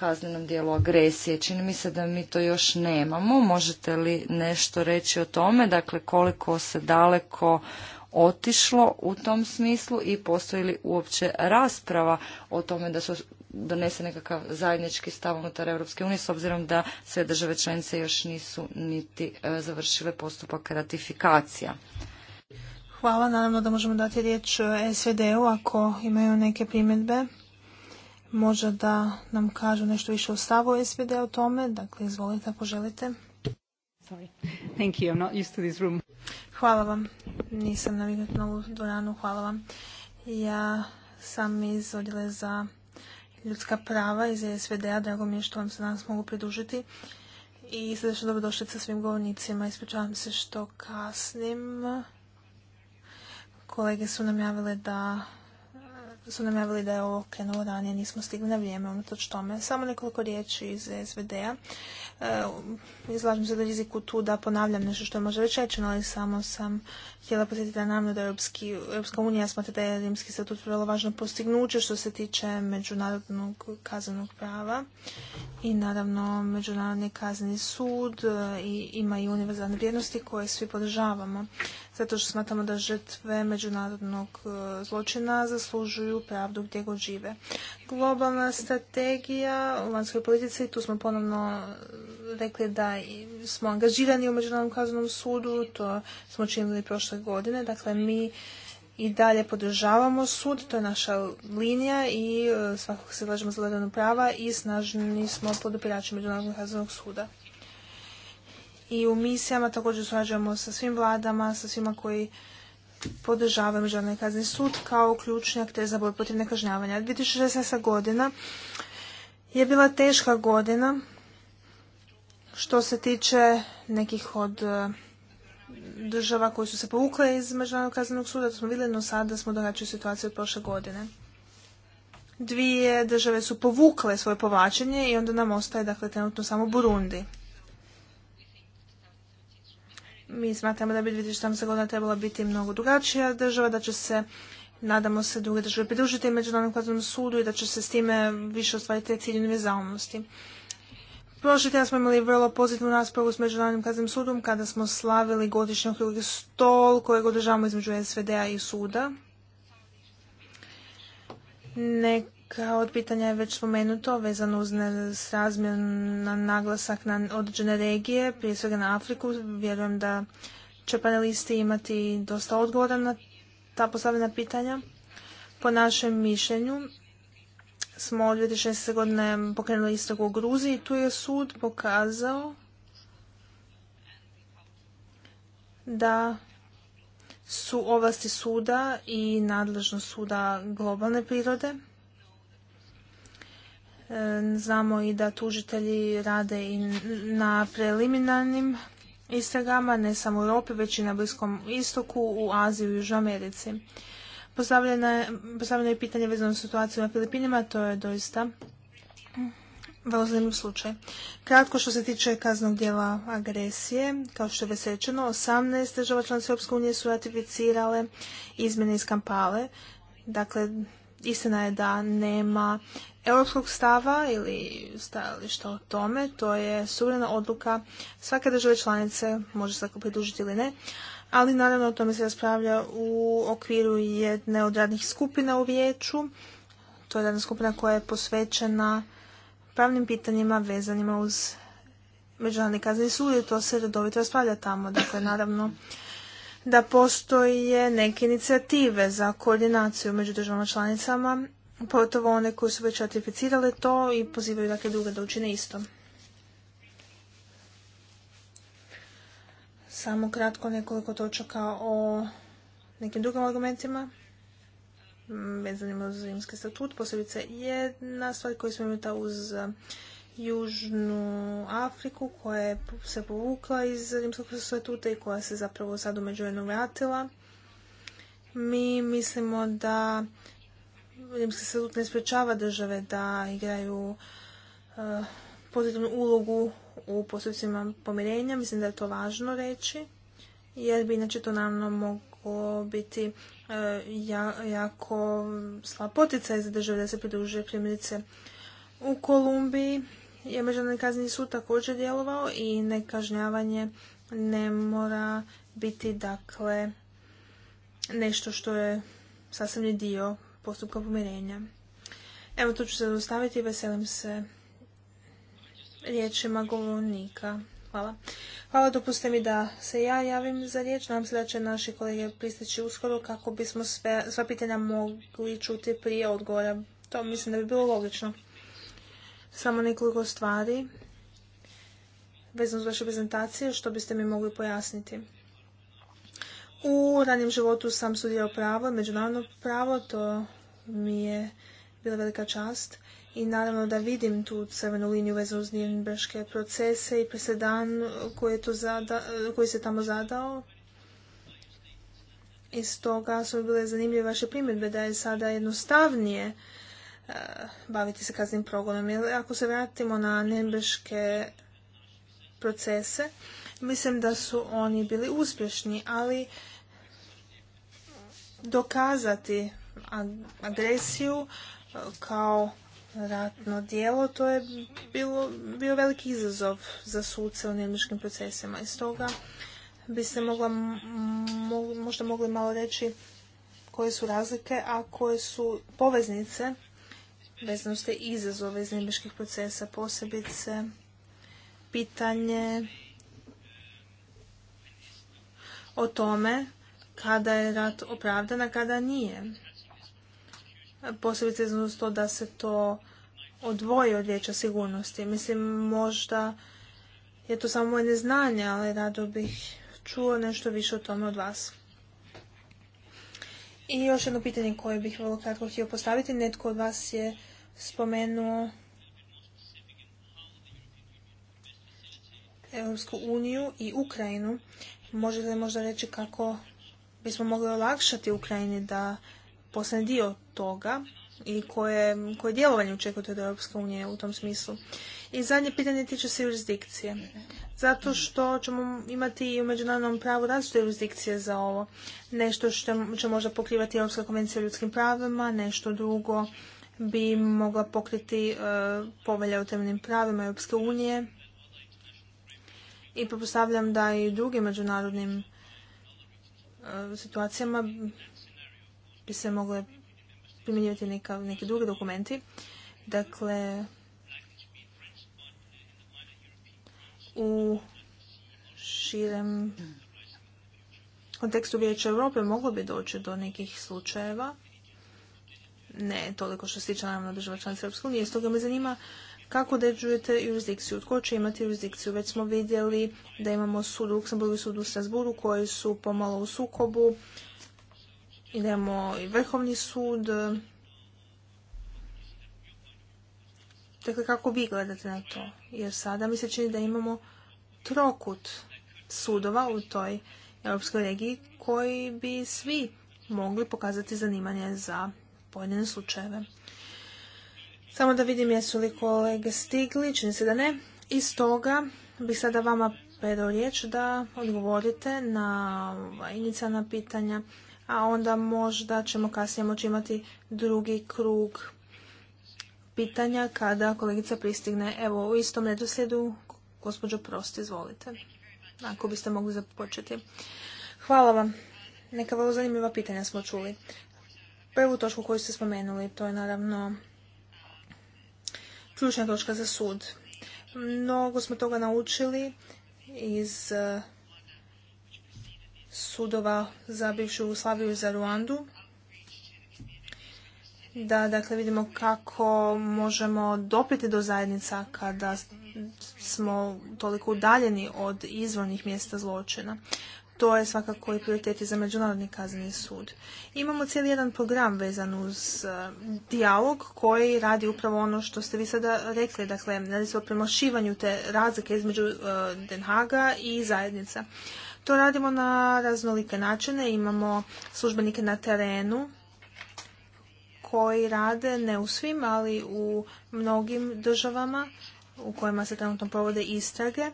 kaznenom dijelu agresije. Čini mi se da mi to još nemamo. Možete li nešto reći o tome? Dakle, koliko se daleko otišlo u tom smislu i postoji li uopće rasprava o tome da su donese nekakav zajednički stav unutar Europske unije s obzirom da sve države članice još nisu niti e, završile postupak ratifikacija. Hvala, naravno da možemo dati riječ e, SVD-u ako imaju neke primjedbe možda da nam kažu nešto više o stavu SVD o tome. Dakle, izvolite ako želite. Hvala vam. Nisam navignut na ovu dvoranu. Hvala vam. Ja sam iz odjela za ljudska prava iz SVD-a. Drago mi je što vam se danas mogu pridružiti. I srdečno dobrodošli sa svim govornicima. Ispričavam se što kasnim. Kolege su nam javile da su nam javili da je ovo krenulo ranije, nismo stigli na vrijeme unatoč tome. Samo nekoliko riječi iz SVD-a. E, izlažem se da riziku tu da ponavljam nešto što je možda već rečeno, ali samo sam htjela posjetiti da nam da Europski, Europska unija smatra da je rimski statut vrlo važno postignuće što se tiče međunarodnog kaznenog prava i naravno međunarodni kazneni sud e, i ima i univerzalne vrijednosti koje svi podržavamo zato što smatramo da žrtve međunarodnog e, zločina zaslužuju pravdu gdje god žive. Globalna strategija u vanjskoj politici, tu smo ponovno rekli da smo angažirani u Međunarodnom kaznom sudu, to smo činili prošle godine, dakle mi i dalje podržavamo sud, to je naša linija i e, svakako se lažemo za prava i snažni smo podopirači Međunarodnog kaznog suda i u misijama također surađujemo sa svim vladama, sa svima koji podržavaju Međunarodni kazni sud kao ključnjak akter za borbu protiv nekažnjavanja. 2016. godina je bila teška godina što se tiče nekih od e, država koji su se povukle iz Međunarodnog kaznenog suda, to smo vidjeli, no sada smo događaju situaciju od prošle godine. Dvije države su povukle svoje povlačenje i onda nam ostaje dakle, trenutno samo Burundi. Mi smatramo da bi 2017. godina trebala biti mnogo drugačija država, da će se Nadamo se druge države pridružiti Međunarodnom kaznenom sudu i da će se s time više ostvariti cilj univerzalnosti. Prošli tjedan smo imali vrlo pozitivnu raspravu s Međunarodnim kaznenim sudom kada smo slavili godišnji okrugli stol kojeg održavamo između SVD-a i suda kao od pitanja je već spomenuto vezano uz na naglasak na određene regije, prije svega na Afriku. Vjerujem da će panelisti imati dosta odgovora na ta postavljena pitanja. Po našem mišljenju smo od 2016. godine pokrenuli istragu u Gruziji i tu je sud pokazao da su ovlasti suda i nadležnost suda globalne prirode Znamo i da tužitelji rade i na preliminarnim istragama, ne samo u Europi, već i na Bliskom istoku, u Aziji i Južnoj Americi. Postavljeno, je pitanje vezano s situaciju na Filipinima, to je doista vrlo zanimljiv slučaj. Kratko što se tiče kaznog dijela agresije, kao što je već 18 država članica Europske unije su ratificirale izmjene iz Kampale. Dakle, istina je da nema europskog stava ili stajališta o tome, to je suverena odluka svake države članice, može se tako pridružiti ili ne, ali naravno o tome se raspravlja u okviru jedne od radnih skupina u vijeću, to je radna skupina koja je posvećena pravnim pitanjima vezanima uz Međunarodni kazneni sud i to se redovito raspravlja tamo. Dakle, naravno da postoje neke inicijative za koordinaciju među državama članicama pogotovo one koje su već ratificirale to i pozivaju dakle druge da učine isto. Samo kratko nekoliko točaka o nekim drugim argumentima mm, vezanim uz rimski statut, posebice jedna stvar koju smo imali uz e, Južnu Afriku koja se povukla iz rimskog statuta i koja se zapravo sad umeđu jednom vratila. Mi mislimo da Rimski statut ne sprečava države da igraju e, pozitivnu ulogu u postupcima pomirenja. Mislim da je to važno reći, jer bi inače to naravno moglo biti e, jako slab poticaj za države da se pridružuje primjerice u Kolumbiji. Je Međunarodni kazni sud također djelovao i nekažnjavanje ne mora biti dakle nešto što je sasvim dio postupka pomirenja. Evo tu ću se dostaviti i veselim se riječima govornika. Hvala. Hvala, dopustite mi da se ja javim za riječ. Nadam se da će naši kolege pristići uskoro kako bismo sve, sva pitanja mogli čuti prije odgovora. To mislim da bi bilo logično. Samo nekoliko stvari vezano uz vaše prezentacije, što biste mi mogli pojasniti. U ranjem životu sam studirao pravo, međunarodno pravo, to mi je bila velika čast i naravno da vidim tu crvenu liniju vezu uz Nirenberške procese i presedan koji, koji se tamo zadao. I stoga su bile zanimljive vaše primjedbe da je sada jednostavnije e, baviti se kaznim progonom. Jer ako se vratimo na Nirenberške procese, mislim da su oni bili uspješni, ali dokazati agresiju e, kao ratno djelo, to je bilo, bio veliki izazov za suce u njemačkim procesima. I stoga bi se mogla, možda mogli malo reći koje su razlike, a koje su poveznice vezano ste izazove iz njemačkih procesa, posebice pitanje o tome kada je rat opravdan, kada nije posebice uz to da se to odvoji od vijeća sigurnosti. Mislim, možda je to samo moje neznanje, ali rado bih čuo nešto više o tome od vas. I još jedno pitanje koje bih vrlo kratko htio postaviti. Netko od vas je spomenuo Europsku uniju i Ukrajinu. Možete li možda reći kako bismo mogli olakšati Ukrajini da posljednji dio toga i koje, koje djelovanje očekujete od Europske unije u tom smislu. I zadnje pitanje tiče se jurisdikcije. Zato što ćemo imati i u međunarodnom pravu različite jurisdikcije za ovo. Nešto što će možda pokrivati Europska konvencija o ljudskim pravima, nešto drugo bi mogla pokriti e, povelja o temeljnim pravima Europske unije. I pretpostavljam da i drugim međunarodnim e, situacijama bi se mogle primjenjivati neke neki drugi dokumenti. Dakle, u širem kontekstu Vijeća Europe moglo bi doći do nekih slučajeva, ne toliko što se tiče naravno država članica Europske unije, stoga me zanima kako određujete jurisdikciju, tko će imati jurisdikciju. Već smo vidjeli da imamo sud u Luksemburgu i sud u Strasburu koji su pomalo u sukobu Idemo i Vrhovni sud. Dakle, kako vi gledate na to? Jer sada mi se čini da imamo trokut sudova u toj europskoj regiji koji bi svi mogli pokazati zanimanje za pojedine slučajeve. Samo da vidim jesu li kolege stigli, čini se da ne. I stoga bih sada vama predao riječ da odgovorite na inicijalna pitanja a onda možda ćemo kasnije moći imati drugi krug pitanja kada kolegica pristigne. Evo, u istom redoslijedu, gospođo Prost, izvolite. Ako biste mogli započeti. Hvala vam. Neka vrlo zanimljiva pitanja smo čuli. Prvu točku koju ste spomenuli, to je naravno ključna točka za sud. Mnogo smo toga naučili iz sudova za bivšu Jugoslaviju i za Ruandu. Da, dakle, vidimo kako možemo dopiti do zajednica kada smo toliko udaljeni od izvornih mjesta zločina. To je svakako i prioriteti za Međunarodni kazneni sud. Imamo cijeli jedan program vezan uz e, dijalog koji radi upravo ono što ste vi sada rekli. Dakle, radi se o premošivanju te razlike između e, Den Haga i zajednica. To radimo na raznolike načine. Imamo službenike na terenu koji rade, ne u svim, ali u mnogim državama u kojima se trenutno provode istrage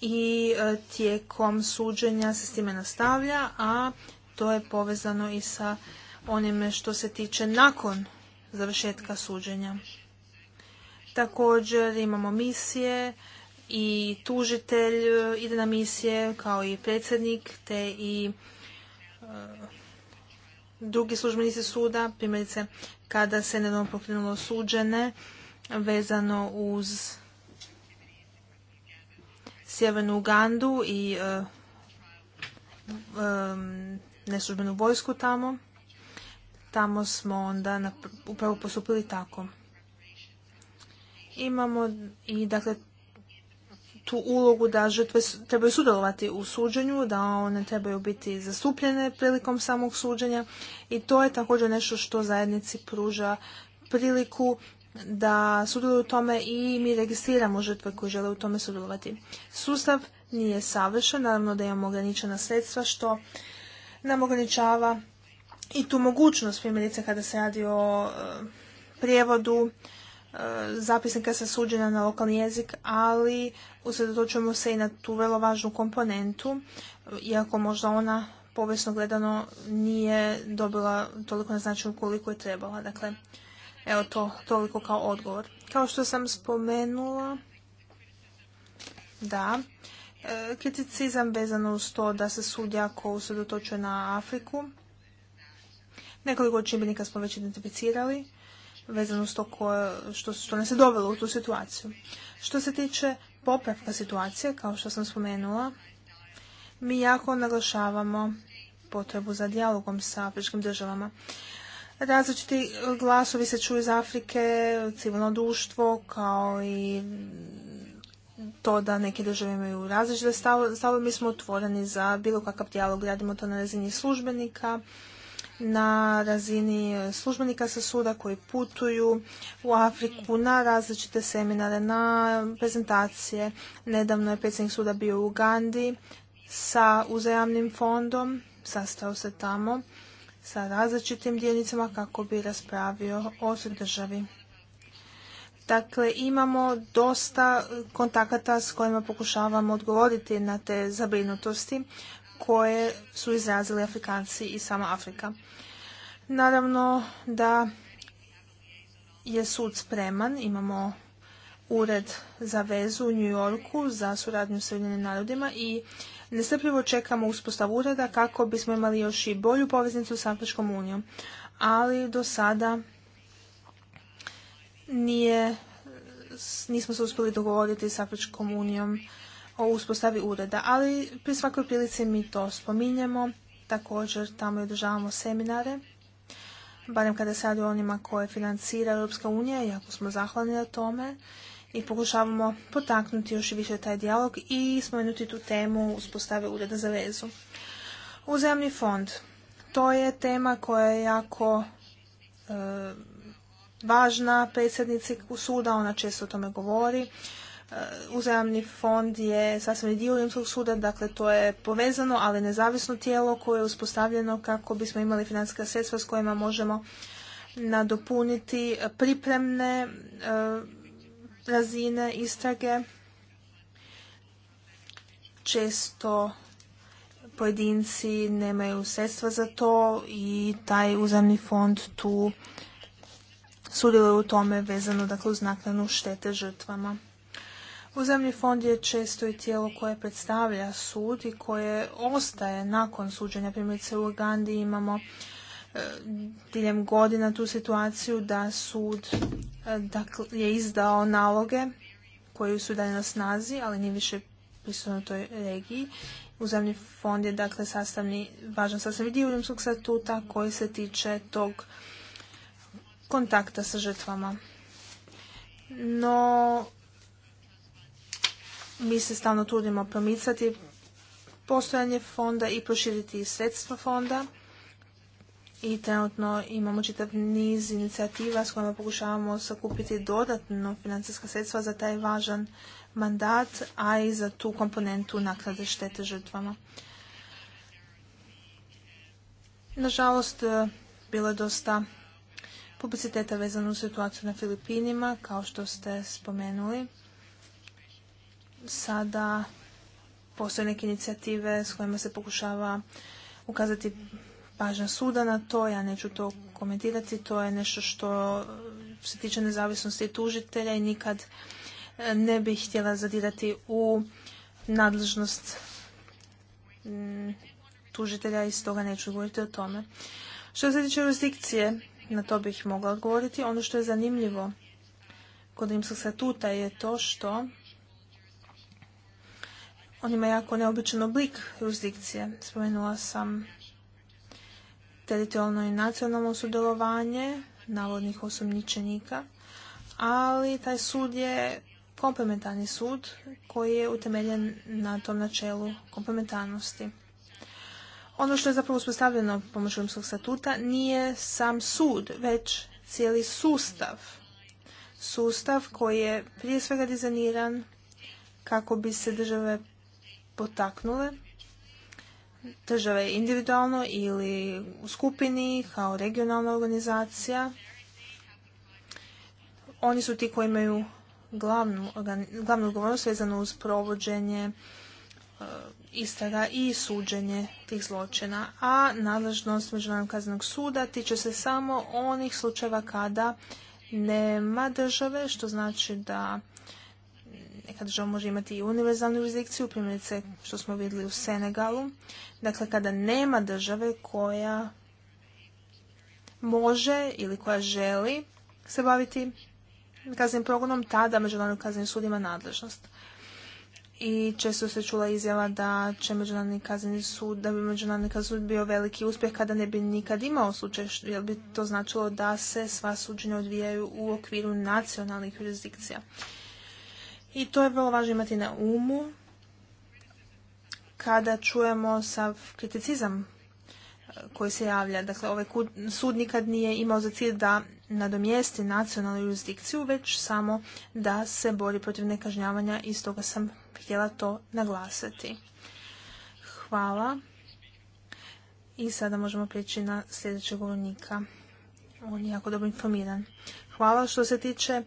i e, tijekom suđenja se s time nastavlja, a to je povezano i sa onime što se tiče nakon završetka suđenja. Također imamo misije i tužitelj e, ide na misije kao i predsjednik te i e, drugi službenici suda, primjerice kada se nedavno pokrenulo suđene vezano uz sjevernu Ugandu i e, neslužbenu vojsku tamo. Tamo smo onda upravo postupili tako. Imamo i dakle tu ulogu da žrtve trebaju sudjelovati u suđenju, da one trebaju biti zastupljene prilikom samog suđenja i to je također nešto što zajednici pruža priliku da sudjeluju u tome i mi registriramo žrtve koje žele u tome sudjelovati. Sustav nije savršen, naravno da imamo ograničena sredstva što nam ograničava i tu mogućnost primjerice kada se radi o e, prijevodu zapisnika sa suđena na lokalni jezik, ali usredotočujemo se i na tu vrlo važnu komponentu, iako možda ona povijesno gledano nije dobila toliko na značaju koliko je trebala. Dakle, evo to, toliko kao odgovor. Kao što sam spomenula, da, e, kriticizam vezano uz to da se sud jako usredotočuje na Afriku. Nekoliko čimbenika smo već identificirali vezano s to što, nas je dovelo u tu situaciju. Što se tiče popravka situacije, kao što sam spomenula, mi jako naglašavamo potrebu za dijalogom sa afričkim državama. Različiti glasovi se čuju iz Afrike, civilno društvo, kao i to da neke države imaju različite stavove. Mi smo otvoreni za bilo kakav dijalog, radimo to na razini službenika, na razini e, službenika sa suda koji putuju u Afriku na različite seminare, na prezentacije. Nedavno je predsjednik suda bio u Ugandi sa uzajamnim fondom, sastao se tamo sa različitim dijelnicama kako bi raspravio o državi. Dakle, imamo dosta kontakata s kojima pokušavamo odgovoriti na te zabrinutosti koje su izrazili Afrikanci i sama Afrika. Naravno da je sud spreman, imamo ured za vezu u New Yorku za suradnju s Ujedinjenim narodima i nestrpljivo čekamo uspostavu ureda kako bismo imali još i bolju poveznicu s Afričkom unijom. Ali do sada nismo se uspjeli dogovoriti s Afričkom unijom o uspostavi ureda, ali pri svakoj prilici mi to spominjemo. Također tamo i održavamo seminare, barem kada se radi onima koje financira Europska unija, jako smo zahvalni na tome i pokušavamo potaknuti još i više taj dijalog i spomenuti tu temu uspostave ureda za vezu. Uzemni fond. To je tema koja je jako e, važna predsjednici suda, ona često o tome govori. E, uzajamni fond je sasvim dio Rimskog suda, dakle to je povezano, ali nezavisno tijelo koje je uspostavljeno kako bismo imali financijska sredstva s kojima možemo nadopuniti pripremne e, razine istrage. Često pojedinci nemaju sredstva za to i taj uzajamni fond tu sudjeluje u tome vezano dakle, uz naknadu štete žrtvama. Uzemni fond je često i tijelo koje predstavlja sud i koje ostaje nakon suđenja. Primjerice u Ugandi imamo e, diljem godina tu situaciju da sud e, dakle, je izdao naloge koji su dalje na snazi, ali nije više prisutno u toj regiji. Uzemni fond je dakle sastavni, važan sastavni dio Rimskog statuta koji se tiče tog kontakta sa žrtvama. No, mi se stalno trudimo promicati postojanje fonda i proširiti sredstva fonda i trenutno imamo čitav niz inicijativa s kojima pokušavamo sakupiti dodatno financijska sredstva za taj važan mandat, a i za tu komponentu naknade štete žrtvama. Nažalost, bilo je dosta publiciteta vezano u situaciju na Filipinima, kao što ste spomenuli sada postoje neke inicijative s kojima se pokušava ukazati pažnja suda na to, ja neću to komentirati, to je nešto što se tiče nezavisnosti tužitelja i nikad e, ne bih htjela zadirati u nadležnost mm, tužitelja i stoga neću govoriti o tome. Što se tiče jurisdikcije, na to bih mogla odgovoriti. Ono što je zanimljivo kod rimskog statuta je to što on ima jako neobičan oblik jurisdikcije. Spomenula sam teritorijalno i nacionalno sudjelovanje navodnih osumnjičenika, ali taj sud je komplementarni sud koji je utemeljen na tom načelu komplementarnosti. Ono što je zapravo uspostavljeno pomoću Rimskog statuta nije sam sud, već cijeli sustav. Sustav koji je prije svega dizajniran kako bi se države potaknule države individualno ili u skupini kao regionalna organizacija. Oni su ti koji imaju glavnu, glavnu odgovornost vezano uz provođenje e, istraga i suđenje tih zločina, a nadležnost Međunarodnog kaznenog suda tiče se samo onih slučajeva kada nema države, što znači da kad država može imati i univerzalnu jurisdikciju, primjerice što smo vidjeli u Senegalu, dakle kada nema države koja može ili koja želi se baviti kaznim progonom, tada Međunarodni kazneni sud ima nadležnost. I često se čula izjava da će Međunarodni kazneni sud, da bi Međunarodni kazneni sud bio veliki uspjeh kada ne bi nikad imao slučaj, jer bi to značilo da se sva suđenja odvijaju u okviru nacionalnih jurisdikcija. I to je vrlo važno imati na umu kada čujemo sav kriticizam e, koji se javlja. Dakle, ovaj sud nikad nije imao za cilj da nadomjesti nacionalnu jurisdikciju, već samo da se bori protiv nekažnjavanja i stoga sam htjela to naglasiti. Hvala. I sada možemo prijeći na sljedećeg govornika. On je jako dobro informiran. Hvala što se tiče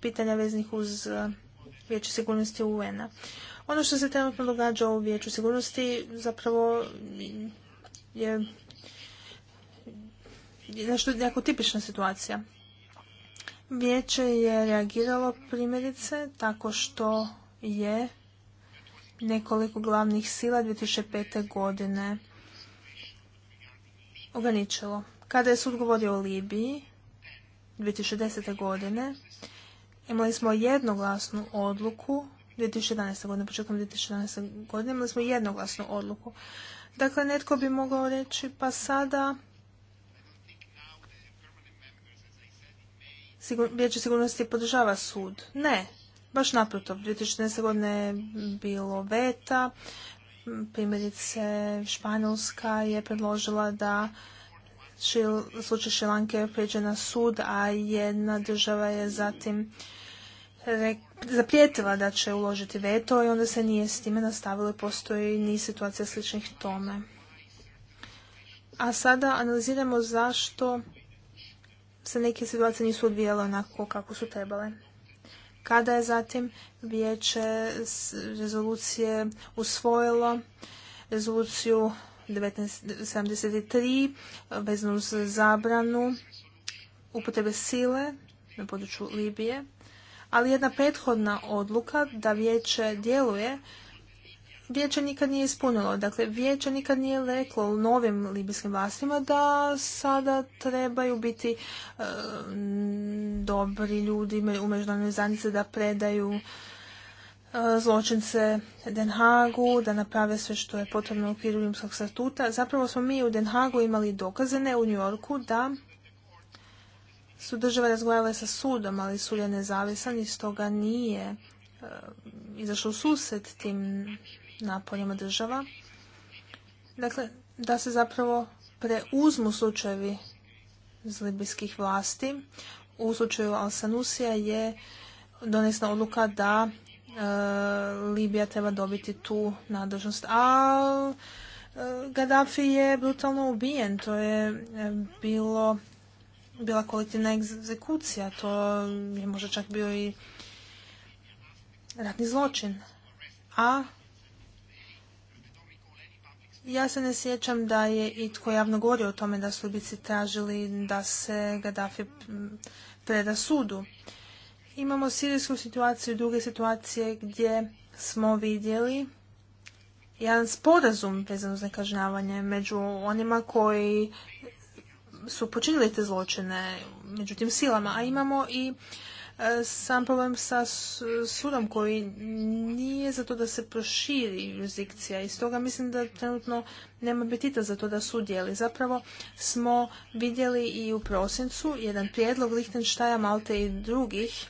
pitanja veznih uz e, Vijeću sigurnosti un Ono što se trenutno događa u Vijeću sigurnosti zapravo je nešto jako tipična situacija. Vijeće je reagiralo primjerice tako što je nekoliko glavnih sila 2005. godine ograničilo. Kada je sud govorio o Libiji 2010. godine, Imali smo jednoglasnu odluku 2011. godine, početkom 2011. godine imali smo jednoglasnu odluku. Dakle, netko bi mogao reći pa sada Vijeće sigurnosti podržava sud. Ne, baš naproto 2011. godine je bilo veta. Primjerice, Španjolska je predložila da slučaj Šilanke pređe na sud, a jedna država je zatim zaprijetila da će uložiti veto i onda se nije s time nastavilo i postoji ni situacija sličnih tome. A sada analiziramo zašto se neke situacije nisu odvijale onako kako su trebale. Kada je zatim vijeće rezolucije usvojilo rezoluciju 1973 vezanu uz zabranu upotrebe sile na području Libije, ali jedna prethodna odluka da vijeće djeluje Vijeće nikad nije ispunilo. Dakle, vijeće nikad nije reklo novim libijskim vlastima da sada trebaju biti e, dobri ljudi u međunarodnoj zajednici da predaju e, zločince Den da naprave sve što je potrebno u okviru rimskog statuta. Zapravo smo mi u Den Hagu imali dokaze, ne u Njorku, da su države razgovarale sa sudom, ali sud je nezavisan i stoga nije e, izašao susret tim napoljima država. Dakle, da se zapravo preuzmu slučajevi iz libijskih vlasti. U slučaju Al-Sanusija je donesna odluka da e, Libija treba dobiti tu nadležnost. A e, Gaddafi je brutalno ubijen. To je bilo bila kolektivna egzekucija, to je možda čak bio i ratni zločin. A ja se ne sjećam da je itko javno govorio o tome da su bici tražili da se Gaddafi preda sudu. Imamo sirijsku situaciju druge situacije gdje smo vidjeli jedan sporazum vezano za kažnjavanje među onima koji su počinili te zločine, međutim silama, a imamo i e, sam problem sa sudom koji nije za to da se proširi jurisdikcija i stoga mislim da trenutno nema bitita za to da sudjeli Zapravo smo vidjeli i u prosincu jedan prijedlog Lichtenštaja, Malte i drugih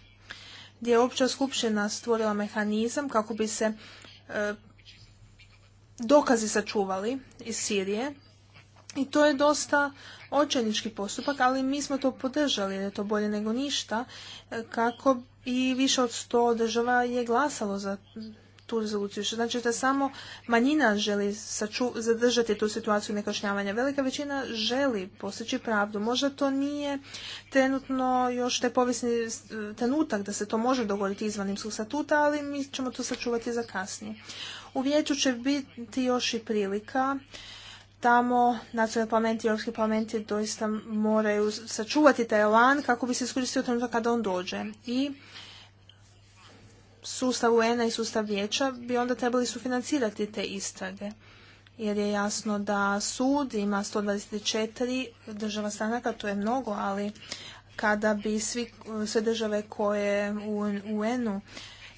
gdje je opća skupština stvorila mehanizam kako bi se e, dokazi sačuvali iz Sirije i to je dosta očajnički postupak, ali mi smo to podržali jer je to bolje nego ništa e, kako i više od sto država je glasalo za tu rezoluciju. Znači da samo manjina želi zadržati tu situaciju nekašnjavanja. Velika većina želi postići pravdu. Možda to nije trenutno još taj povijesni e, trenutak da se to može dogoditi izvan su statuta, ali mi ćemo to sačuvati za kasnije. U vijeću će biti još i prilika tamo nacionalni parlamenti i europski parlamenti doista moraju sačuvati taj elan kako bi se iskoristio trenutak kada on dođe. I sustav UN-a i sustav vijeća bi onda trebali sufinancirati te istrage. Jer je jasno da sud ima 124 država stranaka, to je mnogo, ali kada bi svi, sve države koje u UN-u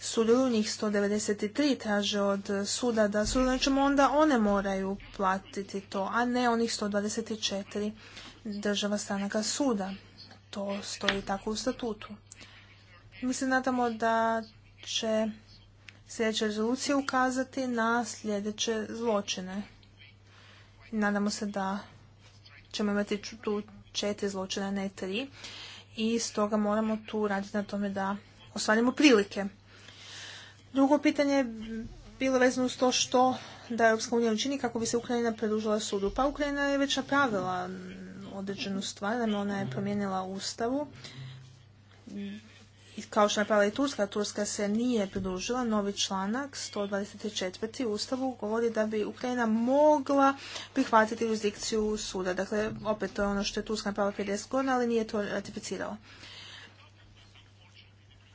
sudjeluju njih 193 traže od suda da ćemo znači onda one moraju platiti to, a ne onih 124 država stranaka suda. To stoji tako u statutu. Mi se nadamo da će sljedeća rezolucija ukazati na sljedeće zločine. Nadamo se da ćemo imati tu četiri zločina, ne tri. I stoga moramo tu raditi na tome da ostvarimo prilike. Drugo pitanje je bilo vezano uz to što da Europska unija učini kako bi se Ukrajina pridružila sudu. Pa Ukrajina je već napravila određenu stvar, ona je promijenila ustavu. I kao što je napravila i Turska, Turska se nije pridružila, novi članak 124. ustavu govori da bi Ukrajina mogla prihvatiti jurisdikciju suda. Dakle, opet to je ono što je Turska napravila 50 godina, ali nije to ratificirala.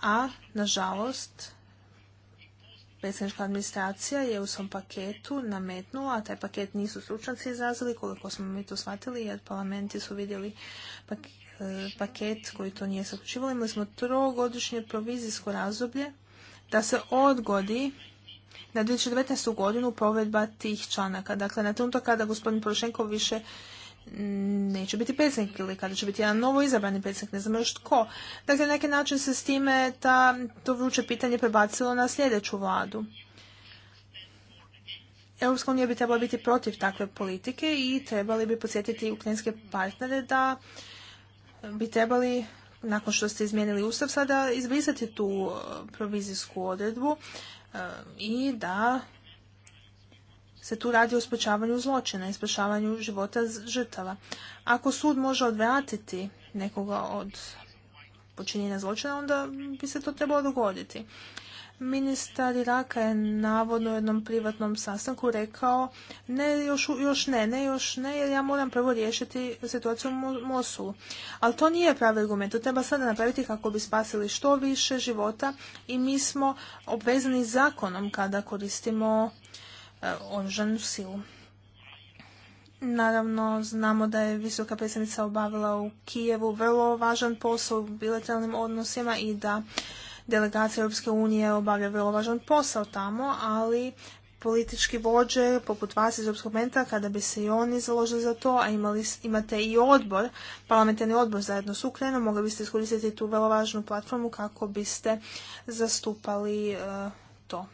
A, nažalost, predsjednička administracija je u svom paketu nametnula, a taj paket nisu stručnjaci izrazili koliko smo mi to shvatili jer parlamenti su vidjeli e, paket koji to nije sakučivalo. Imali smo trogodišnje provizijsko razdoblje da se odgodi na 2019. godinu provedba tih članaka. Dakle, na trenutak kada gospodin Porošenko više neće biti predsjednik ili kada će biti jedan novo izabrani predsjednik, ne znam još tko. Dakle, na neki način se s time ta, to vruće pitanje prebacilo na sljedeću vladu. Europska unija bi trebala biti protiv takve politike i trebali bi podsjetiti ukrajinske partnere da bi trebali nakon što ste izmijenili ustav sada izbrisati tu eh, provizijsku odredbu eh, i da se tu radi o sprečavanju zločina i spašavanju života žrtava. Ako sud može odvratiti nekoga od počinjenja zločina, onda bi se to trebalo dogoditi. Ministar Iraka je navodno u jednom privatnom sastanku rekao ne, još, još ne, ne, još ne, jer ja moram prvo riješiti situaciju u Mosulu. Ali to nije pravi argument, to treba sada napraviti kako bi spasili što više života i mi smo obvezani zakonom kada koristimo E, oružanu silu. Naravno, znamo da je visoka predsjednica obavila u Kijevu vrlo važan posao u bilateralnim odnosima i da delegacija Europske unije obavlja vrlo važan posao tamo, ali politički vođe poput vas iz Europskog kada bi se i oni založili za to, a imali, imate i odbor, parlamentarni odbor zajedno s Ukrajinom, mogli biste iskoristiti tu vrlo važnu platformu kako biste zastupali e, to.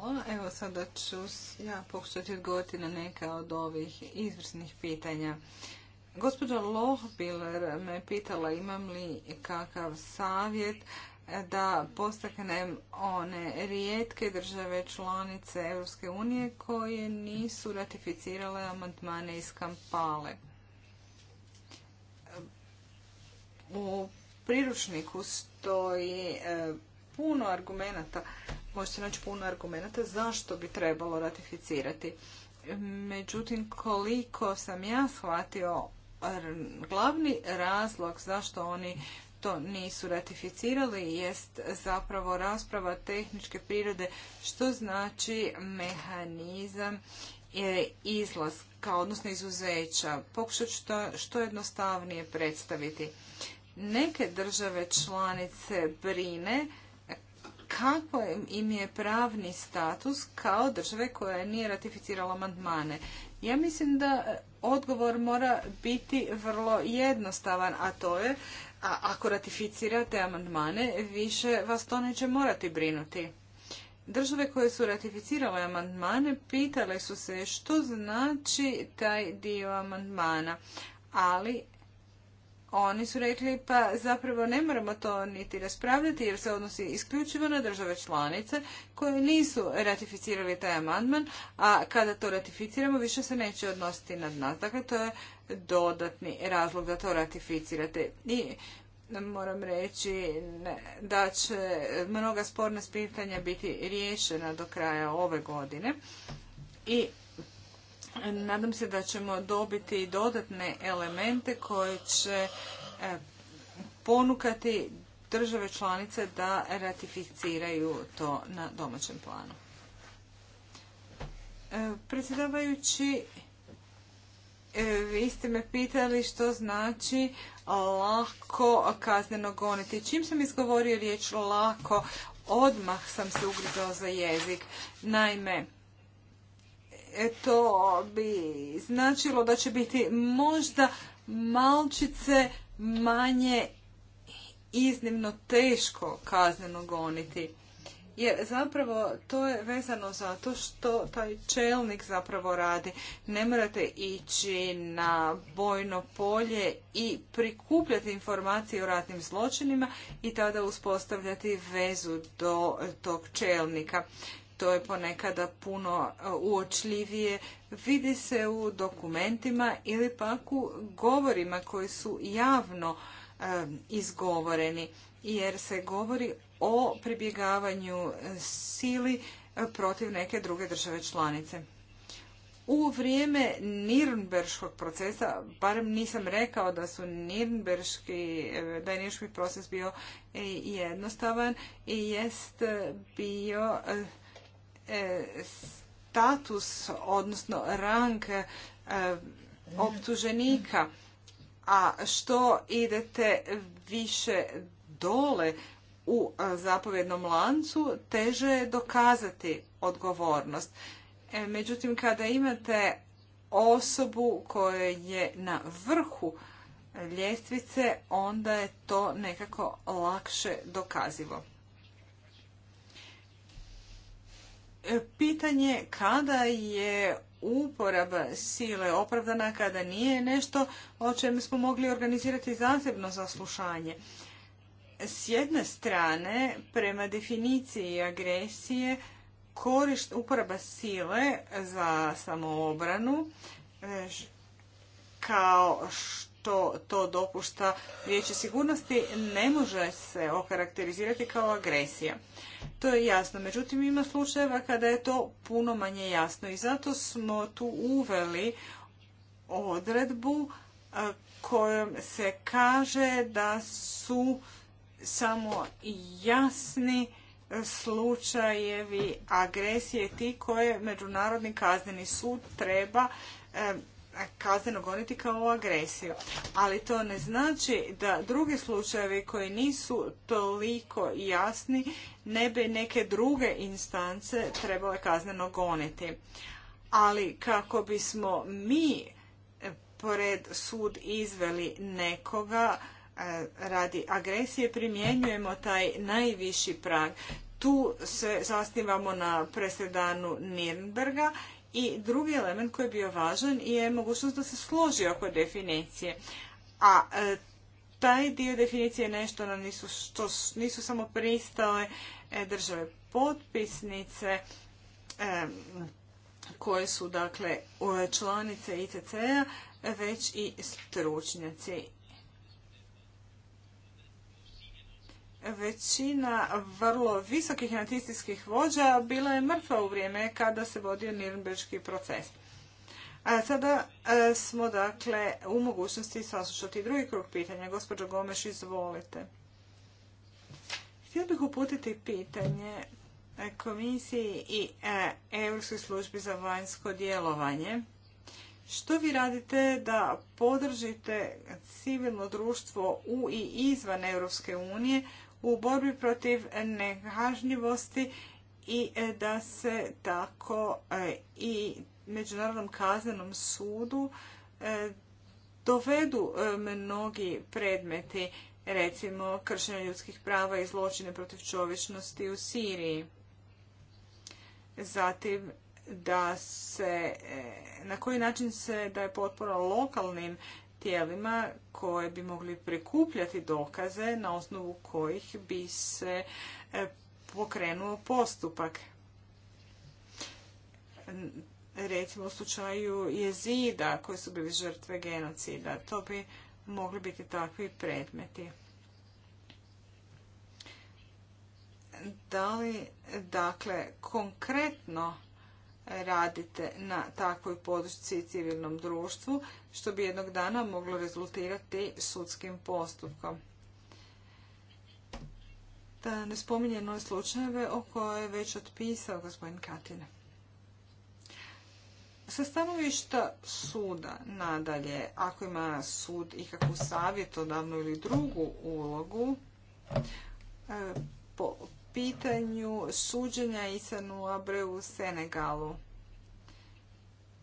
Hvala. Evo sada ću ja pokušati odgovoriti na neka od ovih izvrsnih pitanja. Gospođa Lohbiller me pitala imam li kakav savjet da postaknem one rijetke države članice Europske unije koje nisu ratificirale amandmane iz Kampale. U priručniku stoji e, puno argumenata možete naći puno argumenta zašto bi trebalo ratificirati. Međutim, koliko sam ja shvatio, glavni razlog zašto oni to nisu ratificirali jest zapravo rasprava tehničke prirode što znači mehanizam e, izlaska, odnosno izuzeća. Pokušat ću to što jednostavnije predstaviti. Neke države članice brine kako im je pravni status kao države koja nije ratificirala amandmane. Ja mislim da e, odgovor mora biti vrlo jednostavan, a to je a ako ratificirate amandmane, više vas to neće morati brinuti. Države koje su ratificirale amandmane pitale su se što znači taj dio amandmana, ali oni su rekli pa zapravo ne moramo to niti raspravljati jer se odnosi isključivo na države članice koje nisu ratificirali taj amandman, a kada to ratificiramo više se neće odnositi nad nas. Dakle, to je dodatni razlog da to ratificirate. I moram reći da će mnoga sporna pitanja biti riješena do kraja ove godine. I Nadam se da ćemo dobiti dodatne elemente koje će e, ponukati države članice da ratificiraju to na domaćem planu. E, predsjedavajući, e, vi ste me pitali što znači lako kazneno goniti. Čim sam izgovorio riječ lako, odmah sam se ugrizao za jezik. Naime, E, to bi značilo da će biti možda malčice manje iznimno teško kazneno goniti. Jer zapravo to je vezano za to što taj čelnik zapravo radi. Ne morate ići na bojno polje i prikupljati informacije o ratnim zločinima i tada uspostavljati vezu do tog čelnika to je ponekada puno e, uočljivije, vidi se u dokumentima ili pak u govorima koji su javno e, izgovoreni, jer se govori o pribjegavanju sili e, protiv neke druge države članice. U vrijeme Nirnberškog procesa, barem nisam rekao da su Nirnberški, da je proces bio jednostavan i jest bio E, status, odnosno rang e, optuženika, a što idete više dole u e, zapovjednom lancu, teže je dokazati odgovornost. Međutim, kada imate osobu koja je na vrhu ljestvice, onda je to nekako lakše dokazivo. pitanje kada je uporaba sile opravdana, kada nije nešto o čem smo mogli organizirati zasebno zaslušanje. S jedne strane, prema definiciji agresije, korišt, uporaba sile za samoobranu e, kao što to, to dopušta vijeće sigurnosti ne može se okarakterizirati kao agresija. To je jasno. Međutim, ima slučajeva kada je to puno manje jasno i zato smo tu uveli odredbu e, kojom se kaže da su samo jasni e, slučajevi agresije ti koje Međunarodni kazneni sud treba e, kazneno goniti kao agresiju. Ali to ne znači da drugi slučajevi koji nisu toliko jasni ne bi neke druge instance trebale kazneno goniti. Ali kako bismo mi pored sud izveli nekoga e, radi agresije primjenjujemo taj najviši prag. Tu se zasnivamo na presedanu Nirnberga i drugi element koji je bio važan je mogućnost da se složi oko definicije. A e, taj dio definicije je nešto na nisu, što nisu samo pristale e, države potpisnice e, koje su dakle članice ICC-a već i stručnjaci većina vrlo visokih nacističkih vođa bila je mrtva u vrijeme kada se vodio nirnbergski proces. A sada e, smo dakle u mogućnosti saslušati drugi krug pitanja. Gospođo Gomeš, izvolite. Htio bih uputiti pitanje e, komisiji i e, Europskoj službi za vanjsko djelovanje. Što vi radite da podržite civilno društvo u i izvan Europske unije u borbi protiv nekažnjivosti i e, da se tako e, i Međunarodnom kaznenom sudu e, dovedu mnogi predmeti, recimo kršenja ljudskih prava i zločine protiv čovječnosti u Siriji. Zatim da se, na koji način se daje potpora lokalnim tijelima koje bi mogli prikupljati dokaze na osnovu kojih bi se e, pokrenuo postupak. Recimo u slučaju jezida koji su bili žrtve genocida, to bi mogli biti takvi predmeti. Da li, dakle, konkretno radite na takvoj podršci civilnom društvu, što bi jednog dana moglo rezultirati sudskim postupkom. Da ne spominjem noje slučajeve o koje je već otpisao gospodin Katin. Sa stanovišta suda nadalje, ako ima sud ikakvu savjetodavnu ili drugu ulogu, e, po pitanju suđenja Isanu Abreu u Senegalu.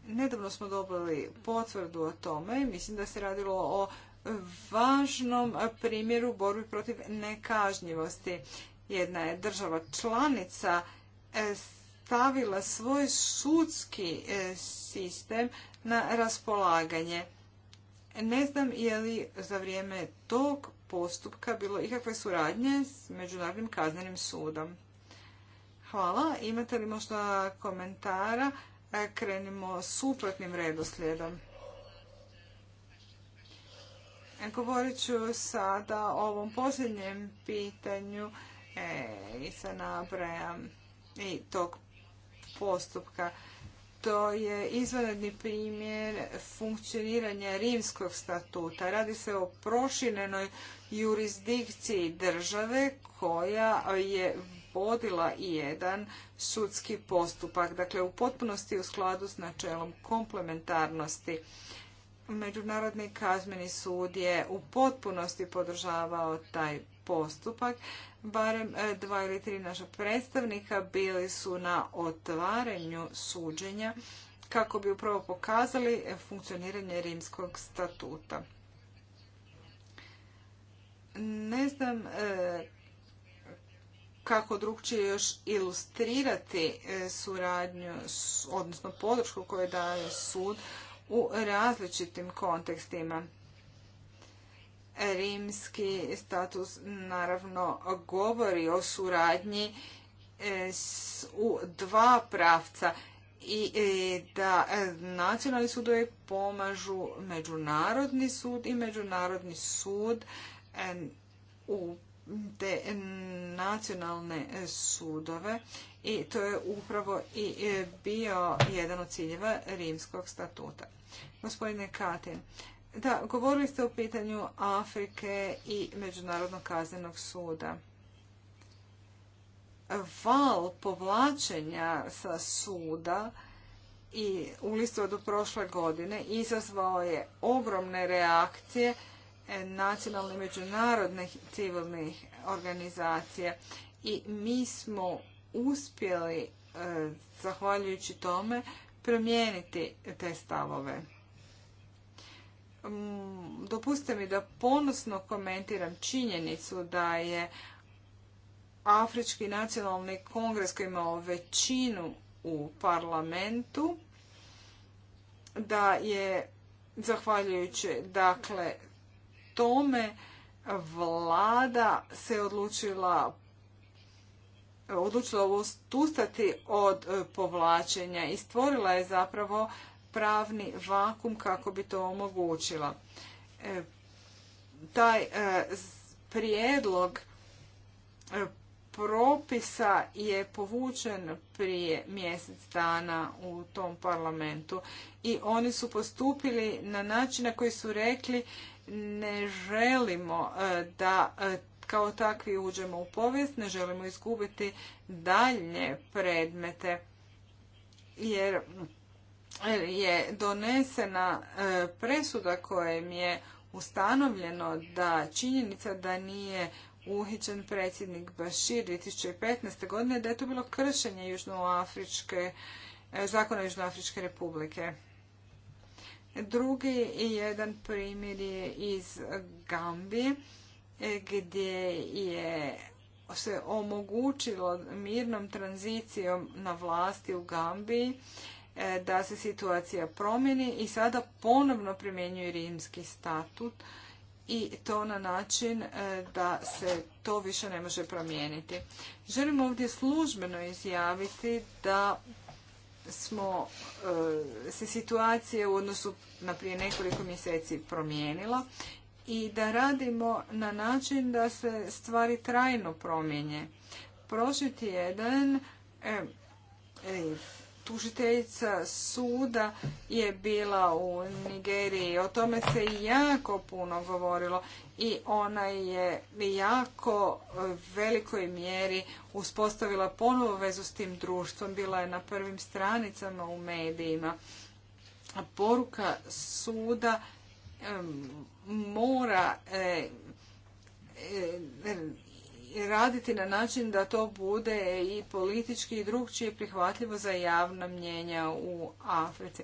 Nedavno smo dobili potvrdu o tome. Mislim da se radilo o važnom primjeru borbi protiv nekažnjivosti. Jedna je država članica e, stavila svoj sudski e, sistem na raspolaganje. Ne znam je li za vrijeme tog postupka bilo ikakve suradnje s Međunarodnim kaznenim sudom. Hvala. Imate li možda komentara? E, krenimo suprotnim redoslijedom. E, govorit ću sada o ovom posljednjem pitanju e, i sa nabrajam i tog postupka. To je izvanredni primjer funkcioniranja rimskog statuta. Radi se o proširenoj jurisdikciji države koja je vodila i jedan sudski postupak. Dakle, u potpunosti u skladu s načelom komplementarnosti. Međunarodni kazmeni sud je u potpunosti podržavao taj postupak. Barem e, dva ili tri naša predstavnika bili su na otvaranju suđenja kako bi upravo pokazali e, funkcioniranje rimskog statuta. Ne znam e, kako drugčije još ilustrirati e, suradnju, odnosno podršku koju daje sud u različitim kontekstima. Rimski status naravno govori o suradnji e, u dva pravca i da nacionalni sudovi pomažu međunarodni sud i međunarodni sud u te nacionalne sudove i to je upravo i bio jedan od ciljeva rimskog statuta. Gospodine Katin, da, govorili ste o pitanju Afrike i Međunarodnog kaznenog suda. Val povlačenja sa suda i u od prošle godine izazvao je ogromne reakcije nacionalnih međunarodnih civilnih organizacija i mi smo uspjeli e, zahvaljujući tome promijeniti te stavove. Mm, dopustite mi da ponosno komentiram činjenicu da je Afrički nacionalni kongres koji imao većinu u parlamentu, da je zahvaljujući dakle tome vlada se odlučila odlučila odustati od e, povlačenja i stvorila je zapravo pravni vakum kako bi to omogućila. E, taj e, prijedlog propisa je povučen prije mjesec dana u tom parlamentu i oni su postupili na način na koji su rekli ne želimo e, da e, kao takvi uđemo u povijest, ne želimo izgubiti daljnje predmete jer e, je donesena presuda kojem je ustanovljeno da činjenica da nije uhićen predsjednik Bashir 2015. godine, da je to bilo kršenje Južnoafričke, zakona Južnoafričke republike. Drugi jedan primjer je iz Gambije gdje je se omogućilo mirnom tranzicijom na vlasti u Gambiji e, da se situacija promjeni i sada ponovno primjenjuje rimski statut i to na način e, da se to više ne može promijeniti. Želim ovdje službeno izjaviti da smo e, se situacije u odnosu na prije nekoliko mjeseci promijenila i da radimo na način da se stvari trajno promjenje. Prošli tjedan e, e, tužiteljica suda je bila u Nigeriji. O tome se jako puno govorilo i ona je jako velikoj mjeri uspostavila ponovo vezu s tim društvom. Bila je na prvim stranicama u medijima. A poruka suda mora e, e, raditi na način da to bude i politički i drugčije prihvatljivo za javna mnjenja u Africi.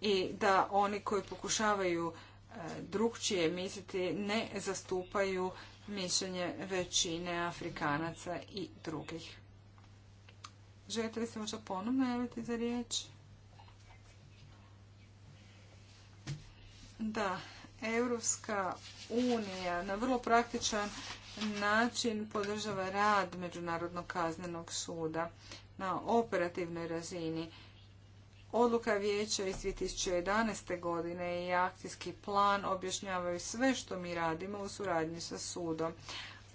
I da oni koji pokušavaju e, drugčije misliti ne zastupaju mišljenje većine Afrikanaca i drugih. Želite li se možda ponovno javiti za riječ? Da, Europska unija na vrlo praktičan način podržava rad Međunarodnog kaznenog suda na operativnoj razini. Odluka vijeća iz 2011. godine i akcijski plan objašnjavaju sve što mi radimo u suradnji sa sudom.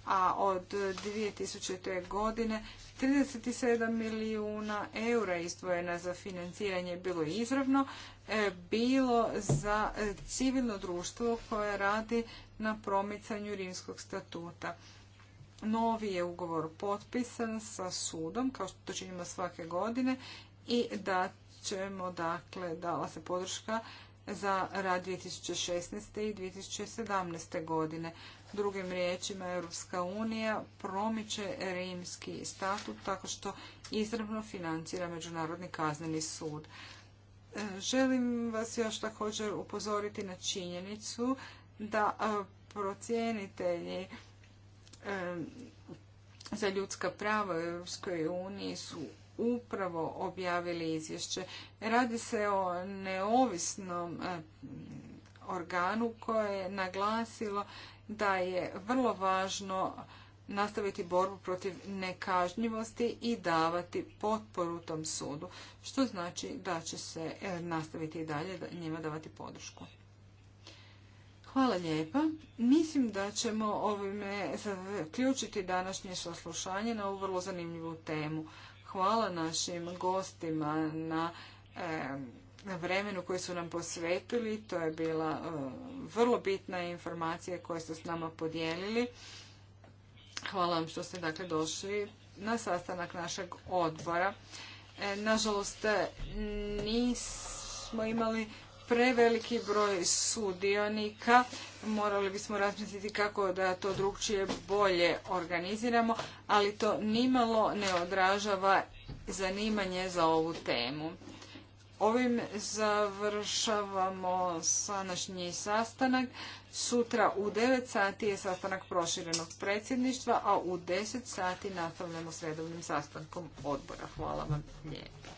A od 2003. godine 37 milijuna eura izdvojena za financiranje bilo izravno, e, bilo za civilno društvo koje radi na promicanju rimskog statuta. Novi je ugovor potpisan sa sudom, kao što to činimo svake godine, i da ćemo, dakle, dala se podrška za rad 2016. i 2017. godine. Drugim riječima, Europska unija promiče rimski statut tako što izravno financira Međunarodni kazneni sud. E, želim vas još također upozoriti na činjenicu da e, procijenitelji e, za ljudska prava u Europskoj uniji su upravo objavili izvješće. Radi se o neovisnom e, organu koje je naglasilo da je vrlo važno nastaviti borbu protiv nekažnjivosti i davati potporu tom sudu, što znači da će se nastaviti i dalje njima davati podršku. Hvala lijepa. Mislim da ćemo ovime zaključiti današnje saslušanje na ovu vrlo zanimljivu temu. Hvala našim gostima na vremenu koje su nam posvetili. To je bila e, vrlo bitna informacija koju ste s nama podijelili. Hvala vam što ste dakle došli na sastanak našeg odbora. E, nažalost, nismo imali preveliki broj sudionika. Morali bismo razmisliti kako da to drugčije bolje organiziramo, ali to nimalo ne odražava zanimanje za ovu temu. Ovim završavamo sanašnji sastanak. Sutra u 9 sati je sastanak proširenog predsjedništva, a u 10 sati nastavljamo s redovnim sastankom odbora. Hvala vam lijepo.